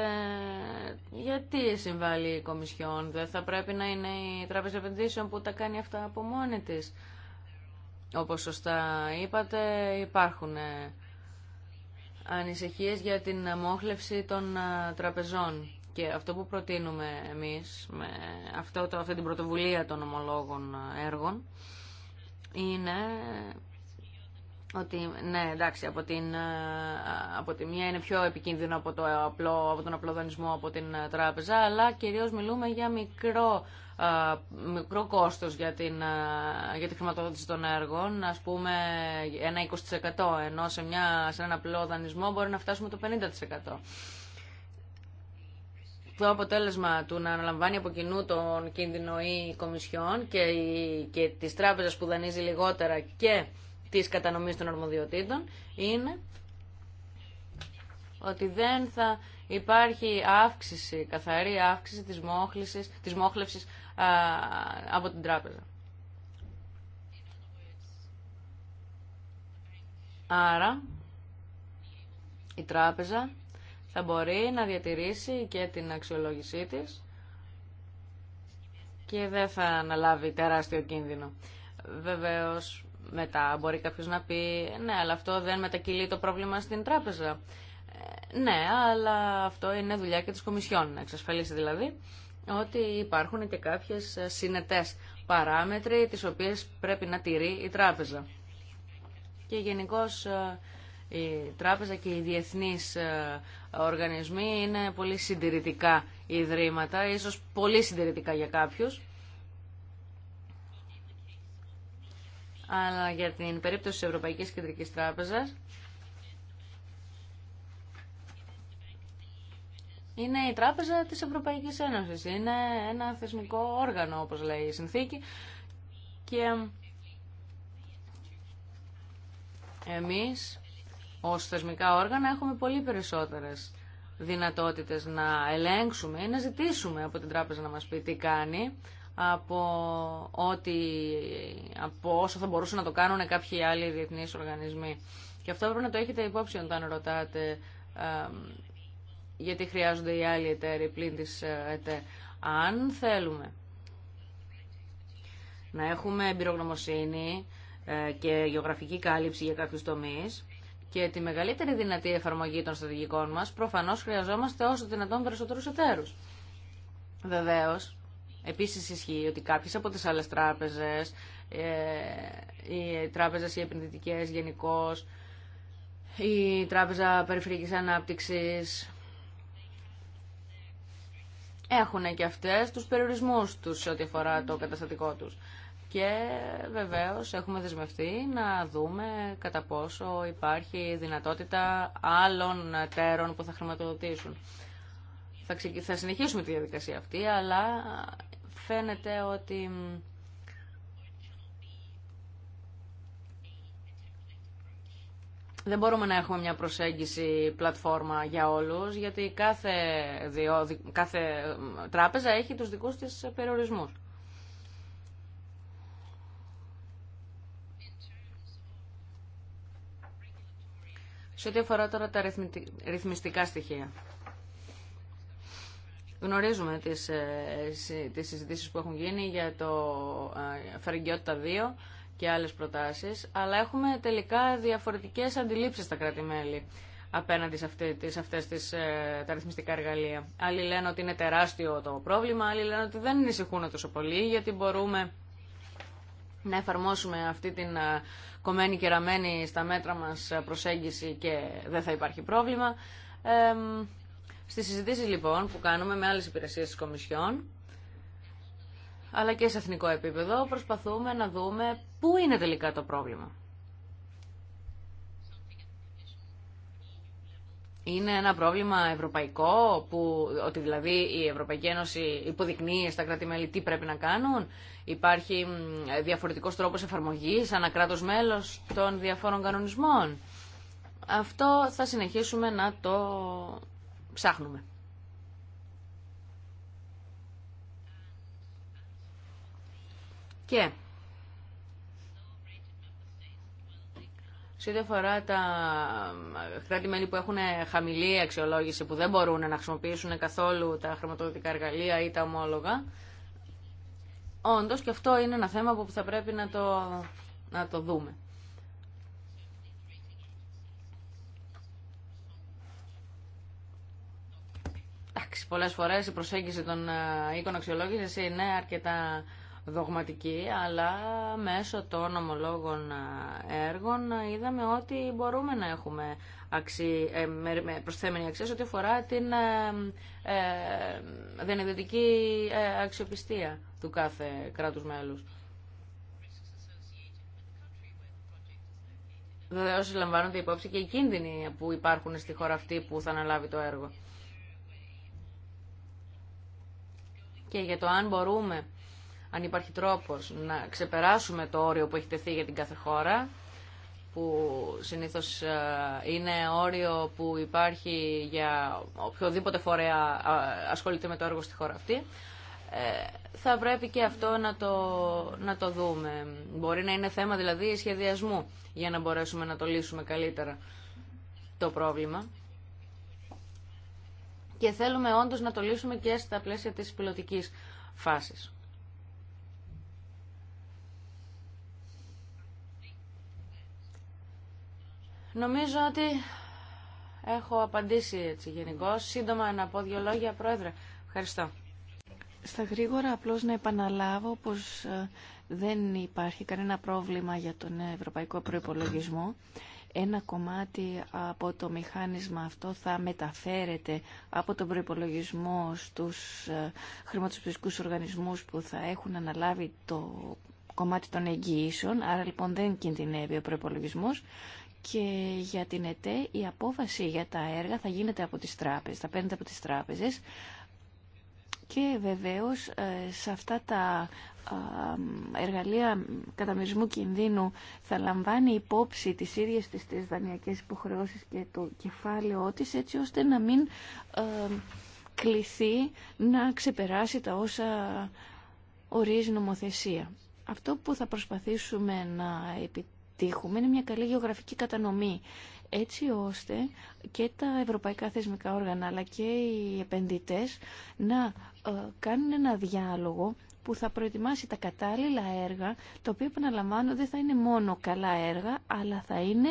γιατί συμβάλλει η Κομισιόν. Δεν θα πρέπει να είναι η Τράπεζα Επενδύσεων που τα κάνει αυτά από μόνη της. Όπως σωστά είπατε υπάρχουν ε, ανησυχίες για την αμόχλευση των ε, τραπεζών. Και αυτό που προτείνουμε εμείς με αυτό, αυτή την πρωτοβουλία των ομολόγων ε, έργων είναι ότι ναι, εντάξει, από, την, ε, από τη μία είναι πιο επικίνδυνο από, το απλό, από τον απλό δανεισμό από την ε, τράπεζα, αλλά κυρίως μιλούμε για μικρό, ε, μικρό κόστος για, για τη χρηματοδότηση των έργων, ας πούμε ένα 20%, ενώ σε, μια, σε ένα απλό δανεισμό μπορεί να φτάσουμε το 50%. Το αποτέλεσμα του να αναλαμβάνει από κοινού τον κίνδυνο η Κομισιόν και, η, και που δανείζει λιγότερα και της κατανομής των αρμοδιοτήτων είναι ότι δεν θα υπάρχει αύξηση, καθαρή αύξηση της, μόχλησης, της μόχλευσης από την τράπεζα. Άρα, η τράπεζα θα μπορεί να διατηρήσει και την αξιολόγησή της και δεν θα αναλάβει τεράστιο κίνδυνο. Βεβαίως, μετά μπορεί κάποιος να πει ναι αλλά αυτό δεν μετακυλεί το πρόβλημα στην τράπεζα. Ε, ναι, αλλά αυτό είναι δουλειά και της Κομισιόν, να εξασφαλίσει δηλαδή ότι υπάρχουν και κάποιες συνετές παράμετροι τις οποίες πρέπει να τηρεί η τράπεζα. Και γενικώ ε, η τράπεζα και οι διεθνείς ε, οργανισμοί είναι πολύ συντηρητικά ιδρύματα, ίσως πολύ συντηρητικά για κάποιους αλλά για την περίπτωση της Ευρωπαϊκής Κεντρικής Τράπεζας είναι η Τράπεζα της Ευρωπαϊκής Ένωσης. Είναι ένα θεσμικό όργανο, όπως λέει η συνθήκη. Και εμείς ως θεσμικά όργανα έχουμε πολύ περισσότερες δυνατότητες να ελέγξουμε ή να ζητήσουμε από την τράπεζα να μας πει τι κάνει από, ό,τι, από όσο θα μπορούσαν να το κάνουν κάποιοι άλλοι διεθνείς οργανισμοί. Και αυτό πρέπει να το έχετε υπόψη όταν ρωτάτε γιατί χρειάζονται οι άλλοι εταίροι πλην της ε, ΕΤΕ. Αν θέλουμε να έχουμε εμπειρογνωμοσύνη ε, και γεωγραφική κάλυψη για κάποιους τομείς και τη μεγαλύτερη δυνατή εφαρμογή των στρατηγικών μας, προφανώς χρειαζόμαστε όσο δυνατόν περισσότερους εταίρους. Βεβαίως, Επίσης ισχύει ότι κάποιες από τις άλλες τράπεζες, ε, οι τράπεζες οι επενδυτικές γενικώ, η Τράπεζα Περιφερειακής Ανάπτυξης, έχουν και αυτές τους περιορισμούς τους σε ό,τι αφορά το καταστατικό τους. Και βεβαίως έχουμε δεσμευτεί να δούμε κατά πόσο υπάρχει δυνατότητα άλλων τέρων που θα χρηματοδοτήσουν. Θα, συνεχίσουμε τη διαδικασία αυτή, αλλά φαίνεται ότι δεν μπορούμε να έχουμε μια προσέγγιση πλατφόρμα για όλους, γιατί κάθε, κάθε τράπεζα έχει τους δικούς της περιορισμούς. Σε ό,τι αφορά τώρα τα ρυθμιστικά στοιχεία. Γνωρίζουμε τις, ε, τις συζητήσεις που έχουν γίνει για το ε, Φεργκιότητα 2 και άλλες προτάσεις, αλλά έχουμε τελικά διαφορετικές αντιλήψεις στα κράτη-μέλη απέναντι σε αυτές τις, ε, τα ρυθμιστικά εργαλεία. Άλλοι λένε ότι είναι τεράστιο το πρόβλημα, άλλοι λένε ότι δεν ανησυχούν τόσο πολύ, γιατί μπορούμε να εφαρμόσουμε αυτή την κομμένη και ραμμένη στα μέτρα μας προσέγγιση και δεν θα υπάρχει πρόβλημα. Ε, στις συζητήσεις λοιπόν που κάνουμε με άλλες υπηρεσίες της Κομισιόν, αλλά και σε εθνικό επίπεδο, προσπαθούμε να δούμε πού είναι τελικά το πρόβλημα. Είναι ένα πρόβλημα ευρωπαϊκό, που, ότι δηλαδή η Ευρωπαϊκή Ένωση υποδεικνύει στα κράτη-μέλη τι πρέπει να κάνουν. Υπάρχει διαφορετικός τρόπος εφαρμογής, ανακράτος μέλος των διαφόρων κανονισμών. Αυτό θα συνεχίσουμε να το Ψάχνουμε. Και σε ό,τι αφορά τα κράτη-μέλη που έχουν χαμηλή αξιολόγηση, που δεν μπορούν να χρησιμοποιήσουν καθόλου τα χρηματοδοτικά εργαλεία ή τα ομόλογα, όντως και αυτό είναι ένα θέμα που θα πρέπει να το, να το δούμε. πολλές φορές η προσέγγιση των ε, οίκων αξιολόγηση είναι αρκετά δογματική, αλλά μέσω των ομολόγων ε, έργων είδαμε ότι μπορούμε να έχουμε ε, προσθέμενη αξία σε ό,τι αφορά την ε, αξιοπιστία του κάθε κράτους μέλους. Βεβαίω λαμβάνονται υπόψη και οι κίνδυνοι που υπάρχουν στη χώρα αυτή που θα αναλάβει το έργο. και για το αν μπορούμε, αν υπάρχει τρόπος, να ξεπεράσουμε το όριο που έχει τεθεί για την κάθε χώρα, που συνήθως ε, είναι όριο που υπάρχει για οποιοδήποτε φορέα ασχολείται με το έργο στη χώρα αυτή, ε, θα πρέπει και αυτό να το, να το δούμε. Μπορεί να είναι θέμα δηλαδή σχεδιασμού για να μπορέσουμε να το λύσουμε καλύτερα το πρόβλημα και θέλουμε όντως να το λύσουμε και στα πλαίσια της πιλωτικής φάσης. Νομίζω ότι έχω απαντήσει έτσι γενικώ. Σύντομα να πω δύο λόγια, Πρόεδρε. Ευχαριστώ. Στα γρήγορα απλώς να επαναλάβω πως ε, δεν υπάρχει κανένα πρόβλημα για τον ευρωπαϊκό προϋπολογισμό ένα κομμάτι από το μηχάνισμα αυτό θα μεταφέρεται από τον προϋπολογισμό στους ε, χρηματοσπιστικούς οργανισμούς που θα έχουν αναλάβει το κομμάτι των εγγυήσεων, άρα λοιπόν δεν κινδυνεύει ο προϋπολογισμός και για την ΕΤΕ η απόφαση για τα έργα θα γίνεται από τις τράπεζες, θα παίρνεται από τις τράπεζες και βεβαίως ε, σε αυτά τα εργαλεία καταμερισμού κινδύνου θα λαμβάνει υπόψη τις ίδιες τις, τις δανειακές υποχρεώσεις και το κεφάλαιό της έτσι ώστε να μην κληθεί να ξεπεράσει τα όσα ορίζει νομοθεσία. Αυτό που θα προσπαθήσουμε να επιτύχουμε είναι μια καλή γεωγραφική κατανομή έτσι ώστε και τα ευρωπαϊκά θεσμικά όργανα αλλά και οι επενδυτές να ε, κάνουν ένα διάλογο που θα προετοιμάσει τα κατάλληλα έργα, τα οποία επαναλαμβάνω δεν θα είναι μόνο καλά έργα, αλλά θα είναι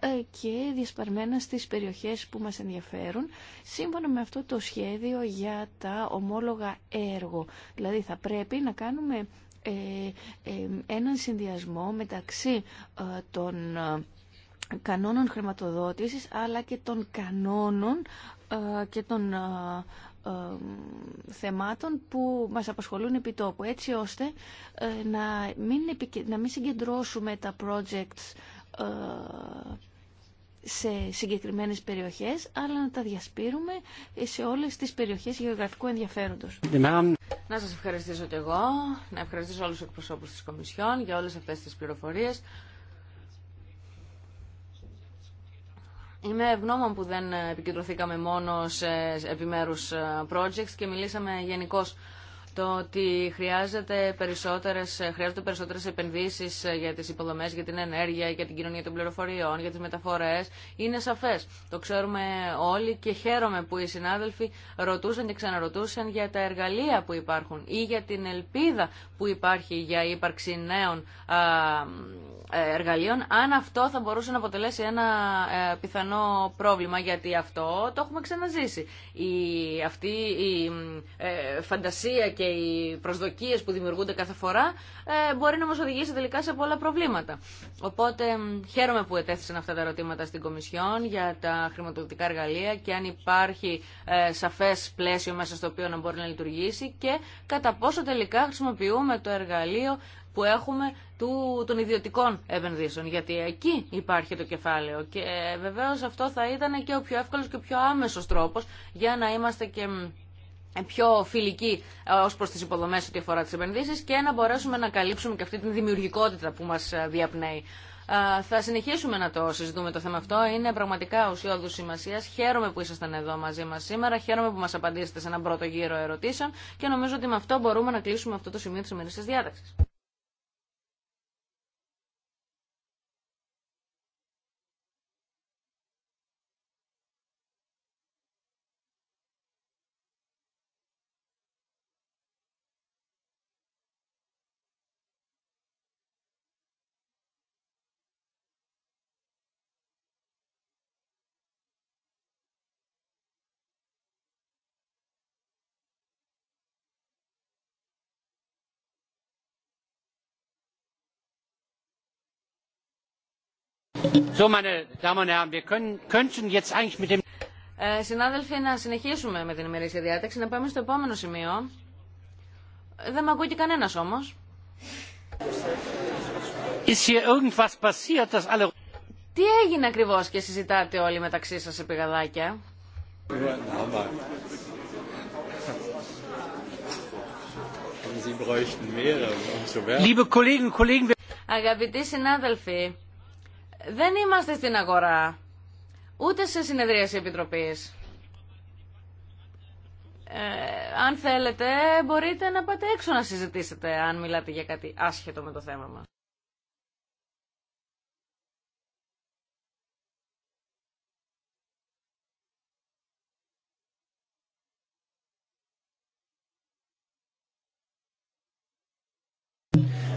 ε, και διασπαρμένα στις περιοχές που μας ενδιαφέρουν, σύμφωνα με αυτό το σχέδιο για τα ομόλογα έργο. Δηλαδή θα πρέπει να κάνουμε ε, ε, έναν συνδυασμό μεταξύ των κανόνων χρηματοδότησης αλλά και των κανόνων και των θεμάτων που μας απασχολούν επί τόπου, έτσι ώστε ε, να, μην να μην συγκεντρώσουμε τα projects ε, σε συγκεκριμένες περιοχές, αλλά να τα διασπείρουμε σε όλες τις περιοχές γεωγραφικού ενδιαφέροντος. Να σας ευχαριστήσω και εγώ, να ευχαριστήσω όλους τους εκπροσώπους της Κομισιόν για όλες αυτές τις πληροφορίες. Είμαι ευγνώμων που δεν επικεντρωθήκαμε μόνο σε επιμέρους ε, projects και μιλήσαμε γενικώ το ότι περισσότερες, χρειάζονται περισσότερες επενδύσεις ε, για τις υποδομές, για την ενέργεια, για την κοινωνία των πληροφοριών, για τις μεταφορές, είναι σαφές. Το ξέρουμε όλοι και χαίρομαι που οι συνάδελφοι ρωτούσαν και ξαναρωτούσαν για τα εργαλεία που υπάρχουν ή για την ελπίδα που υπάρχει για ύπαρξη νέων ε, εργαλείων, αν αυτό θα μπορούσε να αποτελέσει ένα ε, πιθανό πρόβλημα, γιατί αυτό το έχουμε ξαναζήσει. Η, αυτή η φαντασία οι προσδοκίε που δημιουργούνται κάθε φορά ε, μπορεί να μα οδηγήσει τελικά σε πολλά προβλήματα. Οπότε χαίρομαι που ετέθησαν αυτά τα ερωτήματα στην Κομισιόν για τα χρηματοδοτικά εργαλεία και αν υπάρχει ε, σαφέ πλαίσιο μέσα στο οποίο να μπορεί να λειτουργήσει και κατά πόσο τελικά χρησιμοποιούμε το εργαλείο που έχουμε του, των ιδιωτικών επενδύσεων. Γιατί εκεί υπάρχει το κεφάλαιο. Και ε, βεβαίω αυτό θα ήταν και ο πιο εύκολος και ο πιο άμεσος τρόπος για να είμαστε και ε, πιο φιλική ε, ω προ τι υποδομέ ό,τι αφορά τι επενδύσει και να μπορέσουμε να καλύψουμε και αυτή την δημιουργικότητα που μα ε, διαπνέει. Θα συνεχίσουμε να το συζητούμε το θέμα αυτό. Είναι πραγματικά ουσιώδου σημασία. Χαίρομαι που ήσασταν εδώ μαζί μα σήμερα. Χαίρομαι που μα απαντήσετε σε έναν πρώτο γύρο ερωτήσεων και νομίζω ότι με αυτό μπορούμε να κλείσουμε αυτό το σημείο τη ημερήσια διάταξη. συνάδελφοι, να συνεχίσουμε με την ημερήσια διάταξη, να πάμε στο επόμενο σημείο. Δεν με ακούει κανένα όμω. Τι έγινε ακριβώ και συζητάτε όλοι μεταξύ σα σε πηγαδάκια. Um Αγαπητοί συνάδελφοι, δεν είμαστε στην αγορά, ούτε σε συνεδρίαση επιτροπής. Ε, αν θέλετε, μπορείτε να πάτε έξω να συζητήσετε, αν μιλάτε για κάτι άσχετο με το θέμα μας.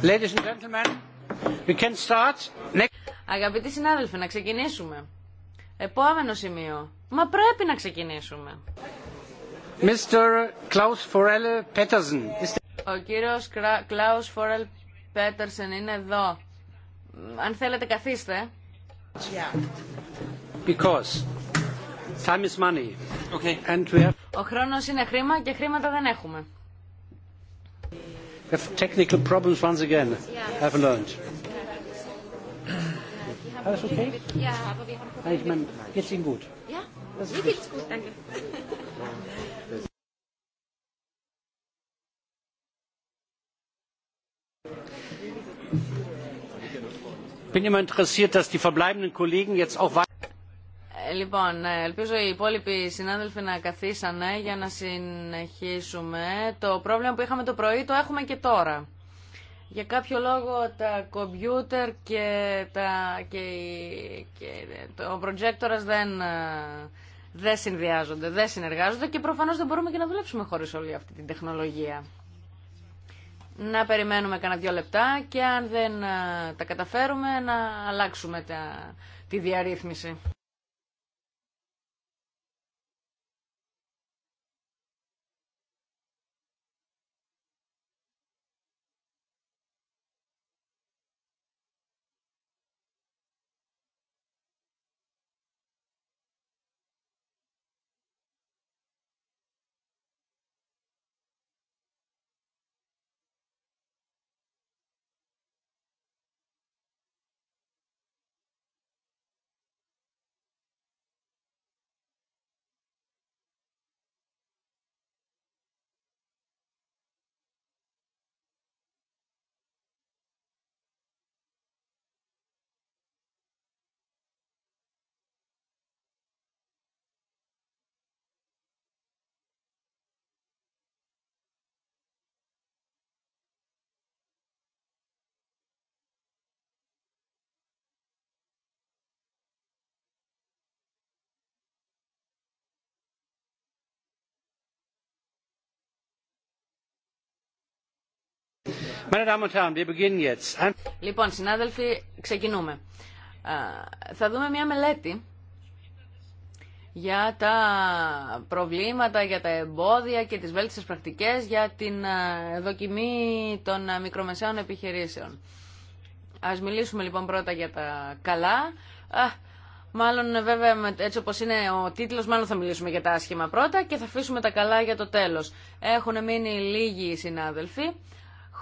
Ladies and Αγαπητοί συνάδελφοι, να ξεκινήσουμε. Επόμενο σημείο. Μα πρέπει να ξεκινήσουμε. Mr. Klaus Forel Ο κύριος Klaus Φορέλ Πέτερσεν είναι εδώ. Αν θέλετε καθίστε. Yeah. Because time is money. Okay. And we have... Ο χρόνος είναι χρήμα και χρήματα δεν έχουμε. We have technical problems once again. I've learned. Alles okay? Ja, aber wir haben Probleme. Ich meine, geht's Ihnen gut? Ja, mir geht's gut, danke. Ich bin immer interessiert, dass die verbleibenden Kollegen jetzt auch Λοιπόν, ε, ελπίζω οι υπόλοιποι συνάδελφοι να καθίσανε για να συνεχίσουμε. Το πρόβλημα που είχαμε το πρωί το έχουμε και τώρα. Για κάποιο λόγο τα κομπιούτερ και, τα, και, το προτζέκτορας δεν, ε, δεν συνδυάζονται, δεν συνεργάζονται και προφανώς δεν μπορούμε και να δουλέψουμε χωρίς όλη αυτή την τεχνολογία. Να περιμένουμε κανένα δυο λεπτά και αν δεν ε, τα καταφέρουμε να αλλάξουμε τη διαρρύθμιση. Λοιπόν, συνάδελφοι, ξεκινούμε. Θα δούμε μια μελέτη για τα προβλήματα, για τα εμπόδια και τις βέλτιστες πρακτικές για την δοκιμή των μικρομεσαίων επιχειρήσεων. Ας μιλήσουμε λοιπόν πρώτα για τα καλά. Μάλλον βέβαια έτσι όπως είναι ο τίτλος μάλλον θα μιλήσουμε για τα άσχημα πρώτα και θα αφήσουμε τα καλά για το τέλος. Έχουν μείνει λίγοι συνάδελφοι.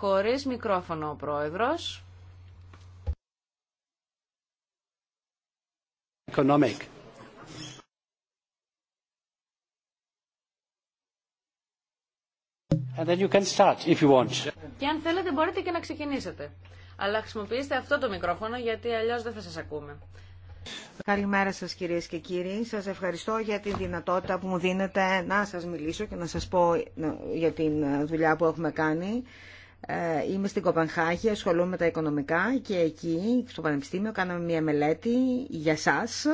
Χωρίς μικρόφωνο ο πρόεδρος. Economic. And then you can start if you want. Και αν θέλετε μπορείτε και να ξεκινήσετε. Αλλά χρησιμοποιήστε αυτό το μικρόφωνο γιατί αλλιώς δεν θα σας ακούμε. Καλημέρα σας κυρίες και κύριοι. Σας ευχαριστώ για τη δυνατότητα που μου δίνετε να σας μιλήσω και να σας πω για την δουλειά που έχουμε κάνει. Ε, είμαι στην Κοπενχάγη, ασχολούμαι με τα οικονομικά και εκεί στο Πανεπιστήμιο κάναμε μια μελέτη για σας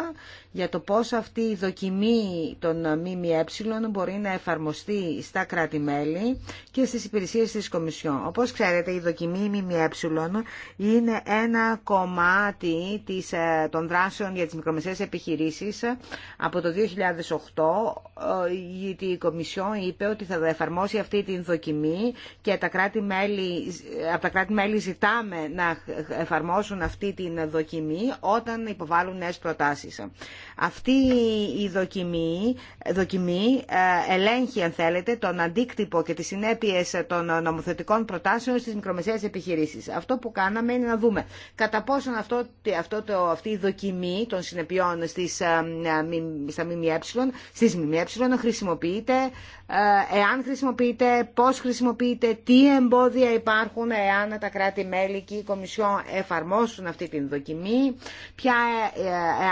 για το πώς αυτή η δοκιμή των ΜΜΕ μπορεί να εφαρμοστεί στα κράτη-μέλη και στις υπηρεσίες της Κομισιόν. Όπως ξέρετε, η δοκιμή ΜΜΕ είναι ένα κομμάτι της, ε, των δράσεων για τις μικρομεσαίες επιχειρήσεις. Από το 2008 γιατί ε, η Κομισιόν είπε ότι θα εφαρμόσει αυτή την δοκιμή και τα κράτη ε, από τα κράτη-μέλη ζητάμε να εφαρμόσουν αυτή την δοκιμή όταν υποβάλλουν νέες προτάσεις. Αυτή η δοκιμή, δοκιμή ε, ελέγχει, αν θέλετε, τον αντίκτυπο και τις συνέπειες των νομοθετικών προτάσεων στις μικρομεσαίες επιχειρήσεις. Αυτό που κάναμε είναι να δούμε κατά πόσον αυτό, αυτό το, αυτή η δοκιμή των συνεπειών στις, ε, στα ΜΜΕ, στις ΜΜΕ χρησιμοποιείται, ε, εάν χρησιμοποιείται, πώς χρησιμοποιείται, τι εμπόδια υπάρχουν εάν τα κράτη-μέλη και η Κομισιόν εφαρμόσουν αυτή την δοκιμή, ποια,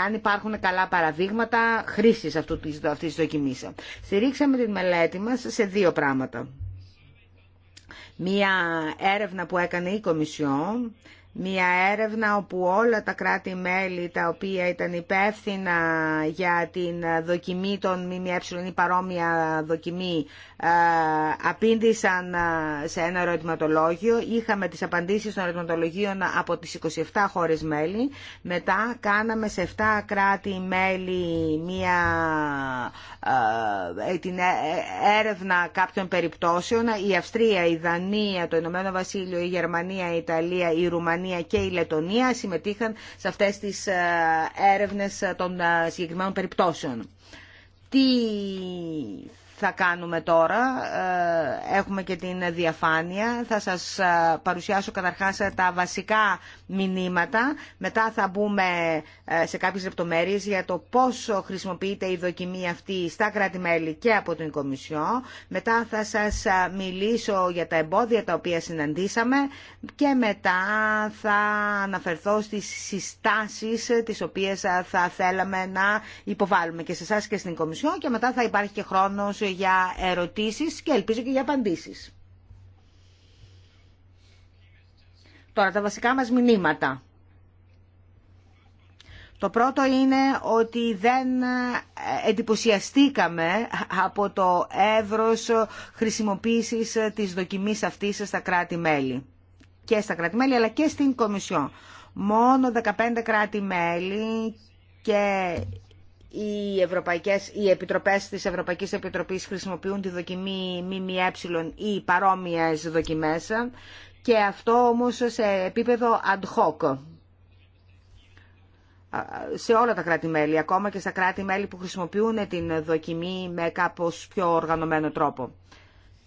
εάν υπάρχουν καλά παραδείγματα χρήσης αυτού, αυτής της δοκιμής. Στηρίξαμε τη μελέτη μας σε δύο πράγματα. Μία έρευνα που έκανε η Κομισιόν μια έρευνα όπου όλα τα κράτη-μέλη τα οποία ήταν υπεύθυνα για την δοκιμή των ΜΜΕ ή παρόμοια δοκιμή ε, απήντησαν ε, σε ένα ερωτηματολόγιο. Είχαμε τις απαντήσεις των ερωτηματολογίων από τις 27 χώρες μέλη. Μετά κάναμε σε 7 κράτη-μέλη μια, ε, την έρευνα κάποιων περιπτώσεων. Η Αυστρία, η Δανία, το Ηνωμένο Βασίλειο, η Γερμανία, η Ιταλία, η Ρουμανία και η Λετωνία συμμετείχαν σε αυτές τις ε, έρευνες των ε, συγκεκριμένων περιπτώσεων. Τι θα κάνουμε τώρα. Ε, έχουμε και την διαφάνεια. Θα σας ε, παρουσιάσω καταρχάς ε, τα βασικά μηνύματα. Μετά θα μπούμε σε κάποιες λεπτομέρειες για το πώς χρησιμοποιείται η δοκιμή αυτή στα κράτη-μέλη και από την Κομισιό. Μετά θα σας μιλήσω για τα εμπόδια τα οποία συναντήσαμε και μετά θα αναφερθώ στις συστάσεις τις οποίες θα θέλαμε να υποβάλουμε και σε εσά και στην Κομισιό και μετά θα υπάρχει και χρόνος για ερωτήσεις και ελπίζω και για απαντήσεις. Τώρα τα βασικά μας μηνύματα. Το πρώτο είναι ότι δεν εντυπωσιαστήκαμε από το εύρος χρησιμοποίησης της δοκιμής αυτής στα κράτη-μέλη. Και στα κράτη-μέλη αλλά και στην Κομισιόν. Μόνο 15 κράτη-μέλη και οι, Ευρωπαϊκές, οι επιτροπές της Ευρωπαϊκής Επιτροπής χρησιμοποιούν τη δοκιμή ΜΜΕ ή παρόμοιες δοκιμές και αυτό όμως σε επίπεδο ad hoc σε όλα τα κράτη-μέλη, ακόμα και στα κράτη-μέλη που χρησιμοποιούν την δοκιμή με κάπως πιο οργανωμένο τρόπο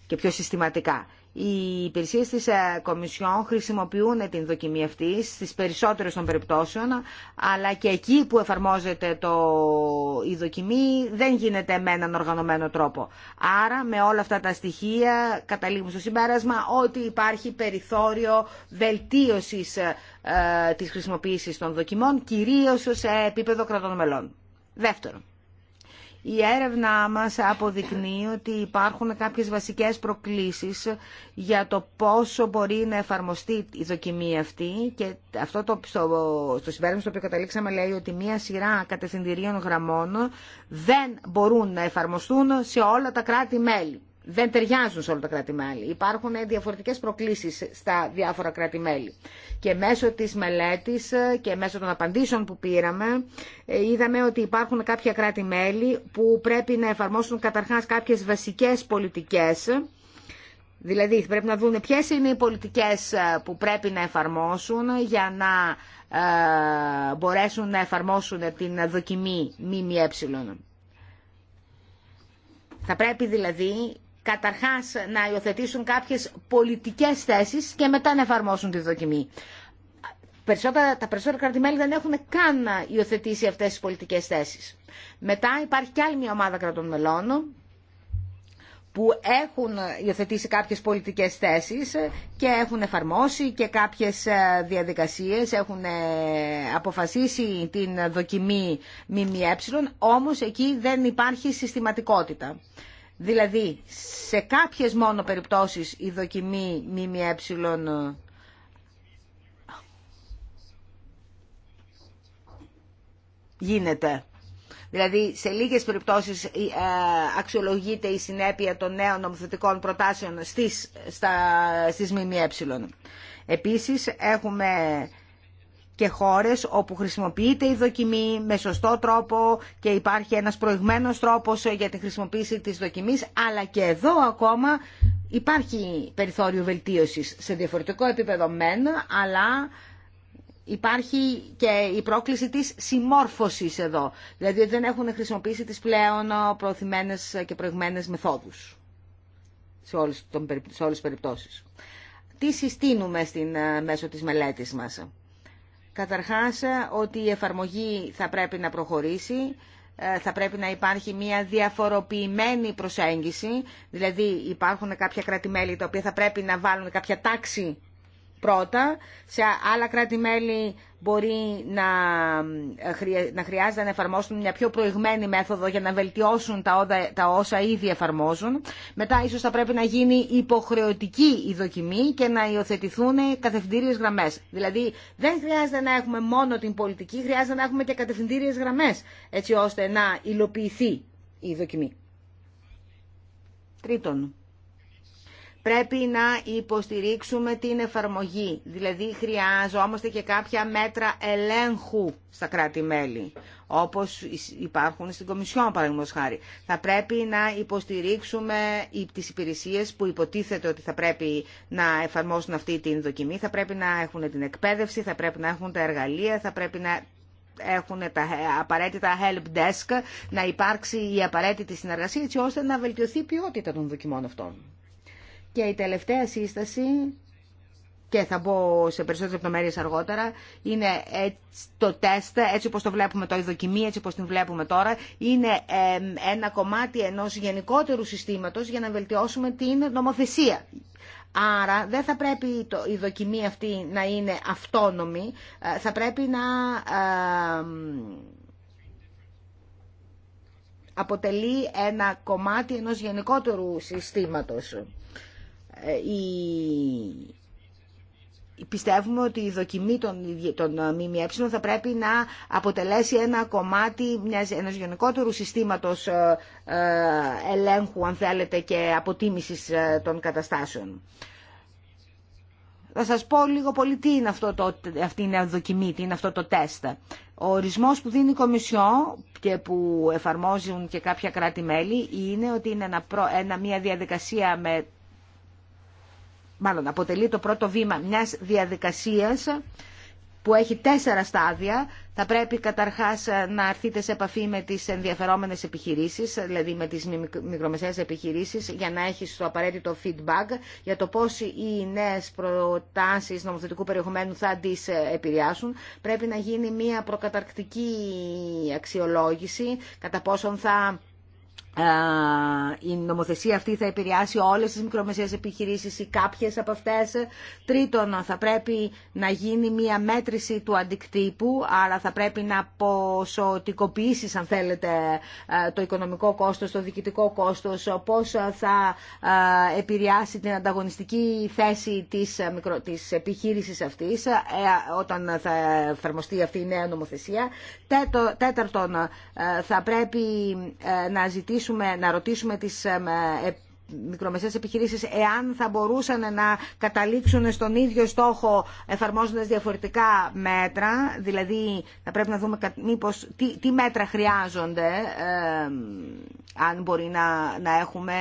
και πιο συστηματικά οι υπηρεσίε τη ε, Κομισιόν χρησιμοποιούν την δοκιμή αυτή στι περισσότερε των περιπτώσεων, αλλά και εκεί που εφαρμόζεται το, η δοκιμή δεν γίνεται με έναν οργανωμένο τρόπο. Άρα με όλα αυτά τα στοιχεία καταλήγουμε στο συμπέρασμα ότι υπάρχει περιθώριο βελτίωση ε, ε, της χρησιμοποίησης των δοκιμών, κυρίω σε επίπεδο κρατών μελών. Δεύτερον, η έρευνα μας αποδεικνύει ότι υπάρχουν κάποιες βασικές προκλήσεις για το πόσο μπορεί να εφαρμοστεί η δοκιμή αυτή και αυτό το, στο, στο συμπέρασμα στο οποίο καταλήξαμε λέει ότι μία σειρά κατευθυντηρίων γραμμών δεν μπορούν να εφαρμοστούν σε όλα τα κράτη-μέλη δεν ταιριάζουν σε όλα τα κράτη-μέλη. Υπάρχουν διαφορετικές προκλήσεις στα διάφορα κράτη-μέλη. Και μέσω της μελέτης και μέσω των απαντήσεων που πήραμε, ε, είδαμε ότι υπάρχουν κάποια κράτη-μέλη που πρέπει να εφαρμόσουν καταρχάς κάποιες βασικές πολιτικές, Δηλαδή πρέπει να δούνε ποιες είναι οι πολιτικές ε, που πρέπει να εφαρμόσουν για να ε, μπορέσουν να εφαρμόσουν την δοκιμή ΜΜΕ. Θα πρέπει δηλαδή καταρχάς να υιοθετήσουν κάποιες πολιτικές θέσεις και μετά να εφαρμόσουν τη δοκιμή. Περισσότερα, τα περισσότερα κρατημέλη δεν έχουν καν υιοθετήσει αυτές τις πολιτικές θέσεις. Μετά υπάρχει και άλλη μια ομάδα κρατών μελών που έχουν υιοθετήσει κάποιες πολιτικές θέσεις και έχουν εφαρμόσει και κάποιες ε, διαδικασίες, έχουν ε, αποφασίσει την δοκιμή ΜΜΕ, όμως εκεί δεν υπάρχει συστηματικότητα. Δηλαδή, σε κάποιες μόνο περιπτώσεις η δοκιμή ΜΜΕ γίνεται. Δηλαδή, σε λίγες περιπτώσεις ε, αξιολογείται η συνέπεια των νέων νομοθετικών προτάσεων στις, στα, στις ΜΜΕ. Επίσης, έχουμε και χώρες όπου χρησιμοποιείται η δοκιμή με σωστό τρόπο και υπάρχει ένας προηγμένος τρόπος για τη χρησιμοποίηση της δοκιμής, αλλά και εδώ ακόμα υπάρχει περιθώριο βελτίωσης σε διαφορετικό επίπεδο μεν, αλλά υπάρχει και η πρόκληση της συμμόρφωσης εδώ. Δηλαδή δεν έχουν χρησιμοποιήσει τις πλέον προωθημένες και προηγμένες μεθόδους σε όλες, σε τις περιπτώσεις. Τι συστήνουμε ε, μέσω της μελέτης μας. Καταρχάς ε, ότι η εφαρμογή θα πρέπει να προχωρήσει, ε, θα πρέπει να υπάρχει μια διαφοροποιημένη προσέγγιση, δηλαδή υπάρχουν κάποια κράτη-μέλη τα οποία θα πρέπει να βάλουν κάποια τάξη πρώτα, σε άλλα μπορεί ε, να, χρειάζεται να εφαρμόσουν μια πιο προηγμένη μέθοδο για να βελτιώσουν τα, όσα ήδη εφαρμόζουν. Μετά ίσως θα πρέπει να γίνει υποχρεωτική η δοκιμή και να υιοθετηθούν κατευθυντήριες γραμμές. Δηλαδή δεν χρειάζεται να έχουμε μόνο την πολιτική, χρειάζεται να έχουμε και κατευθυντήριες γραμμές έτσι ώστε να υλοποιηθεί η δοκιμή. Τρίτον, πρέπει να υποστηρίξουμε την εφαρμογή. Δηλαδή χρειάζομαστε και κάποια μέτρα ελέγχου στα κράτη-μέλη, όπως υπάρχουν στην Κομισιόν παραδείγματος χάρη. Θα πρέπει να υποστηρίξουμε τις υπηρεσίες που υποτίθεται ότι θα πρέπει να εφαρμόσουν αυτή την δοκιμή, θα πρέπει να έχουν την εκπαίδευση, θα πρέπει να έχουν τα εργαλεία, θα πρέπει να έχουν τα απαραίτητα help desk, να υπάρξει η απαραίτητη συνεργασία έτσι ώστε να βελτιωθεί η ποιότητα των δοκιμών αυτών. Και η τελευταία σύσταση, και θα μπω σε περισσότερες λεπτομέρειες αργότερα, είναι το τεστ, έτσι όπως το βλέπουμε το η δοκιμή, έτσι όπως την βλέπουμε τώρα, είναι ένα κομμάτι ενός γενικότερου συστήματος για να βελτιώσουμε την νομοθεσία. Άρα δεν θα πρέπει το, η δοκιμή αυτή να είναι αυτόνομη, ε, θα πρέπει να αποτελεί ένα κομμάτι ενός γενικότερου συστήματος. Ε, πιστεύουμε ότι η δοκιμή των, ε, ΜΜΕ θα πρέπει να αποτελέσει ένα κομμάτι μιας, ενός γενικότερου συστήματος ε, ελέγχου, αν θέλετε, και αποτίμησης των καταστάσεων. Θα σας πω λίγο πολύ τι είναι αυτό το, αυτή η δοκιμή, τι είναι αυτό το τεστ. Ο ορισμός που δίνει η Κομισιό και που εφαρμόζουν και κάποια κράτη-μέλη είναι ότι είναι μια διαδικασία με μάλλον αποτελεί το πρώτο βήμα μιας διαδικασίας που έχει τέσσερα στάδια. Θα πρέπει καταρχάς να αρθείτε σε επαφή με τις ενδιαφερόμενες επιχειρήσεις, δηλαδή με τις μικρομεσαίες επιχειρήσεις, για να έχεις το απαραίτητο feedback για το πώς οι νέες προτάσεις νομοθετικού περιεχομένου θα τις επηρεάσουν. Πρέπει να γίνει μια προκαταρκτική αξιολόγηση, κατά πόσον θα ε, η νομοθεσία αυτή θα επηρεάσει όλες τις μικρομεσαίες επιχειρήσεις ή κάποιες από αυτές. Τρίτον, θα πρέπει να γίνει μια μέτρηση του αντικτύπου, άρα θα πρέπει να ποσοτικοποιήσεις, αν θέλετε, ε, το οικονομικό κόστος, το διοικητικό κόστος, πώς θα ε, επηρεάσει την ανταγωνιστική θέση της, της επιχείρησης αυτής όταν θα εφαρμοστεί αυτή η νέα νομοθεσία. Τέταρτον, θα πρέπει να ζητήσουμε μιλήσουμε, να ρωτήσουμε τις ε, ε, μικρομεσαίες επιχειρήσεις εάν θα μπορούσαν να καταλήξουν στον ίδιο στόχο εφαρμόζοντας διαφορετικά μέτρα, δηλαδή θα πρέπει να δούμε μήπως, τι, μέτρα χρειάζονται αν μπορεί να, έχουμε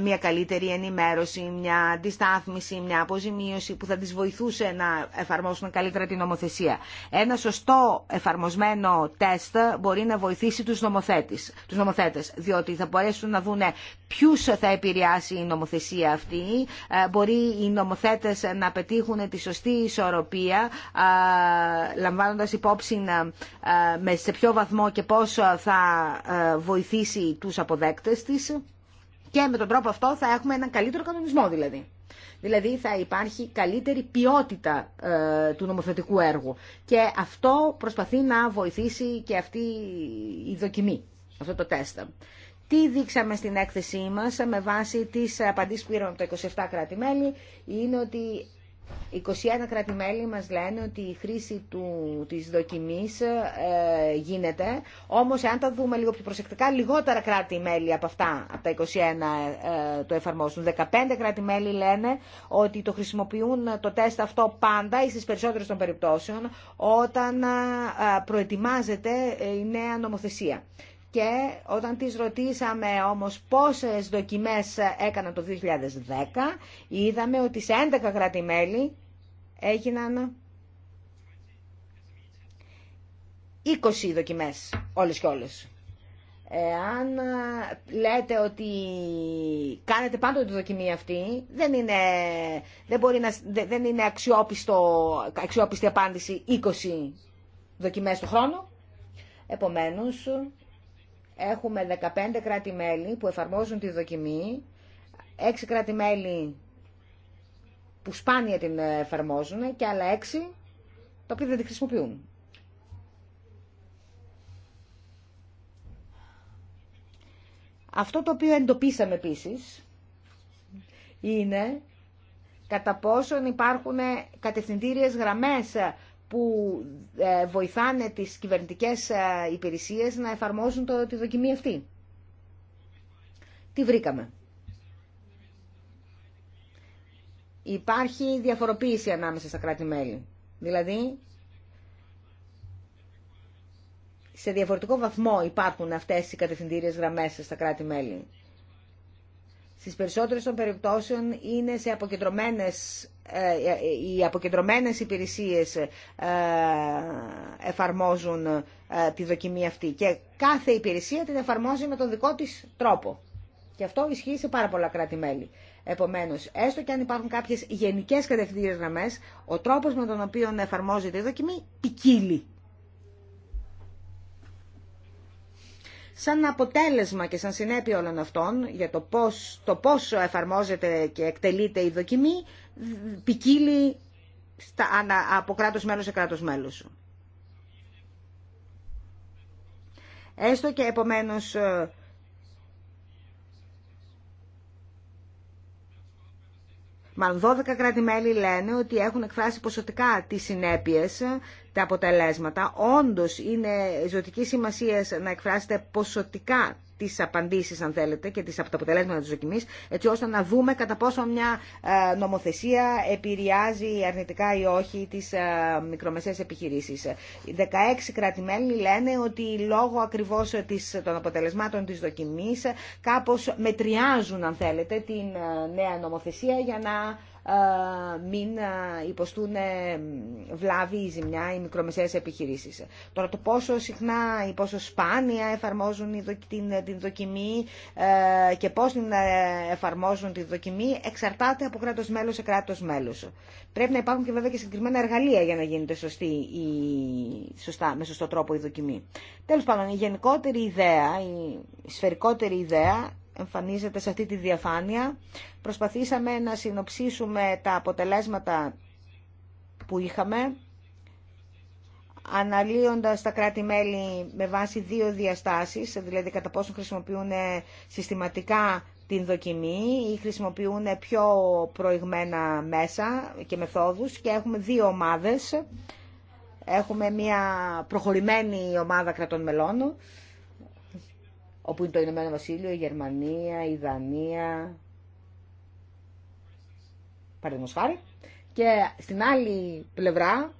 μια καλύτερη ενημέρωση, μια αντιστάθμιση, μια αποζημίωση που θα τις βοηθούσε να εφαρμόσουν καλύτερα την νομοθεσία. Ένα σωστό εφαρμοσμένο τεστ μπορεί να βοηθήσει τους, νομοθέτες, τους νομοθέτες διότι θα μπορέσουν να δούνε ποιους θα επηρεάσουν η νομοθεσία αυτή. Ε, μπορεί οι νομοθέτες να πετύχουν τη σωστή ισορροπία, ε, λαμβάνοντας υπόψη ε, σε ποιο βαθμό και πόσο θα βοηθήσει τους αποδέκτες της. Και με τον τρόπο αυτό θα έχουμε έναν καλύτερο κανονισμό δηλαδή. Δηλαδή θα υπάρχει καλύτερη ποιότητα του νομοθετικού έργου. Και αυτό προσπαθεί να βοηθήσει και αυτή η δοκιμή, αυτό το τεστ. Τι δείξαμε στην έκθεσή μας με βάση τις απαντήσεις που πήραμε από τα 27 κράτη-μέλη είναι ότι 21 κράτη-μέλη μας λένε ότι η χρήση του, της δοκιμής ε, γίνεται, όμως αν τα δούμε λίγο πιο προσεκτικά, λιγότερα κράτη-μέλη από αυτά, από τα 21 ε, το εφαρμόσουν. 15 κράτη-μέλη λένε ότι το χρησιμοποιούν το τεστ αυτό πάντα ή στις περισσότερες των περιπτώσεων όταν ε, προετοιμάζεται ε, η νέα προετοιμαζεται η νεα νομοθεσια και όταν τις ρωτήσαμε όμως πόσες δοκιμές έκαναν το 2010, είδαμε ότι σε 11 κρατημέλη έγιναν 20 δοκιμές όλες και όλες. Εάν λέτε ότι κάνετε πάντοτε τη δοκιμή αυτή, δεν είναι, δεν μπορεί να, δεν είναι αξιόπιστο, αξιόπιστη απάντηση 20 δοκιμές το χρόνο. Επομένως, Έχουμε 15 κράτη-μέλη που εφαρμόζουν τη δοκιμή, 6 κράτη-μέλη που σπάνια την εφαρμόζουν και άλλα 6 τα οποία δεν τη χρησιμοποιούν. Αυτό το οποίο εντοπίσαμε επίσης είναι κατά πόσον υπάρχουν κατευθυντήριες γραμμές που ε, βοηθάνε τις κυβερνητικές ε, υπηρεσίες να εφαρμόζουν το, τη δοκιμή αυτή. Τι βρήκαμε. Υπάρχει διαφοροποίηση ανάμεσα στα κράτη-μέλη. Δηλαδή, σε διαφορετικό βαθμό υπάρχουν αυτές οι κατευθυντήριες γραμμές στα κράτη-μέλη στις περισσότερες των περιπτώσεων είναι σε αποκεντρωμένες ε, ε, οι αποκεντρωμένες υπηρεσίες ε, εφαρμόζουν τη δοκιμή αυτή και κάθε υπηρεσία την εφαρμόζει με τον δικό της τρόπο. Και αυτό ισχύει σε πάρα πολλά κράτη-μέλη. Επομένω, έστω και αν υπάρχουν κάποιε γενικέ κατευθυντήριε γραμμέ, ο τρόπο με τον οποίο εφαρμόζεται η δοκιμή ποικίλει σαν αποτέλεσμα και σαν συνέπεια όλων αυτών για το, πώς, το πόσο εφαρμόζεται και εκτελείται η δοκιμή ποικίλει στα, από κράτος μέλος σε κράτος μέλος. Έστω και επομένως ε, Μάλλον 12 κράτη-μέλη λένε ότι έχουν εκφράσει ποσοτικά τις συνέπειες τα αποτελέσματα. Όντως είναι ζωτική σημασία να εκφράσετε ποσοτικά τις απαντήσεις αν θέλετε και τις, αποτελέσματα της δοκιμής έτσι ώστε να δούμε κατά πόσο μια ε, νομοθεσία επηρεάζει αρνητικά ή όχι τις ε, μικρομεσαίες επιχειρήσεις. 16 κρατημέλη λένε ότι λόγω ακριβώς των αποτελεσμάτων της δοκιμής κάπως μετριάζουν αν θέλετε την ε, νέα νομοθεσία για να μην υποστούν ε, βλάβη ή ζημιά οι μικρομεσαίες επιχειρήσεις. Τώρα το πόσο συχνά ή πόσο σπάνια εφαρμόζουν την δοκιμή ε, και πώς την ε, εφαρμόζουν τη δοκιμή εξαρτάται από κράτος μέλος σε κράτος μέλος. Πρέπει να υπάρχουν και βέβαια και συγκεκριμένα εργαλεία για να γίνεται σωστή η... σωστά, με σωστό τρόπο η δοκιμή. Τέλος πάντων, η γενικότερη ιδέα, η σφαιρικότερη ιδέα εμφανίζεται σε αυτή τη διαφάνεια. Προσπαθήσαμε να συνοψίσουμε τα αποτελέσματα που είχαμε, αναλύοντας τα κράτη-μέλη με βάση δύο διαστάσεις, δηλαδή κατά πόσο χρησιμοποιούν συστηματικά την δοκιμή ή χρησιμοποιούν πιο προηγμένα μέσα και μεθόδους και έχουμε δύο ομάδες. Έχουμε μια προχωρημένη ομάδα κρατών μελών όπου είναι το Ηνωμένο Βασίλειο, η Γερμανία, η Δανία, παραδείγματος χάρη. Και στην άλλη πλευρά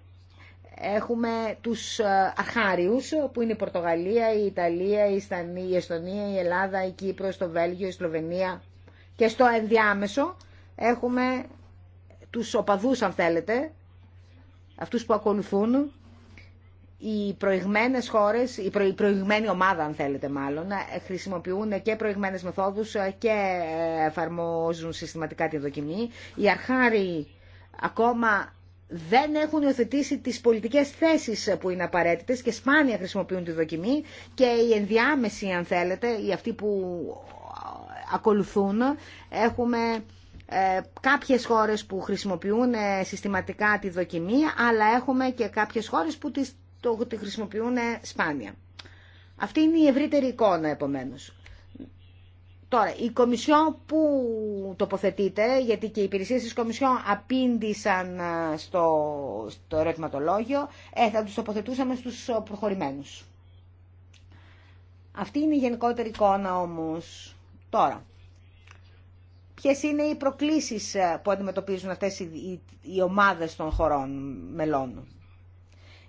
έχουμε τους ε, αρχάριους που είναι η Πορτογαλία, η Ιταλία, η, Ιστανή, η Εστονία, η Ελλάδα, η Κύπρος, το Βέλγιο, η Σλοβενία και στο ενδιάμεσο έχουμε τους οπαδούς αν θέλετε, αυτούς που ακολουθούν οι προηγμένες χώρες, η, προηγμένη ομάδα αν θέλετε μάλλον, ε, χρησιμοποιούν και προηγμένες μεθόδους ε, και ε, εφαρμόζουν συστηματικά τη δοκιμή. Οι αρχάροι ακόμα δεν έχουν υιοθετήσει τις πολιτικές θέσεις που είναι απαραίτητες και σπάνια χρησιμοποιούν τη δοκιμή και οι ενδιάμεσοι αν θέλετε, οι αυτοί που ακολουθούν, έχουμε κάποιες χώρες που χρησιμοποιούν συστηματικά τη δοκιμή, αλλά έχουμε και κάποιες χώρες που το χρησιμοποιούν ε, σπάνια. Αυτή είναι η ευρύτερη εικόνα επομένως. Τώρα, η Κομισιό που τοποθετείται, γιατί και οι υπηρεσίες της Κομισιό απήντησαν ε, στο, στο ερωτηματολόγιο, ε, θα τους τοποθετούσαμε στους προχωρημένους. Αυτή είναι η γενικότερη εικόνα όμως τώρα. Ποιες είναι οι προκλήσεις ε, που αντιμετωπίζουν αυτές οι, οι, ομάδες των χωρών μελών.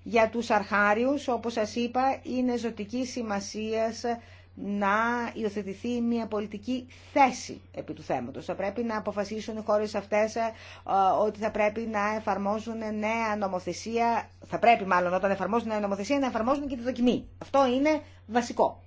Για τους αρχάριους, όπως σας είπα, είναι ζωτική σημασία να υιοθετηθεί μια πολιτική θέση επί του θέματος. Θα πρέπει να αποφασίσουν οι χώρες αυτές ε, ότι θα πρέπει να εφαρμόζουν νέα νομοθεσία, θα πρέπει μάλλον όταν εφαρμόζουν νέα νομοθεσία να εφαρμόζουν και τη δοκιμή. Αυτό είναι βασικό.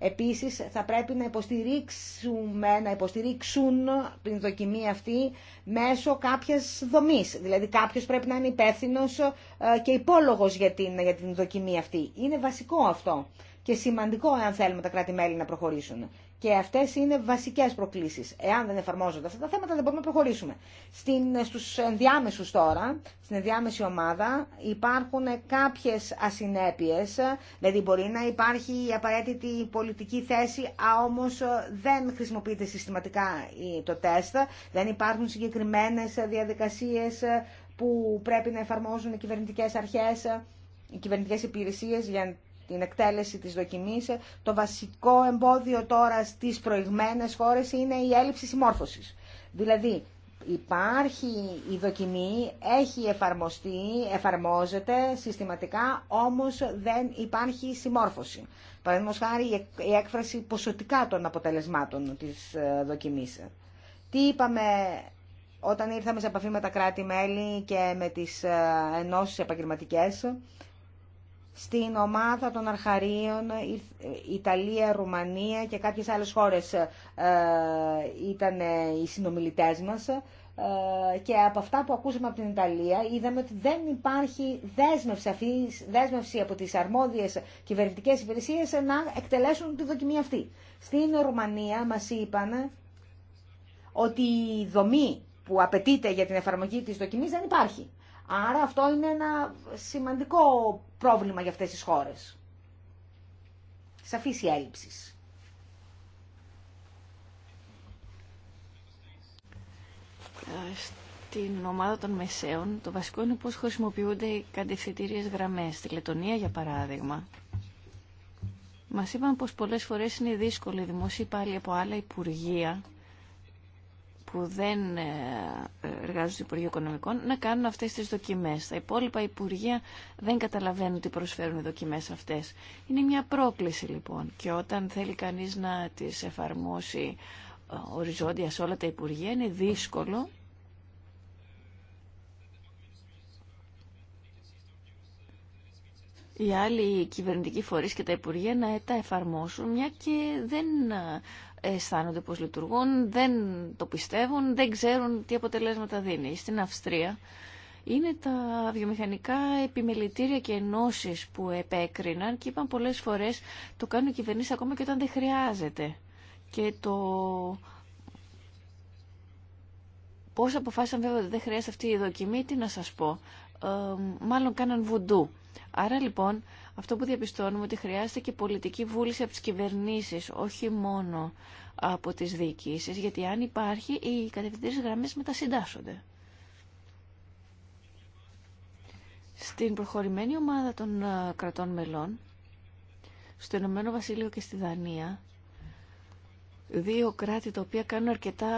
Επίσης θα πρέπει να υποστηρίξουμε, να υποστηρίξουν την δοκιμή αυτή μέσω κάποιας δομής. Δηλαδή κάποιος πρέπει να είναι υπεύθυνο ε, και υπόλογος για την, για την δοκιμή αυτή. Είναι βασικό αυτό και σημαντικό αν θέλουμε τα κράτη-μέλη να προχωρήσουν. Και αυτέ είναι βασικέ προκλήσει. Εάν δεν εφαρμόζονται αυτά τα θέματα, δεν μπορούμε να προχωρήσουμε. Στου στους ενδιάμεσου τώρα, στην ενδιάμεση ομάδα, υπάρχουν κάποιε ασυνέπειε. Δηλαδή, μπορεί να υπάρχει η απαραίτητη πολιτική θέση, α όμω δεν χρησιμοποιείται συστηματικά το τεστ. Δεν υπάρχουν συγκεκριμένε διαδικασίε που πρέπει να εφαρμόζουν οι κυβερνητικέ αρχέ, οι κυβερνητικέ υπηρεσίε για την εκτέλεση της δοκιμής. Το βασικό εμπόδιο τώρα στις προηγμένες χώρες είναι η έλλειψη συμμόρφωσης. Δηλαδή, υπάρχει η δοκιμή, έχει εφαρμοστεί, εφαρμόζεται συστηματικά, όμως δεν υπάρχει συμμόρφωση. Παραδείγματο χάρη η έκφραση ποσοτικά των αποτελεσμάτων της ε, δοκιμής. Τι είπαμε όταν ήρθαμε σε επαφή με τα κράτη-μέλη και με τις ε, ενώσεις επαγγελματικές, στην ομάδα των αρχαρίων Ιταλία, Ρουμανία και κάποιες άλλες χώρες ε, ήταν ε, οι συνομιλητές μας ε, και από αυτά που ακούσαμε από την Ιταλία είδαμε ότι δεν υπάρχει δέσμευση, από τις αρμόδιες κυβερνητικές υπηρεσίες να εκτελέσουν τη δοκιμή αυτή. Στην Ρουμανία μας είπαν ότι η δομή που απαιτείται για την εφαρμογή της δοκιμής δεν υπάρχει. Άρα αυτό είναι ένα σημαντικό πρόβλημα για αυτές τις χώρες. Σαφής η έλλειψη. Στην ομάδα των μεσαίων το βασικό είναι πώς χρησιμοποιούνται οι κατευθυντήριες γραμμές. Στη Λετωνία για παράδειγμα μας είπαν πως πολλές φορές είναι δύσκολο οι δημόσιοι υπάλληλοι από δυσκολο η δημόσια υπουργεία που δεν ε, εργάζονται στο Υπουργείο Οικονομικών να κάνουν αυτές τις δοκιμές. Τα υπόλοιπα Υπουργεία δεν καταλαβαίνουν τι προσφέρουν οι δοκιμές αυτές. Είναι μια πρόκληση λοιπόν και όταν θέλει κανείς να τις εφαρμόσει ε, οριζόντια σε όλα τα Υπουργεία είναι δύσκολο οι άλλοι κυβερνητικοί φορείς και τα Υπουργεία να τα εφαρμόσουν, μια και δεν ε, αισθάνονται πως λειτουργούν, δεν το πιστεύουν, δεν ξέρουν τι αποτελέσματα δίνει. Στην Αυστρία είναι τα βιομηχανικά επιμελητήρια και ενώσει που επέκριναν και είπαν πολλές φορές το κάνουν οι κυβερνήσεις ακόμα και όταν δεν χρειάζεται. Και το πώς αποφάσισαν βέβαια ότι δεν χρειάζεται αυτή η δοκιμή, τι να σας πω. Ε, μάλλον κάναν βουντού. Άρα λοιπόν αυτό που διαπιστώνουμε ότι χρειάζεται και πολιτική βούληση από τις κυβερνήσεις, όχι μόνο από τις διοικήσεις, γιατί αν υπάρχει οι κατευθυντήρες γραμμές μετασυντάσσονται. Στην προχωρημένη ομάδα των ε, κρατών μελών, στο Ηνωμένο Βασίλειο και στη Δανία, δύο κράτη τα οποία κάνουν αρκετά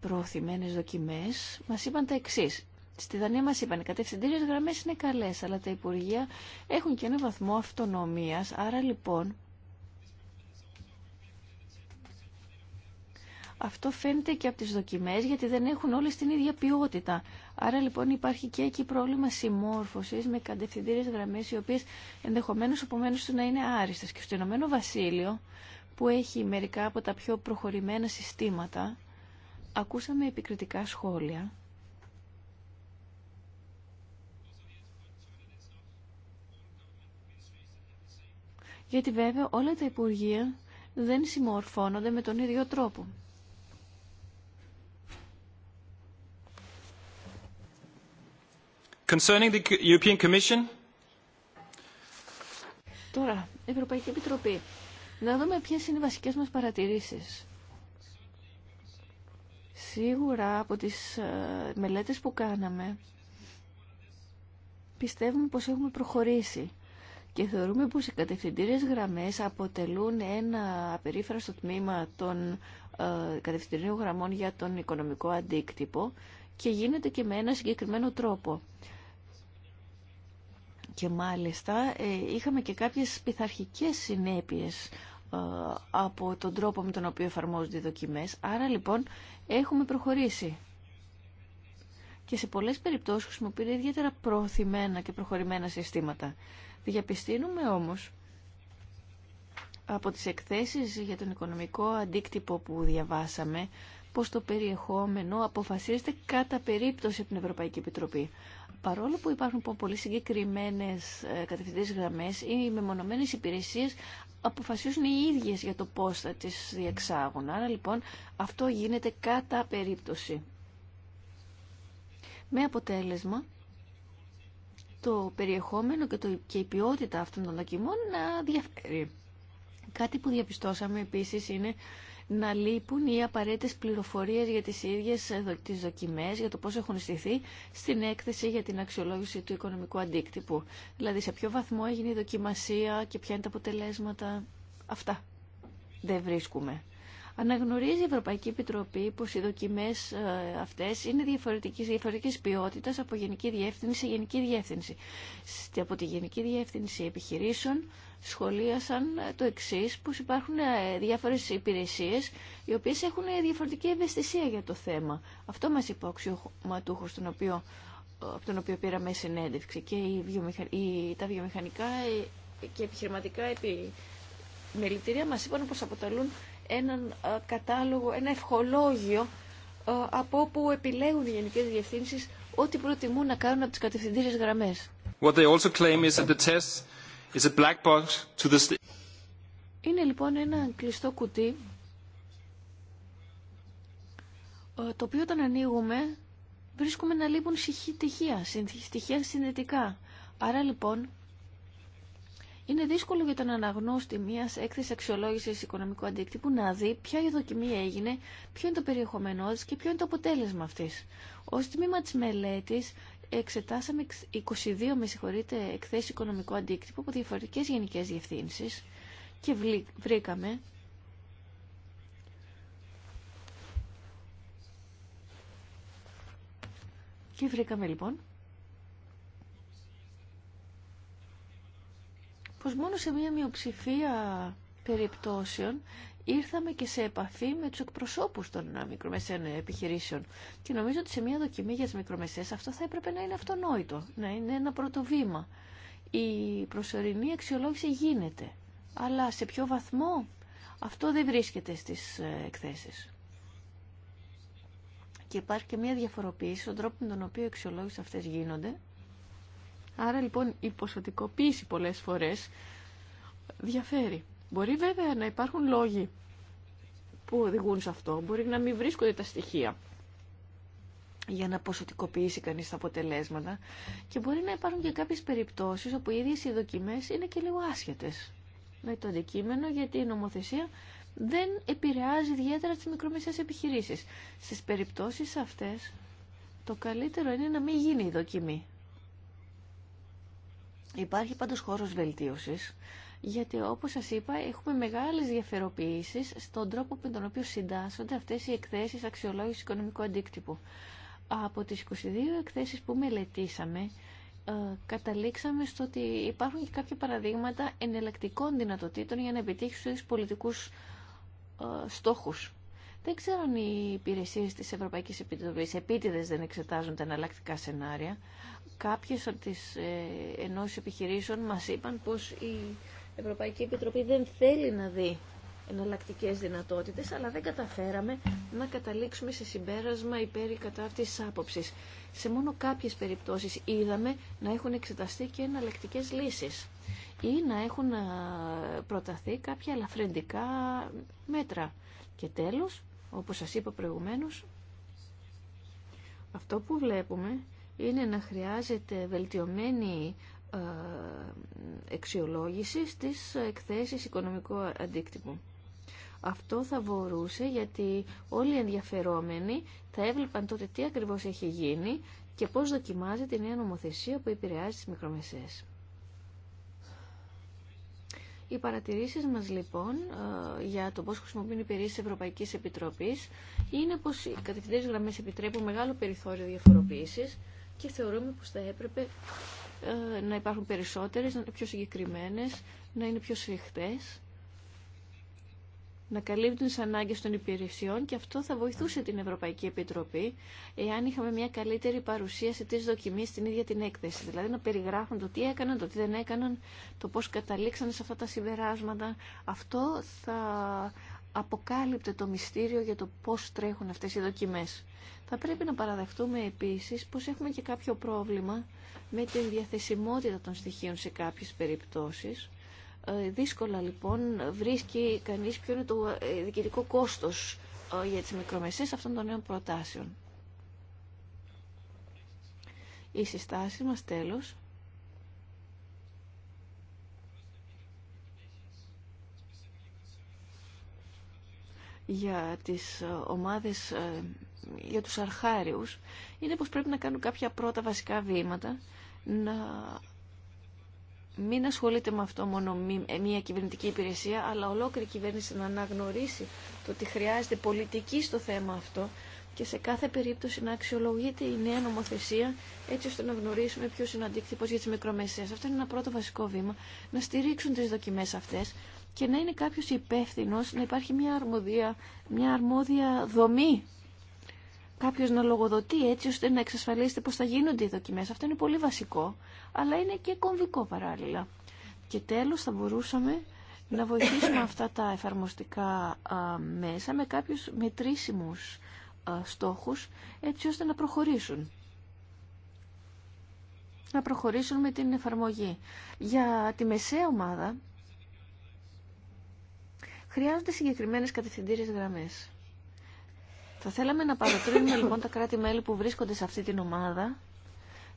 προωθημένες δοκιμές, μας είπαν τα εξής στη Δανία μας είπαν οι κατευθυντήριες γραμμές είναι καλές, αλλά τα Υπουργεία έχουν και ένα βαθμό αυτονομίας, άρα λοιπόν Αυτό φαίνεται και από τις δοκιμές γιατί δεν έχουν όλες την ίδια ποιότητα. Άρα λοιπόν υπάρχει και εκεί πρόβλημα συμμόρφωσης με κατευθυντήριες γραμμές οι οποίες ενδεχομένως επομένως του να είναι άριστες. Και στο Ηνωμένο Βασίλειο που έχει μερικά από τα πιο προχωρημένα συστήματα ακούσαμε επικριτικά σχόλια γιατί βέβαια όλα τα Υπουργεία δεν συμμορφώνονται με τον ίδιο τρόπο. the European Commission. Τώρα, Ευρωπαϊκή Επιτροπή. Να δούμε ποιες είναι οι βασικές μας παρατηρήσεις. Σίγουρα από τις ε, μελέτες που κάναμε πιστεύουμε πως έχουμε προχωρήσει και θεωρούμε πως οι κατευθυντήριες γραμμές αποτελούν ένα απερίφραστο τμήμα των ε, κατευθυντήριων γραμμών για τον οικονομικό αντίκτυπο και γίνεται και με ένα συγκεκριμένο τρόπο. Και μάλιστα ε, είχαμε και κάποιες πειθαρχικές συνέπειες ε, από τον τρόπο με τον οποίο εφαρμόζονται οι δοκιμές. Άρα λοιπόν έχουμε προχωρήσει και σε πολλές περιπτώσεις χρησιμοποιείται ιδιαίτερα προωθημένα και προχωρημένα συστήματα. Διαπιστύνουμε όμως από τις εκθέσεις για τον οικονομικό αντίκτυπο που διαβάσαμε πως το περιεχόμενο αποφασίζεται κατά περίπτωση από την Ευρωπαϊκή Επιτροπή. Παρόλο που υπάρχουν πολύ συγκεκριμένες ε, κατευθυντές γραμμές, οι μεμονωμένες υπηρεσίες αποφασίζουν οι ίδιες για το πώς θα τις διεξάγουν. Άρα λοιπόν αυτό γίνεται κατά περίπτωση. Με αποτέλεσμα το περιεχόμενο και, το, και η ποιότητα αυτών των δοκιμών να διαφέρει. Κάτι που διαπιστώσαμε επίσης είναι να λείπουν οι απαραίτητες πληροφορίες για τις ίδιες ε, τις δοκιμές, για το πώς έχουν στηθεί στην έκθεση για την αξιολόγηση του οικονομικού αντίκτυπου. Δηλαδή σε ποιο βαθμό έγινε η δοκιμασία και ποια είναι τα αποτελέσματα. Αυτά δεν βρίσκουμε. Αναγνωρίζει η Ευρωπαϊκή Επιτροπή πως οι δοκιμές ε, αυτές είναι διαφορετικής, ποιότητα ποιότητας από γενική διεύθυνση σε γενική διεύθυνση. Από τη γενική διεύθυνση επιχειρήσεων σχολίασαν ε, το εξή πως υπάρχουν ε, διάφορες υπηρεσίες οι οποίες έχουν διαφορετική ευαισθησία για το θέμα. Αυτό μας είπε ο αξιωματούχος από τον οποίο πήραμε συνέντευξη και η βιομηχα... η... τα βιομηχανικά και επιχειρηματικά επι... μελητήρια μας είπαν πως αποτελούν έναν ε, κατάλογο, ένα ευχολόγιο ε, από όπου επιλέγουν οι γενικές διευθύνσεις ό,τι προτιμούν να κάνουν από τις κατευθυντήριες γραμμές. Είναι λοιπόν ένα κλειστό κουτί ε, το οποίο όταν ανοίγουμε βρίσκουμε να λείπουν στοιχεία, στοιχεία συνδετικά. Άρα λοιπόν είναι δύσκολο για τον αναγνώστη μια έκθεση αξιολόγηση οικονομικού αντίκτυπου να δει ποια η δοκιμή έγινε, ποιο είναι το περιεχόμενό τη και ποιο είναι το αποτέλεσμα αυτή. Ω τμήμα τη μελέτη, εξετάσαμε 22 με συγχωρείτε, εκθέσει οικονομικού αντίκτυπου από διαφορετικέ γενικέ διευθύνσει και βρήκαμε και βρήκαμε λοιπόν πως μόνο σε μία μειοψηφία περιπτώσεων ήρθαμε και σε επαφή με τους εκπροσώπους των μικρομεσαίων επιχειρήσεων. Και νομίζω ότι σε μία δοκιμή για τις μικρομεσαίες αυτό θα έπρεπε να είναι αυτονόητο, να είναι ένα πρώτο βήμα. Η προσωρινή αξιολόγηση γίνεται, αλλά σε ποιο βαθμό αυτό δεν βρίσκεται στις ε, εκθέσεις. Και υπάρχει και μία διαφοροποίηση στον τρόπο με τον οποίο οι αξιολόγηση αυτές γίνονται Άρα λοιπόν η ποσοτικοποίηση πολλές φορές διαφέρει. Μπορεί βέβαια να υπάρχουν λόγοι που οδηγούν σε αυτό. Μπορεί να μην βρίσκονται τα στοιχεία για να ποσοτικοποιήσει κανείς τα αποτελέσματα και μπορεί να υπάρχουν και κάποιες περιπτώσεις όπου οι ίδιες οι δοκιμές είναι και λίγο άσχετες με το αντικείμενο γιατί η νομοθεσία δεν επηρεάζει ιδιαίτερα τις μικρομεσαίες επιχειρήσεις. Στις περιπτώσεις αυτές το καλύτερο είναι να μην γίνει η δοκιμή. Υπάρχει πάντως χώρος βελτίωσης, γιατί όπως σας είπα έχουμε μεγάλες διαφεροποιήσεις στον τρόπο με τον οποίο συντάσσονται αυτές οι εκθέσεις αξιολόγησης οικονομικού αντίκτυπου. Από τις 22 εκθέσεις που μελετήσαμε, ε, καταλήξαμε στο ότι υπάρχουν και κάποια παραδείγματα εναλλακτικών δυνατοτήτων για να επιτύχει στους πολιτικούς ε, στόχους. Δεν ξέρω αν οι υπηρεσίε τη Ευρωπαϊκή Επιτροπή επίτηδε δεν εξετάζουν τα εναλλακτικά σενάρια. Κάποιε από τι ε, ενώσει επιχειρήσεων μα είπαν πω η Ευρωπαϊκή Επιτροπή δεν θέλει να δει εναλλακτικέ δυνατότητε, αλλά δεν καταφέραμε να καταλήξουμε σε συμπέρασμα υπέρ η τη άποψη. Σε μόνο κάποιε περιπτώσει είδαμε να έχουν εξεταστεί και εναλλακτικέ λύσει ή να έχουν ε, προταθεί κάποια ελαφρεντικά μέτρα. Και τέλος, όπως σας είπα προηγουμένως, αυτό που βλέπουμε είναι να χρειάζεται βελτιωμένη ε, εξιολόγηση στις εκθέσεις οικονομικού αντίκτυπου. Αυτό θα μπορούσε γιατί όλοι οι ενδιαφερόμενοι θα έβλεπαν τότε τι ακριβώς έχει γίνει και πώς δοκιμάζεται η νέα νομοθεσία που επηρεάζει τις μικρομεσαίες. Οι παρατηρήσεις μας λοιπόν ε, για το πώς χρησιμοποιούν οι υπηρεσίες της Ευρωπαϊκής Επιτροπής είναι πως οι κατευθυντές γραμμές επιτρέπουν μεγάλο περιθώριο διαφοροποίησης και θεωρούμε πως θα έπρεπε ε, να υπάρχουν περισσότερες, να είναι πιο συγκεκριμένες, να είναι πιο σφιχτές να καλύπτουν τι ανάγκε των υπηρεσιών και αυτό θα βοηθούσε την Ευρωπαϊκή Επιτροπή εάν είχαμε μια καλύτερη παρουσίαση της δοκιμή στην ίδια την έκθεση. Δηλαδή να περιγράφουν το τι έκαναν, το τι δεν έκαναν, το πώς καταλήξαν σε αυτά τα συμπεράσματα. Αυτό θα αποκάλυπτε το μυστήριο για το πώς τρέχουν αυτές οι δοκιμές. Θα πρέπει να παραδεχτούμε επίσης πως τρεχουν αυτες οι δοκιμε θα πρεπει να παραδεχτουμε επιση πω εχουμε και κάποιο πρόβλημα με την διαθεσιμότητα των στοιχείων σε κάποιες περιπτώσεις ε, δύσκολα λοιπόν βρίσκει κανείς ποιο είναι το ε, διοικητικό κόστος ε, για τις μικρομεσαίες αυτών των νέων προτάσεων. Η συστάση μας τέλος για τις ομάδες, για τους αρχάριους, είναι πως πρέπει να κάνουν κάποια πρώτα βασικά βήματα, να μην ασχολείται με αυτό μόνο μια ε, κυβερνητική υπηρεσία, αλλά ολόκληρη κυβέρνηση να αναγνωρίσει το ότι χρειάζεται πολιτική στο θέμα αυτό και σε κάθε περίπτωση να αξιολογείται η νέα νομοθεσία έτσι ώστε να γνωρίσουμε ποιο είναι ο αντίκτυπο για τι μικρομεσαίε. Αυτό είναι ένα πρώτο βασικό βήμα. Να στηρίξουν τι δοκιμέ αυτέ και να είναι κάποιο υπεύθυνο, να υπάρχει μια αρμόδια, μια αρμόδια δομή κάποιος να λογοδοτεί έτσι ώστε να εξασφαλίσετε πως θα γίνονται οι δοκιμές. Αυτό είναι πολύ βασικό, αλλά είναι και κομβικό παράλληλα. Και τέλος θα μπορούσαμε να βοηθήσουμε αυτά τα εφαρμοστικά μέσα με κάποιους μετρήσιμους στόχους έτσι ώστε να προχωρήσουν να προχωρήσουν με την εφαρμογή. Για τη μεσαία ομάδα χρειάζονται συγκεκριμένες κατευθυντήριες γραμμές. Θα θέλαμε να παροτρύνουμε λοιπόν τα κράτη-μέλη που βρίσκονται σε αυτή την ομάδα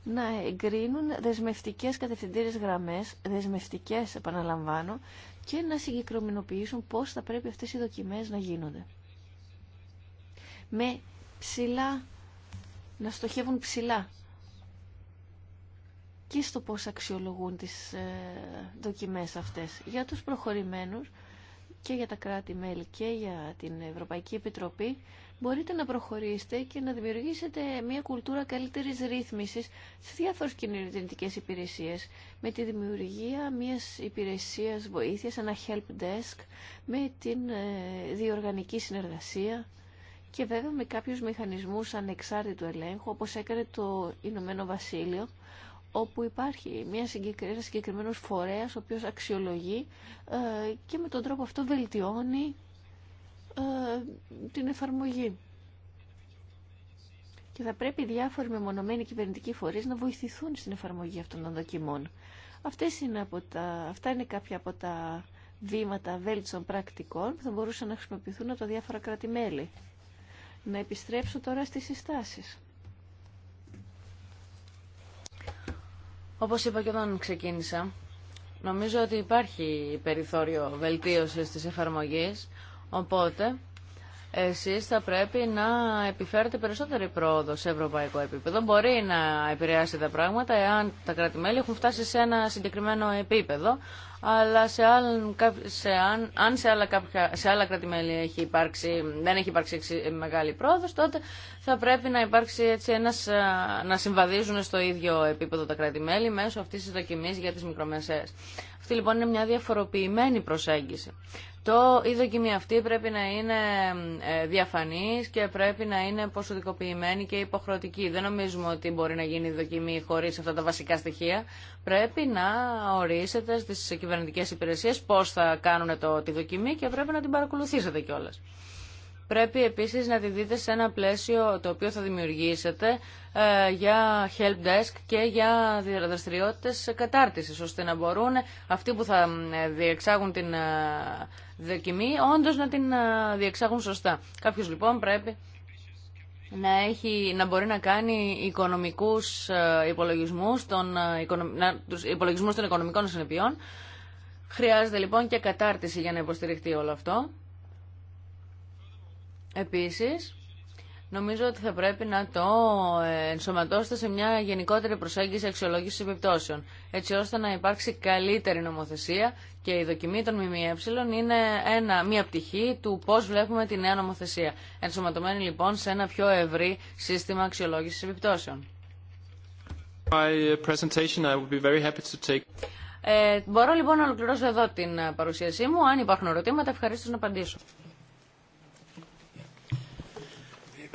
να εγκρίνουν δεσμευτικές κατευθυντήριες γραμμές, δεσμευτικές επαναλαμβάνω, και να συγκεκριμενοποιήσουν πώς θα πρέπει αυτές οι δοκιμές να γίνονται. Με ψηλά, να στοχεύουν ψηλά και στο πώς αξιολογούν τις ε, δοκιμές αυτές. Για τους προχωρημένους και για τα κράτη-μέλη και για την Ευρωπαϊκή Επιτροπή μπορείτε να προχωρήσετε και να δημιουργήσετε μια κουλτούρα καλύτερης ρύθμισης σε διάφορες κοινωνικέ υπηρεσίες με τη δημιουργία μιας υπηρεσίας βοήθειας, ένα help desk, με την ε, διοργανική συνεργασία και βέβαια με κάποιους μηχανισμούς ανεξάρτητου ελέγχου όπως έκανε το Ηνωμένο Βασίλειο όπου υπάρχει μια συγκεκρι... ένας φορέας ο οποίος αξιολογεί ε, και με τον τρόπο αυτό βελτιώνει ε, την εφαρμογή. Και θα πρέπει οι διάφοροι μεμονωμένοι κυβερνητικοί φορείς να βοηθηθούν στην εφαρμογή αυτών των δοκιμών. Αυτές είναι από τα, αυτά είναι κάποια από τα βήματα βέλτιστων πρακτικών που θα μπορούσαν να χρησιμοποιηθούν από τα διάφορα κράτη-μέλη. Να επιστρέψω τώρα στις συστάσεις. Όπως είπα και όταν ξεκίνησα, νομίζω ότι υπάρχει περιθώριο βελτίωσης της εφαρμογής Οπότε, εσείς θα πρέπει να επιφέρετε περισσότερη πρόοδο σε ευρωπαϊκό επίπεδο. Μπορεί να επηρεάσει τα πράγματα εάν τα κράτη-μέλη έχουν φτάσει σε ένα συγκεκριμένο επίπεδο, αλλά σε σε αν, σε άλλα, κάποια, σε άλλα κράτη-μέλη έχει υπάρξει, δεν έχει υπάρξει μεγάλη πρόοδος, τότε θα πρέπει να υπάρξει έτσι ένας, να συμβαδίζουν στο ίδιο επίπεδο τα κράτη-μέλη μέσω αυτής της δοκιμής για τις μικρομεσαίες. Αυτή λοιπόν είναι μια διαφοροποιημένη προσέγγιση. Το, η δοκιμή αυτή πρέπει να είναι ε, διαφανής και πρέπει να είναι ποσοδικοποιημένη και υποχρεωτική. Δεν νομίζουμε ότι μπορεί να γίνει δοκιμή χωρίς αυτά τα βασικά στοιχεία. Πρέπει να ορίσετε στις κυβερνητικές υπηρεσίες πώς θα κάνουν το, τη δοκιμή και πρέπει να την παρακολουθήσετε κιόλας. Πρέπει επίσης να τη δείτε σε ένα πλαίσιο το οποίο θα δημιουργήσετε ε, για help desk και για δραστηριότητες κατάρτισης, ώστε να μπορούν αυτοί που θα ε, διεξάγουν την ε, δοκιμή όντως να την διεξάγουν σωστά. Κάποιος λοιπόν πρέπει να, έχει, να μπορεί να κάνει οικονομικούς υπολογισμούς των, υπολογισμούς των οικονομικών συνεπειών. Χρειάζεται λοιπόν και κατάρτιση για να υποστηριχτεί όλο αυτό. Επίσης, νομίζω ότι θα πρέπει να το ε, ενσωματώσετε σε μια γενικότερη προσέγγιση αξιολόγηση επιπτώσεων, έτσι ώστε να υπάρξει καλύτερη νομοθεσία και η δοκιμή των ΜΜΕ είναι ένα, μια πτυχή του πώς βλέπουμε τη νέα νομοθεσία, ενσωματωμένη λοιπόν σε ένα πιο ευρύ σύστημα αξιολόγησης επιπτώσεων. take... ε, μπορώ λοιπόν να ολοκληρώσω εδώ την παρουσίασή μου. Αν υπάρχουν ερωτήματα, ευχαρίστω να απαντήσω.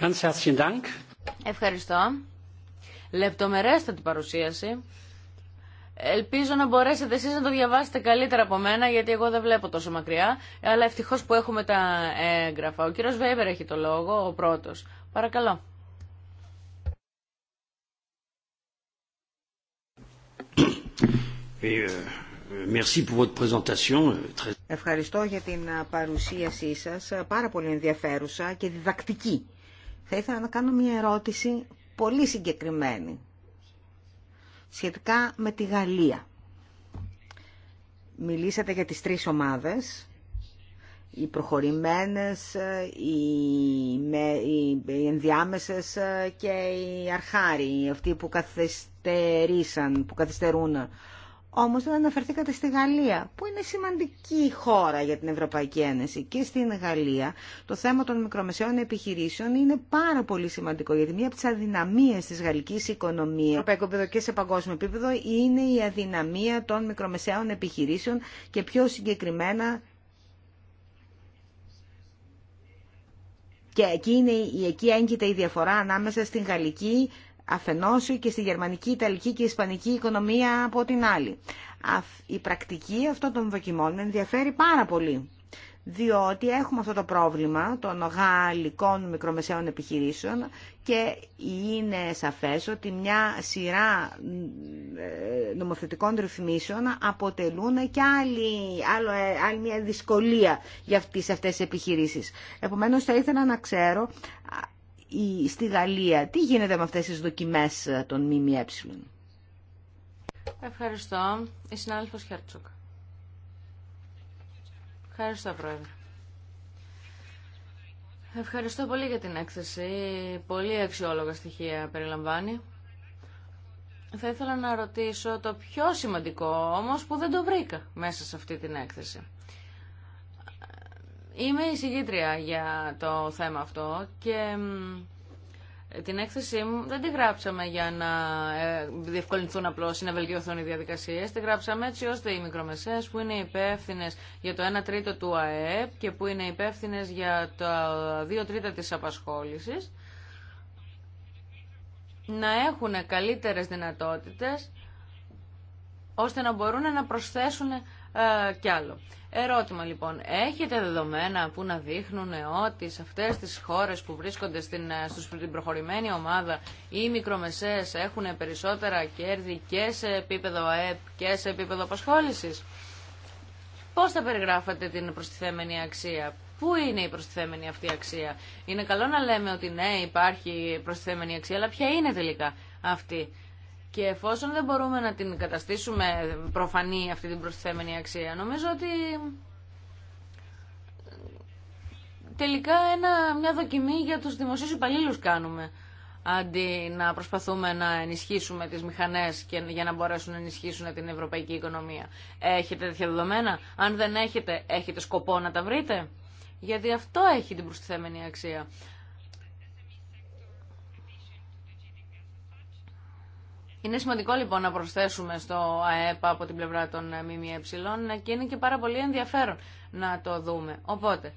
Ganz herzlichen Dank. Ευχαριστώ. Λεπτομερέστατη παρουσίαση. Ελπίζω να μπορέσετε εσείς να το διαβάσετε καλύτερα από μένα, γιατί εγώ δεν βλέπω τόσο μακριά, αλλά ευτυχώς που έχουμε τα έγγραφα. Ο κύριο Βέβερ έχει το λόγο, ο πρώτος. Παρακαλώ. Euh, euh, Ευχαριστώ για την παρουσίασή σας, πάρα πολύ ενδιαφέρουσα και διδακτική. Θα ήθελα να κάνω μια ερώτηση πολύ συγκεκριμένη σχετικά με τη Γαλλία. Μιλήσατε για τις τρεις ομάδες, οι προχωρημένες, οι, ενδιάμεσες και οι αρχάροι, αυτοί που καθυστερήσαν, που καθυστερούν όμως δεν αναφερθήκατε στη Γαλλία, που είναι σημαντική χώρα για την Ευρωπαϊκή Ένωση. Και στην Γαλλία το θέμα των μικρομεσαίων επιχειρήσεων είναι πάρα πολύ σημαντικό, γιατί μία από τις αδυναμίες της γαλλικής οικονομίας, ευρωπαϊκό επίπεδο και σε παγκόσμιο επίπεδο, είναι η αδυναμία των μικρομεσαίων επιχειρήσεων και πιο συγκεκριμένα και εκεί, είναι, εκεί έγκυται η διαφορά ανάμεσα στην γαλλική αφενός και στη γερμανική, ιταλική και ισπανική οικονομία από την άλλη. Η πρακτική αυτών των δοκιμών ενδιαφέρει πάρα πολύ, διότι έχουμε αυτό το πρόβλημα των γαλλικών μικρομεσαίων επιχειρήσεων και είναι σαφές ότι μια σειρά ε, νομοθετικών ρυθμίσεων αποτελούν και άλλη, άλλο, ε, άλλη μια δυσκολία για αυτές τις επιχειρήσεις. Επομένως θα ήθελα να ξέρω στη Γαλλία. Τι γίνεται με αυτές τις δοκιμές ε, των ΜΜΕ. Ευχαριστώ. Η συνάδελφος Χέρτσοκ. Ευχαριστώ, Πρόεδρε. Ευχαριστώ πολύ για την έκθεση. Πολύ αξιόλογα στοιχεία περιλαμβάνει. Θα ήθελα να ρωτήσω το πιο σημαντικό όμως που δεν το βρήκα μέσα σε αυτή την έκθεση. Είμαι εισηγήτρια για το θέμα αυτό και την έκθεσή μου δεν τη γράψαμε για να ε, διευκολυνθούν απλώ ή να βελτιωθούν οι διαδικασίε. Τη γράψαμε έτσι ώστε οι μικρομεσαίε που είναι υπεύθυνε για το 1 τρίτο του ΑΕΠ και που είναι υπεύθυνε για το 2 τρίτα τη απασχόληση να έχουν καλύτερες δυνατότητες ώστε να μπορούν να προσθέσουν ε, κι άλλο. Ερώτημα λοιπόν, έχετε δεδομένα που να δείχνουν ότι σε αυτές τις χώρες που βρίσκονται στην, ε, στην προχωρημένη ομάδα οι μικρομεσαίες έχουν περισσότερα κέρδη και σε επίπεδο ΑΕΠ και σε επίπεδο απασχόλησης. Πώς θα περιγράφετε την προστιθέμενη αξία, Πού είναι η προστιθέμενη αυτή αξία. Είναι καλό να λέμε ότι ναι υπάρχει προστιθέμενη αξία, αλλά ποια είναι τελικά αυτή. Και εφόσον δεν μπορούμε να την καταστήσουμε προφανή αυτή την προστιθέμενη αξία, νομίζω ότι τελικά ένα, μια δοκιμή για τους δημοσίους υπαλλήλους κάνουμε αντί να προσπαθούμε να ενισχύσουμε τις μηχανές για να μπορέσουν να ενισχύσουν την ευρωπαϊκή οικονομία. Έχετε τέτοια δεδομένα. Αν δεν έχετε, έχετε σκοπό να τα βρείτε. Γιατί αυτό έχει την προστιθέμενη αξία. Είναι σημαντικό λοιπόν να προσθέσουμε στο ΑΕΠ από την πλευρά των ΜΜΕ και είναι και πάρα πολύ ενδιαφέρον να το δούμε. Οπότε,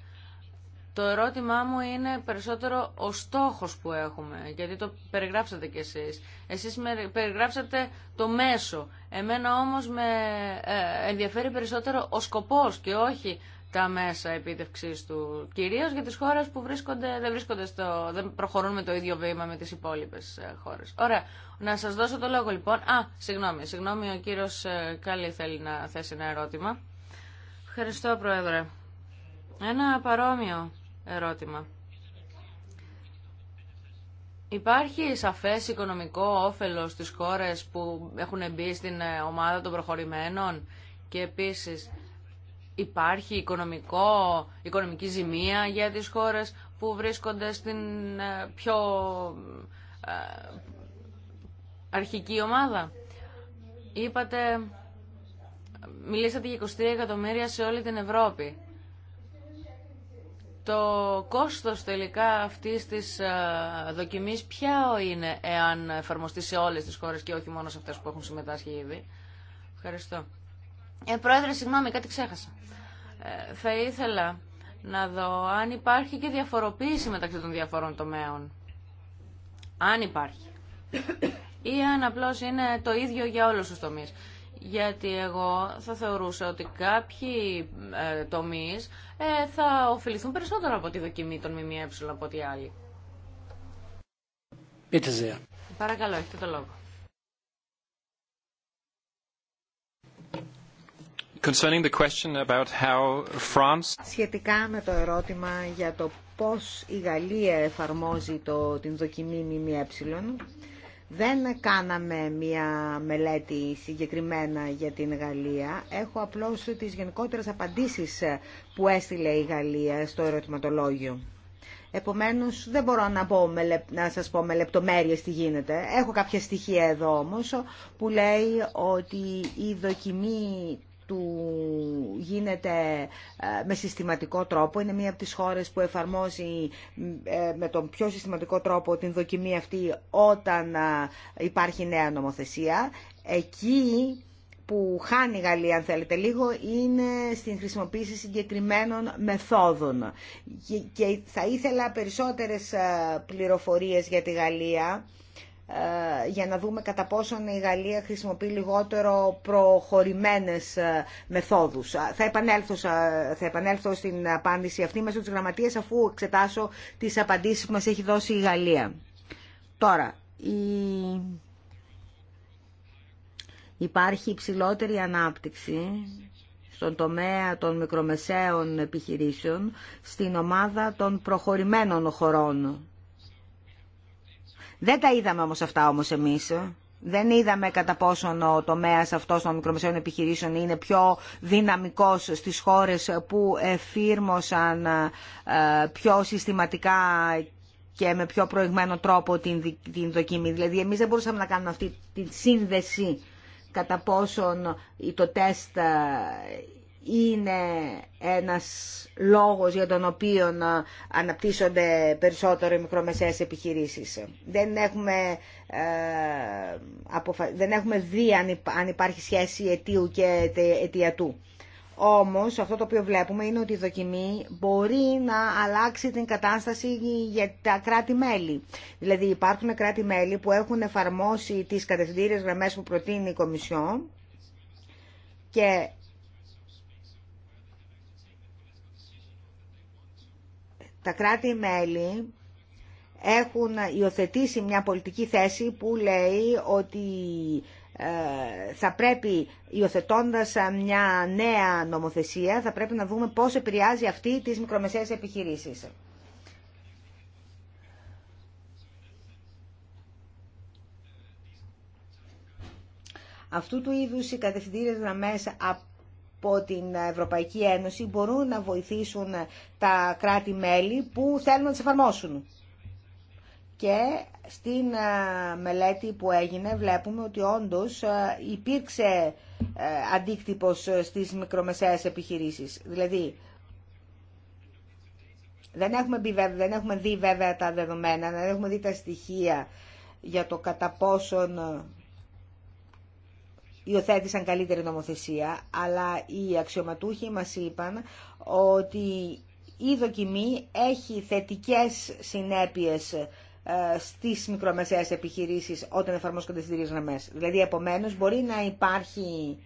το ερώτημά μου είναι περισσότερο ο στόχος που έχουμε, γιατί το περιγράψατε κι εσείς. Εσείς περιγράψατε το μέσο. Εμένα όμως με ε, ενδιαφέρει περισσότερο ο σκοπός και όχι τα μέσα επίτευξή του, κυρίω για τις χώρες που βρίσκονται, δεν, βρίσκονται στο, δεν προχωρούν με το ίδιο βήμα με τις υπόλοιπε ε, χώρες. Ωραία, να σας δώσω το λόγο λοιπόν. Α, συγγνώμη, συγγνώμη, ο κύριος ε, Καλή θέλει να θέσει ένα ερώτημα. Ευχαριστώ, Πρόεδρε. Ένα παρόμοιο ερώτημα. Υπάρχει σαφές οικονομικό όφελος στις χώρες που έχουν μπει στην ε, ομάδα των προχωρημένων και επίσης υπάρχει οικονομικό, οικονομική ζημία για τις χώρες που βρίσκονται στην ε, πιο ε, αρχική ομάδα. Είπατε, μιλήσατε για 23 εκατομμύρια σε όλη την Ευρώπη. Το κόστος τελικά αυτής της ε, δοκιμής ποια είναι εάν εφαρμοστεί σε όλες τις χώρες και όχι μόνο σε αυτές που έχουν συμμετάσχει ήδη. Ευχαριστώ. Ε, πρόεδρε, συγγνώμη, κάτι ξέχασα. Ε, θα ήθελα να δω αν υπάρχει και διαφοροποίηση μεταξύ των διαφορών τομέων. Αν υπάρχει. Ή αν απλώς είναι το ίδιο για όλους τους τομείς. Γιατί εγώ θα θεωρούσα ότι κάποιοι ε, τομείς ε, θα ωφεληθούν περισσότερο από τη δοκιμή των ΜΜΕ από ό,τι άλλοι. Παρακαλώ, έχετε το λόγο. Σχετικά με το ερώτημα για το πώς η Γαλλία εφαρμόζει το, την δοκιμή ΜΜΕ, δεν κάναμε μια μελέτη συγκεκριμένα για την Γαλλία. Έχω απλώς τις γενικότερες απαντήσεις που έστειλε η Γαλλία στο ερωτηματολόγιο. Επομένως δεν μπορώ να, πω, να σας πω με λεπτομέρειες τι γίνεται. Έχω κάποια στοιχεία εδώ όμως που λέει ότι η δοκιμή του γίνεται ε, με συστηματικό τρόπο. Είναι μία από τις χώρες που εφαρμόζει ε, με τον πιο συστηματικό τρόπο την δοκιμή αυτή όταν ε, υπάρχει νέα νομοθεσία. Εκεί που χάνει η Γαλλία, αν θέλετε λίγο, είναι στην χρησιμοποίηση συγκεκριμένων μεθόδων. Και θα ήθελα περισσότερες πληροφορίες για τη Γαλλία ε, για να δούμε κατά πόσον η Γαλλία χρησιμοποιεί λιγότερο προχωρημένες ε, μεθόδους. Θα επανέλθω, θα επανέλθω στην απάντηση αυτή μέσω της γραμματείας αφού εξετάσω τις απαντήσεις που μας έχει δώσει η Γαλλία. Τώρα, η... υπάρχει υψηλότερη ανάπτυξη στον τομέα των μικρομεσαίων επιχειρήσεων στην ομάδα των προχωρημένων χωρών δεν τα είδαμε όμως αυτά όμως εμείς. Δεν είδαμε κατά πόσον ο τομέα αυτό των μικρομεσαίων επιχειρήσεων είναι πιο δυναμικός στις χώρες που εφήρμοσαν ε, πιο συστηματικά και με πιο προηγμένο τρόπο την, την δοκίμη. Δηλαδή εμείς δεν μπορούσαμε να κάνουμε αυτή τη σύνδεση κατά πόσον το τεστ ε, είναι ένας λόγος για τον οποίο ε, αναπτύσσονται περισσότερο οι μικρομεσαίες επιχειρήσεις. Δεν έχουμε, ε, δεν έχουμε δει αν, υπάρχει σχέση αιτίου και αιτιατού. Όμως αυτό το οποίο βλέπουμε είναι ότι η δοκιμή μπορεί να αλλάξει την κατάσταση για τα κράτη-μέλη. Δηλαδή υπάρχουν κράτη-μέλη που έχουν εφαρμόσει τις κατευθυντήριες γραμμές που προτείνει η Κομισιόν και τα κράτη-μέλη έχουν υιοθετήσει μια πολιτική θέση που λέει ότι ε, θα πρέπει υιοθετώντα μια νέα νομοθεσία θα πρέπει να δούμε πώς επηρεάζει αυτή τις μικρομεσαίες επιχειρήσεις. Αυτού του είδους οι κατευθυντήριες γραμμές από την Ευρωπαϊκή Ένωση μπορούν να βοηθήσουν τα κράτη-μέλη που θέλουν να τις εφαρμόσουν. Και στην ε, μελέτη που έγινε βλέπουμε ότι όντως ε, υπήρξε ε, αντίκτυπος στις μικρομεσαίες επιχειρήσεις. Δηλαδή, δεν έχουμε, δεν έχουμε δει βέβαια τα δεδομένα, δεν έχουμε δει τα στοιχεία για το κατά πόσον υιοθέτησαν καλύτερη νομοθεσία, αλλά οι αξιωματούχοι μας είπαν ότι η δοκιμή έχει θετικές συνέπειες ε, στις μικρομεσαίες επιχειρήσεις όταν εφαρμόσκονται στις γραμμές. Δηλαδή, επομένως, μπορεί να υπάρχει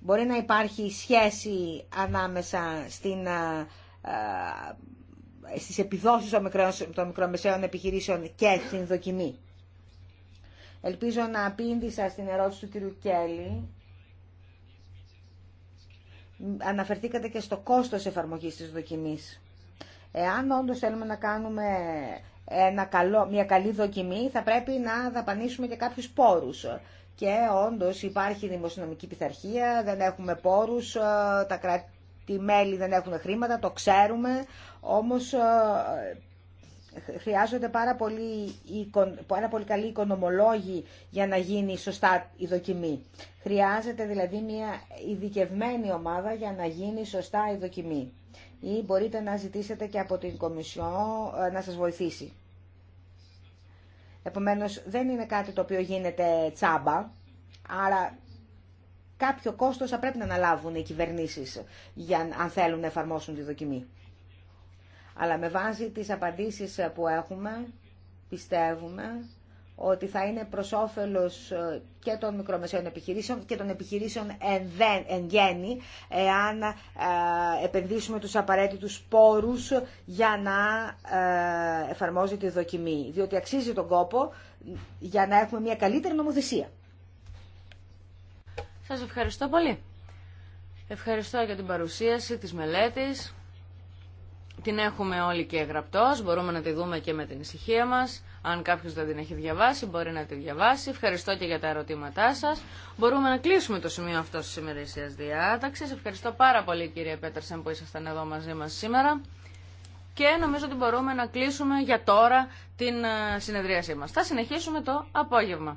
μπορεί να υπάρχει σχέση ανάμεσα στην, ε, ε, στις επιδόσεις των, μικρομεσαίων επιχειρήσεων και στην δοκιμή. Ελπίζω να απήντησα στην ερώτηση του κύριου Κέλλη. Αναφερθήκατε και στο κόστος εφαρμογής της δοκιμής. Εάν όντως θέλουμε να κάνουμε μια καλή δοκιμή, θα πρέπει να δαπανίσουμε και κάποιους πόρους. Και όντως υπάρχει δημοσιονομική πειθαρχία, δεν έχουμε πόρους, ε, τα κράτη-μέλη δεν έχουν χρήματα, το ξέρουμε, όμως ε, χρειάζονται πάρα πολύ, πάρα πολύ καλοί οικονομολόγοι για να γίνει σωστά η δοκιμή. Χρειάζεται δηλαδή μια ειδικευμένη ομάδα για να γίνει σωστά η δοκιμή. Ή μπορείτε να ζητήσετε και από την Κομισιό ε, να σας βοηθήσει. Επομένως δεν είναι κάτι το οποίο γίνεται τσάμπα, άρα κάποιο κόστος θα πρέπει να αναλάβουν οι κυβερνήσεις για αν θέλουν να εφαρμόσουν τη δοκιμή. Αλλά με βάση τις απαντήσεις ε, που έχουμε, πιστεύουμε ότι θα είναι προ όφελο ε, και των μικρομεσαίων επιχειρήσεων και των επιχειρήσεων εν, γέννη, εάν ε, επενδύσουμε τους απαραίτητους πόρους για να ε, εφαρμόζει τη δοκιμή. Διότι αξίζει τον κόπο για να έχουμε μια καλύτερη νομοθεσία. Σας ευχαριστώ πολύ. Ευχαριστώ για την παρουσίαση της μελέτης την έχουμε όλοι και γραπτός, μπορούμε να τη δούμε και με την ησυχία μας. Αν κάποιος δεν την έχει διαβάσει, μπορεί να τη διαβάσει. Ευχαριστώ και για τα ερωτήματά σας. Μπορούμε να κλείσουμε το σημείο αυτό τη ημερήσιας διάταξης. Ευχαριστώ πάρα πολύ κύριε Πέτερσεν που ήσασταν εδώ μαζί μας σήμερα. Και νομίζω ότι μπορούμε να κλείσουμε για τώρα την ε, συνεδρίασή μας. Θα συνεχίσουμε το απόγευμα.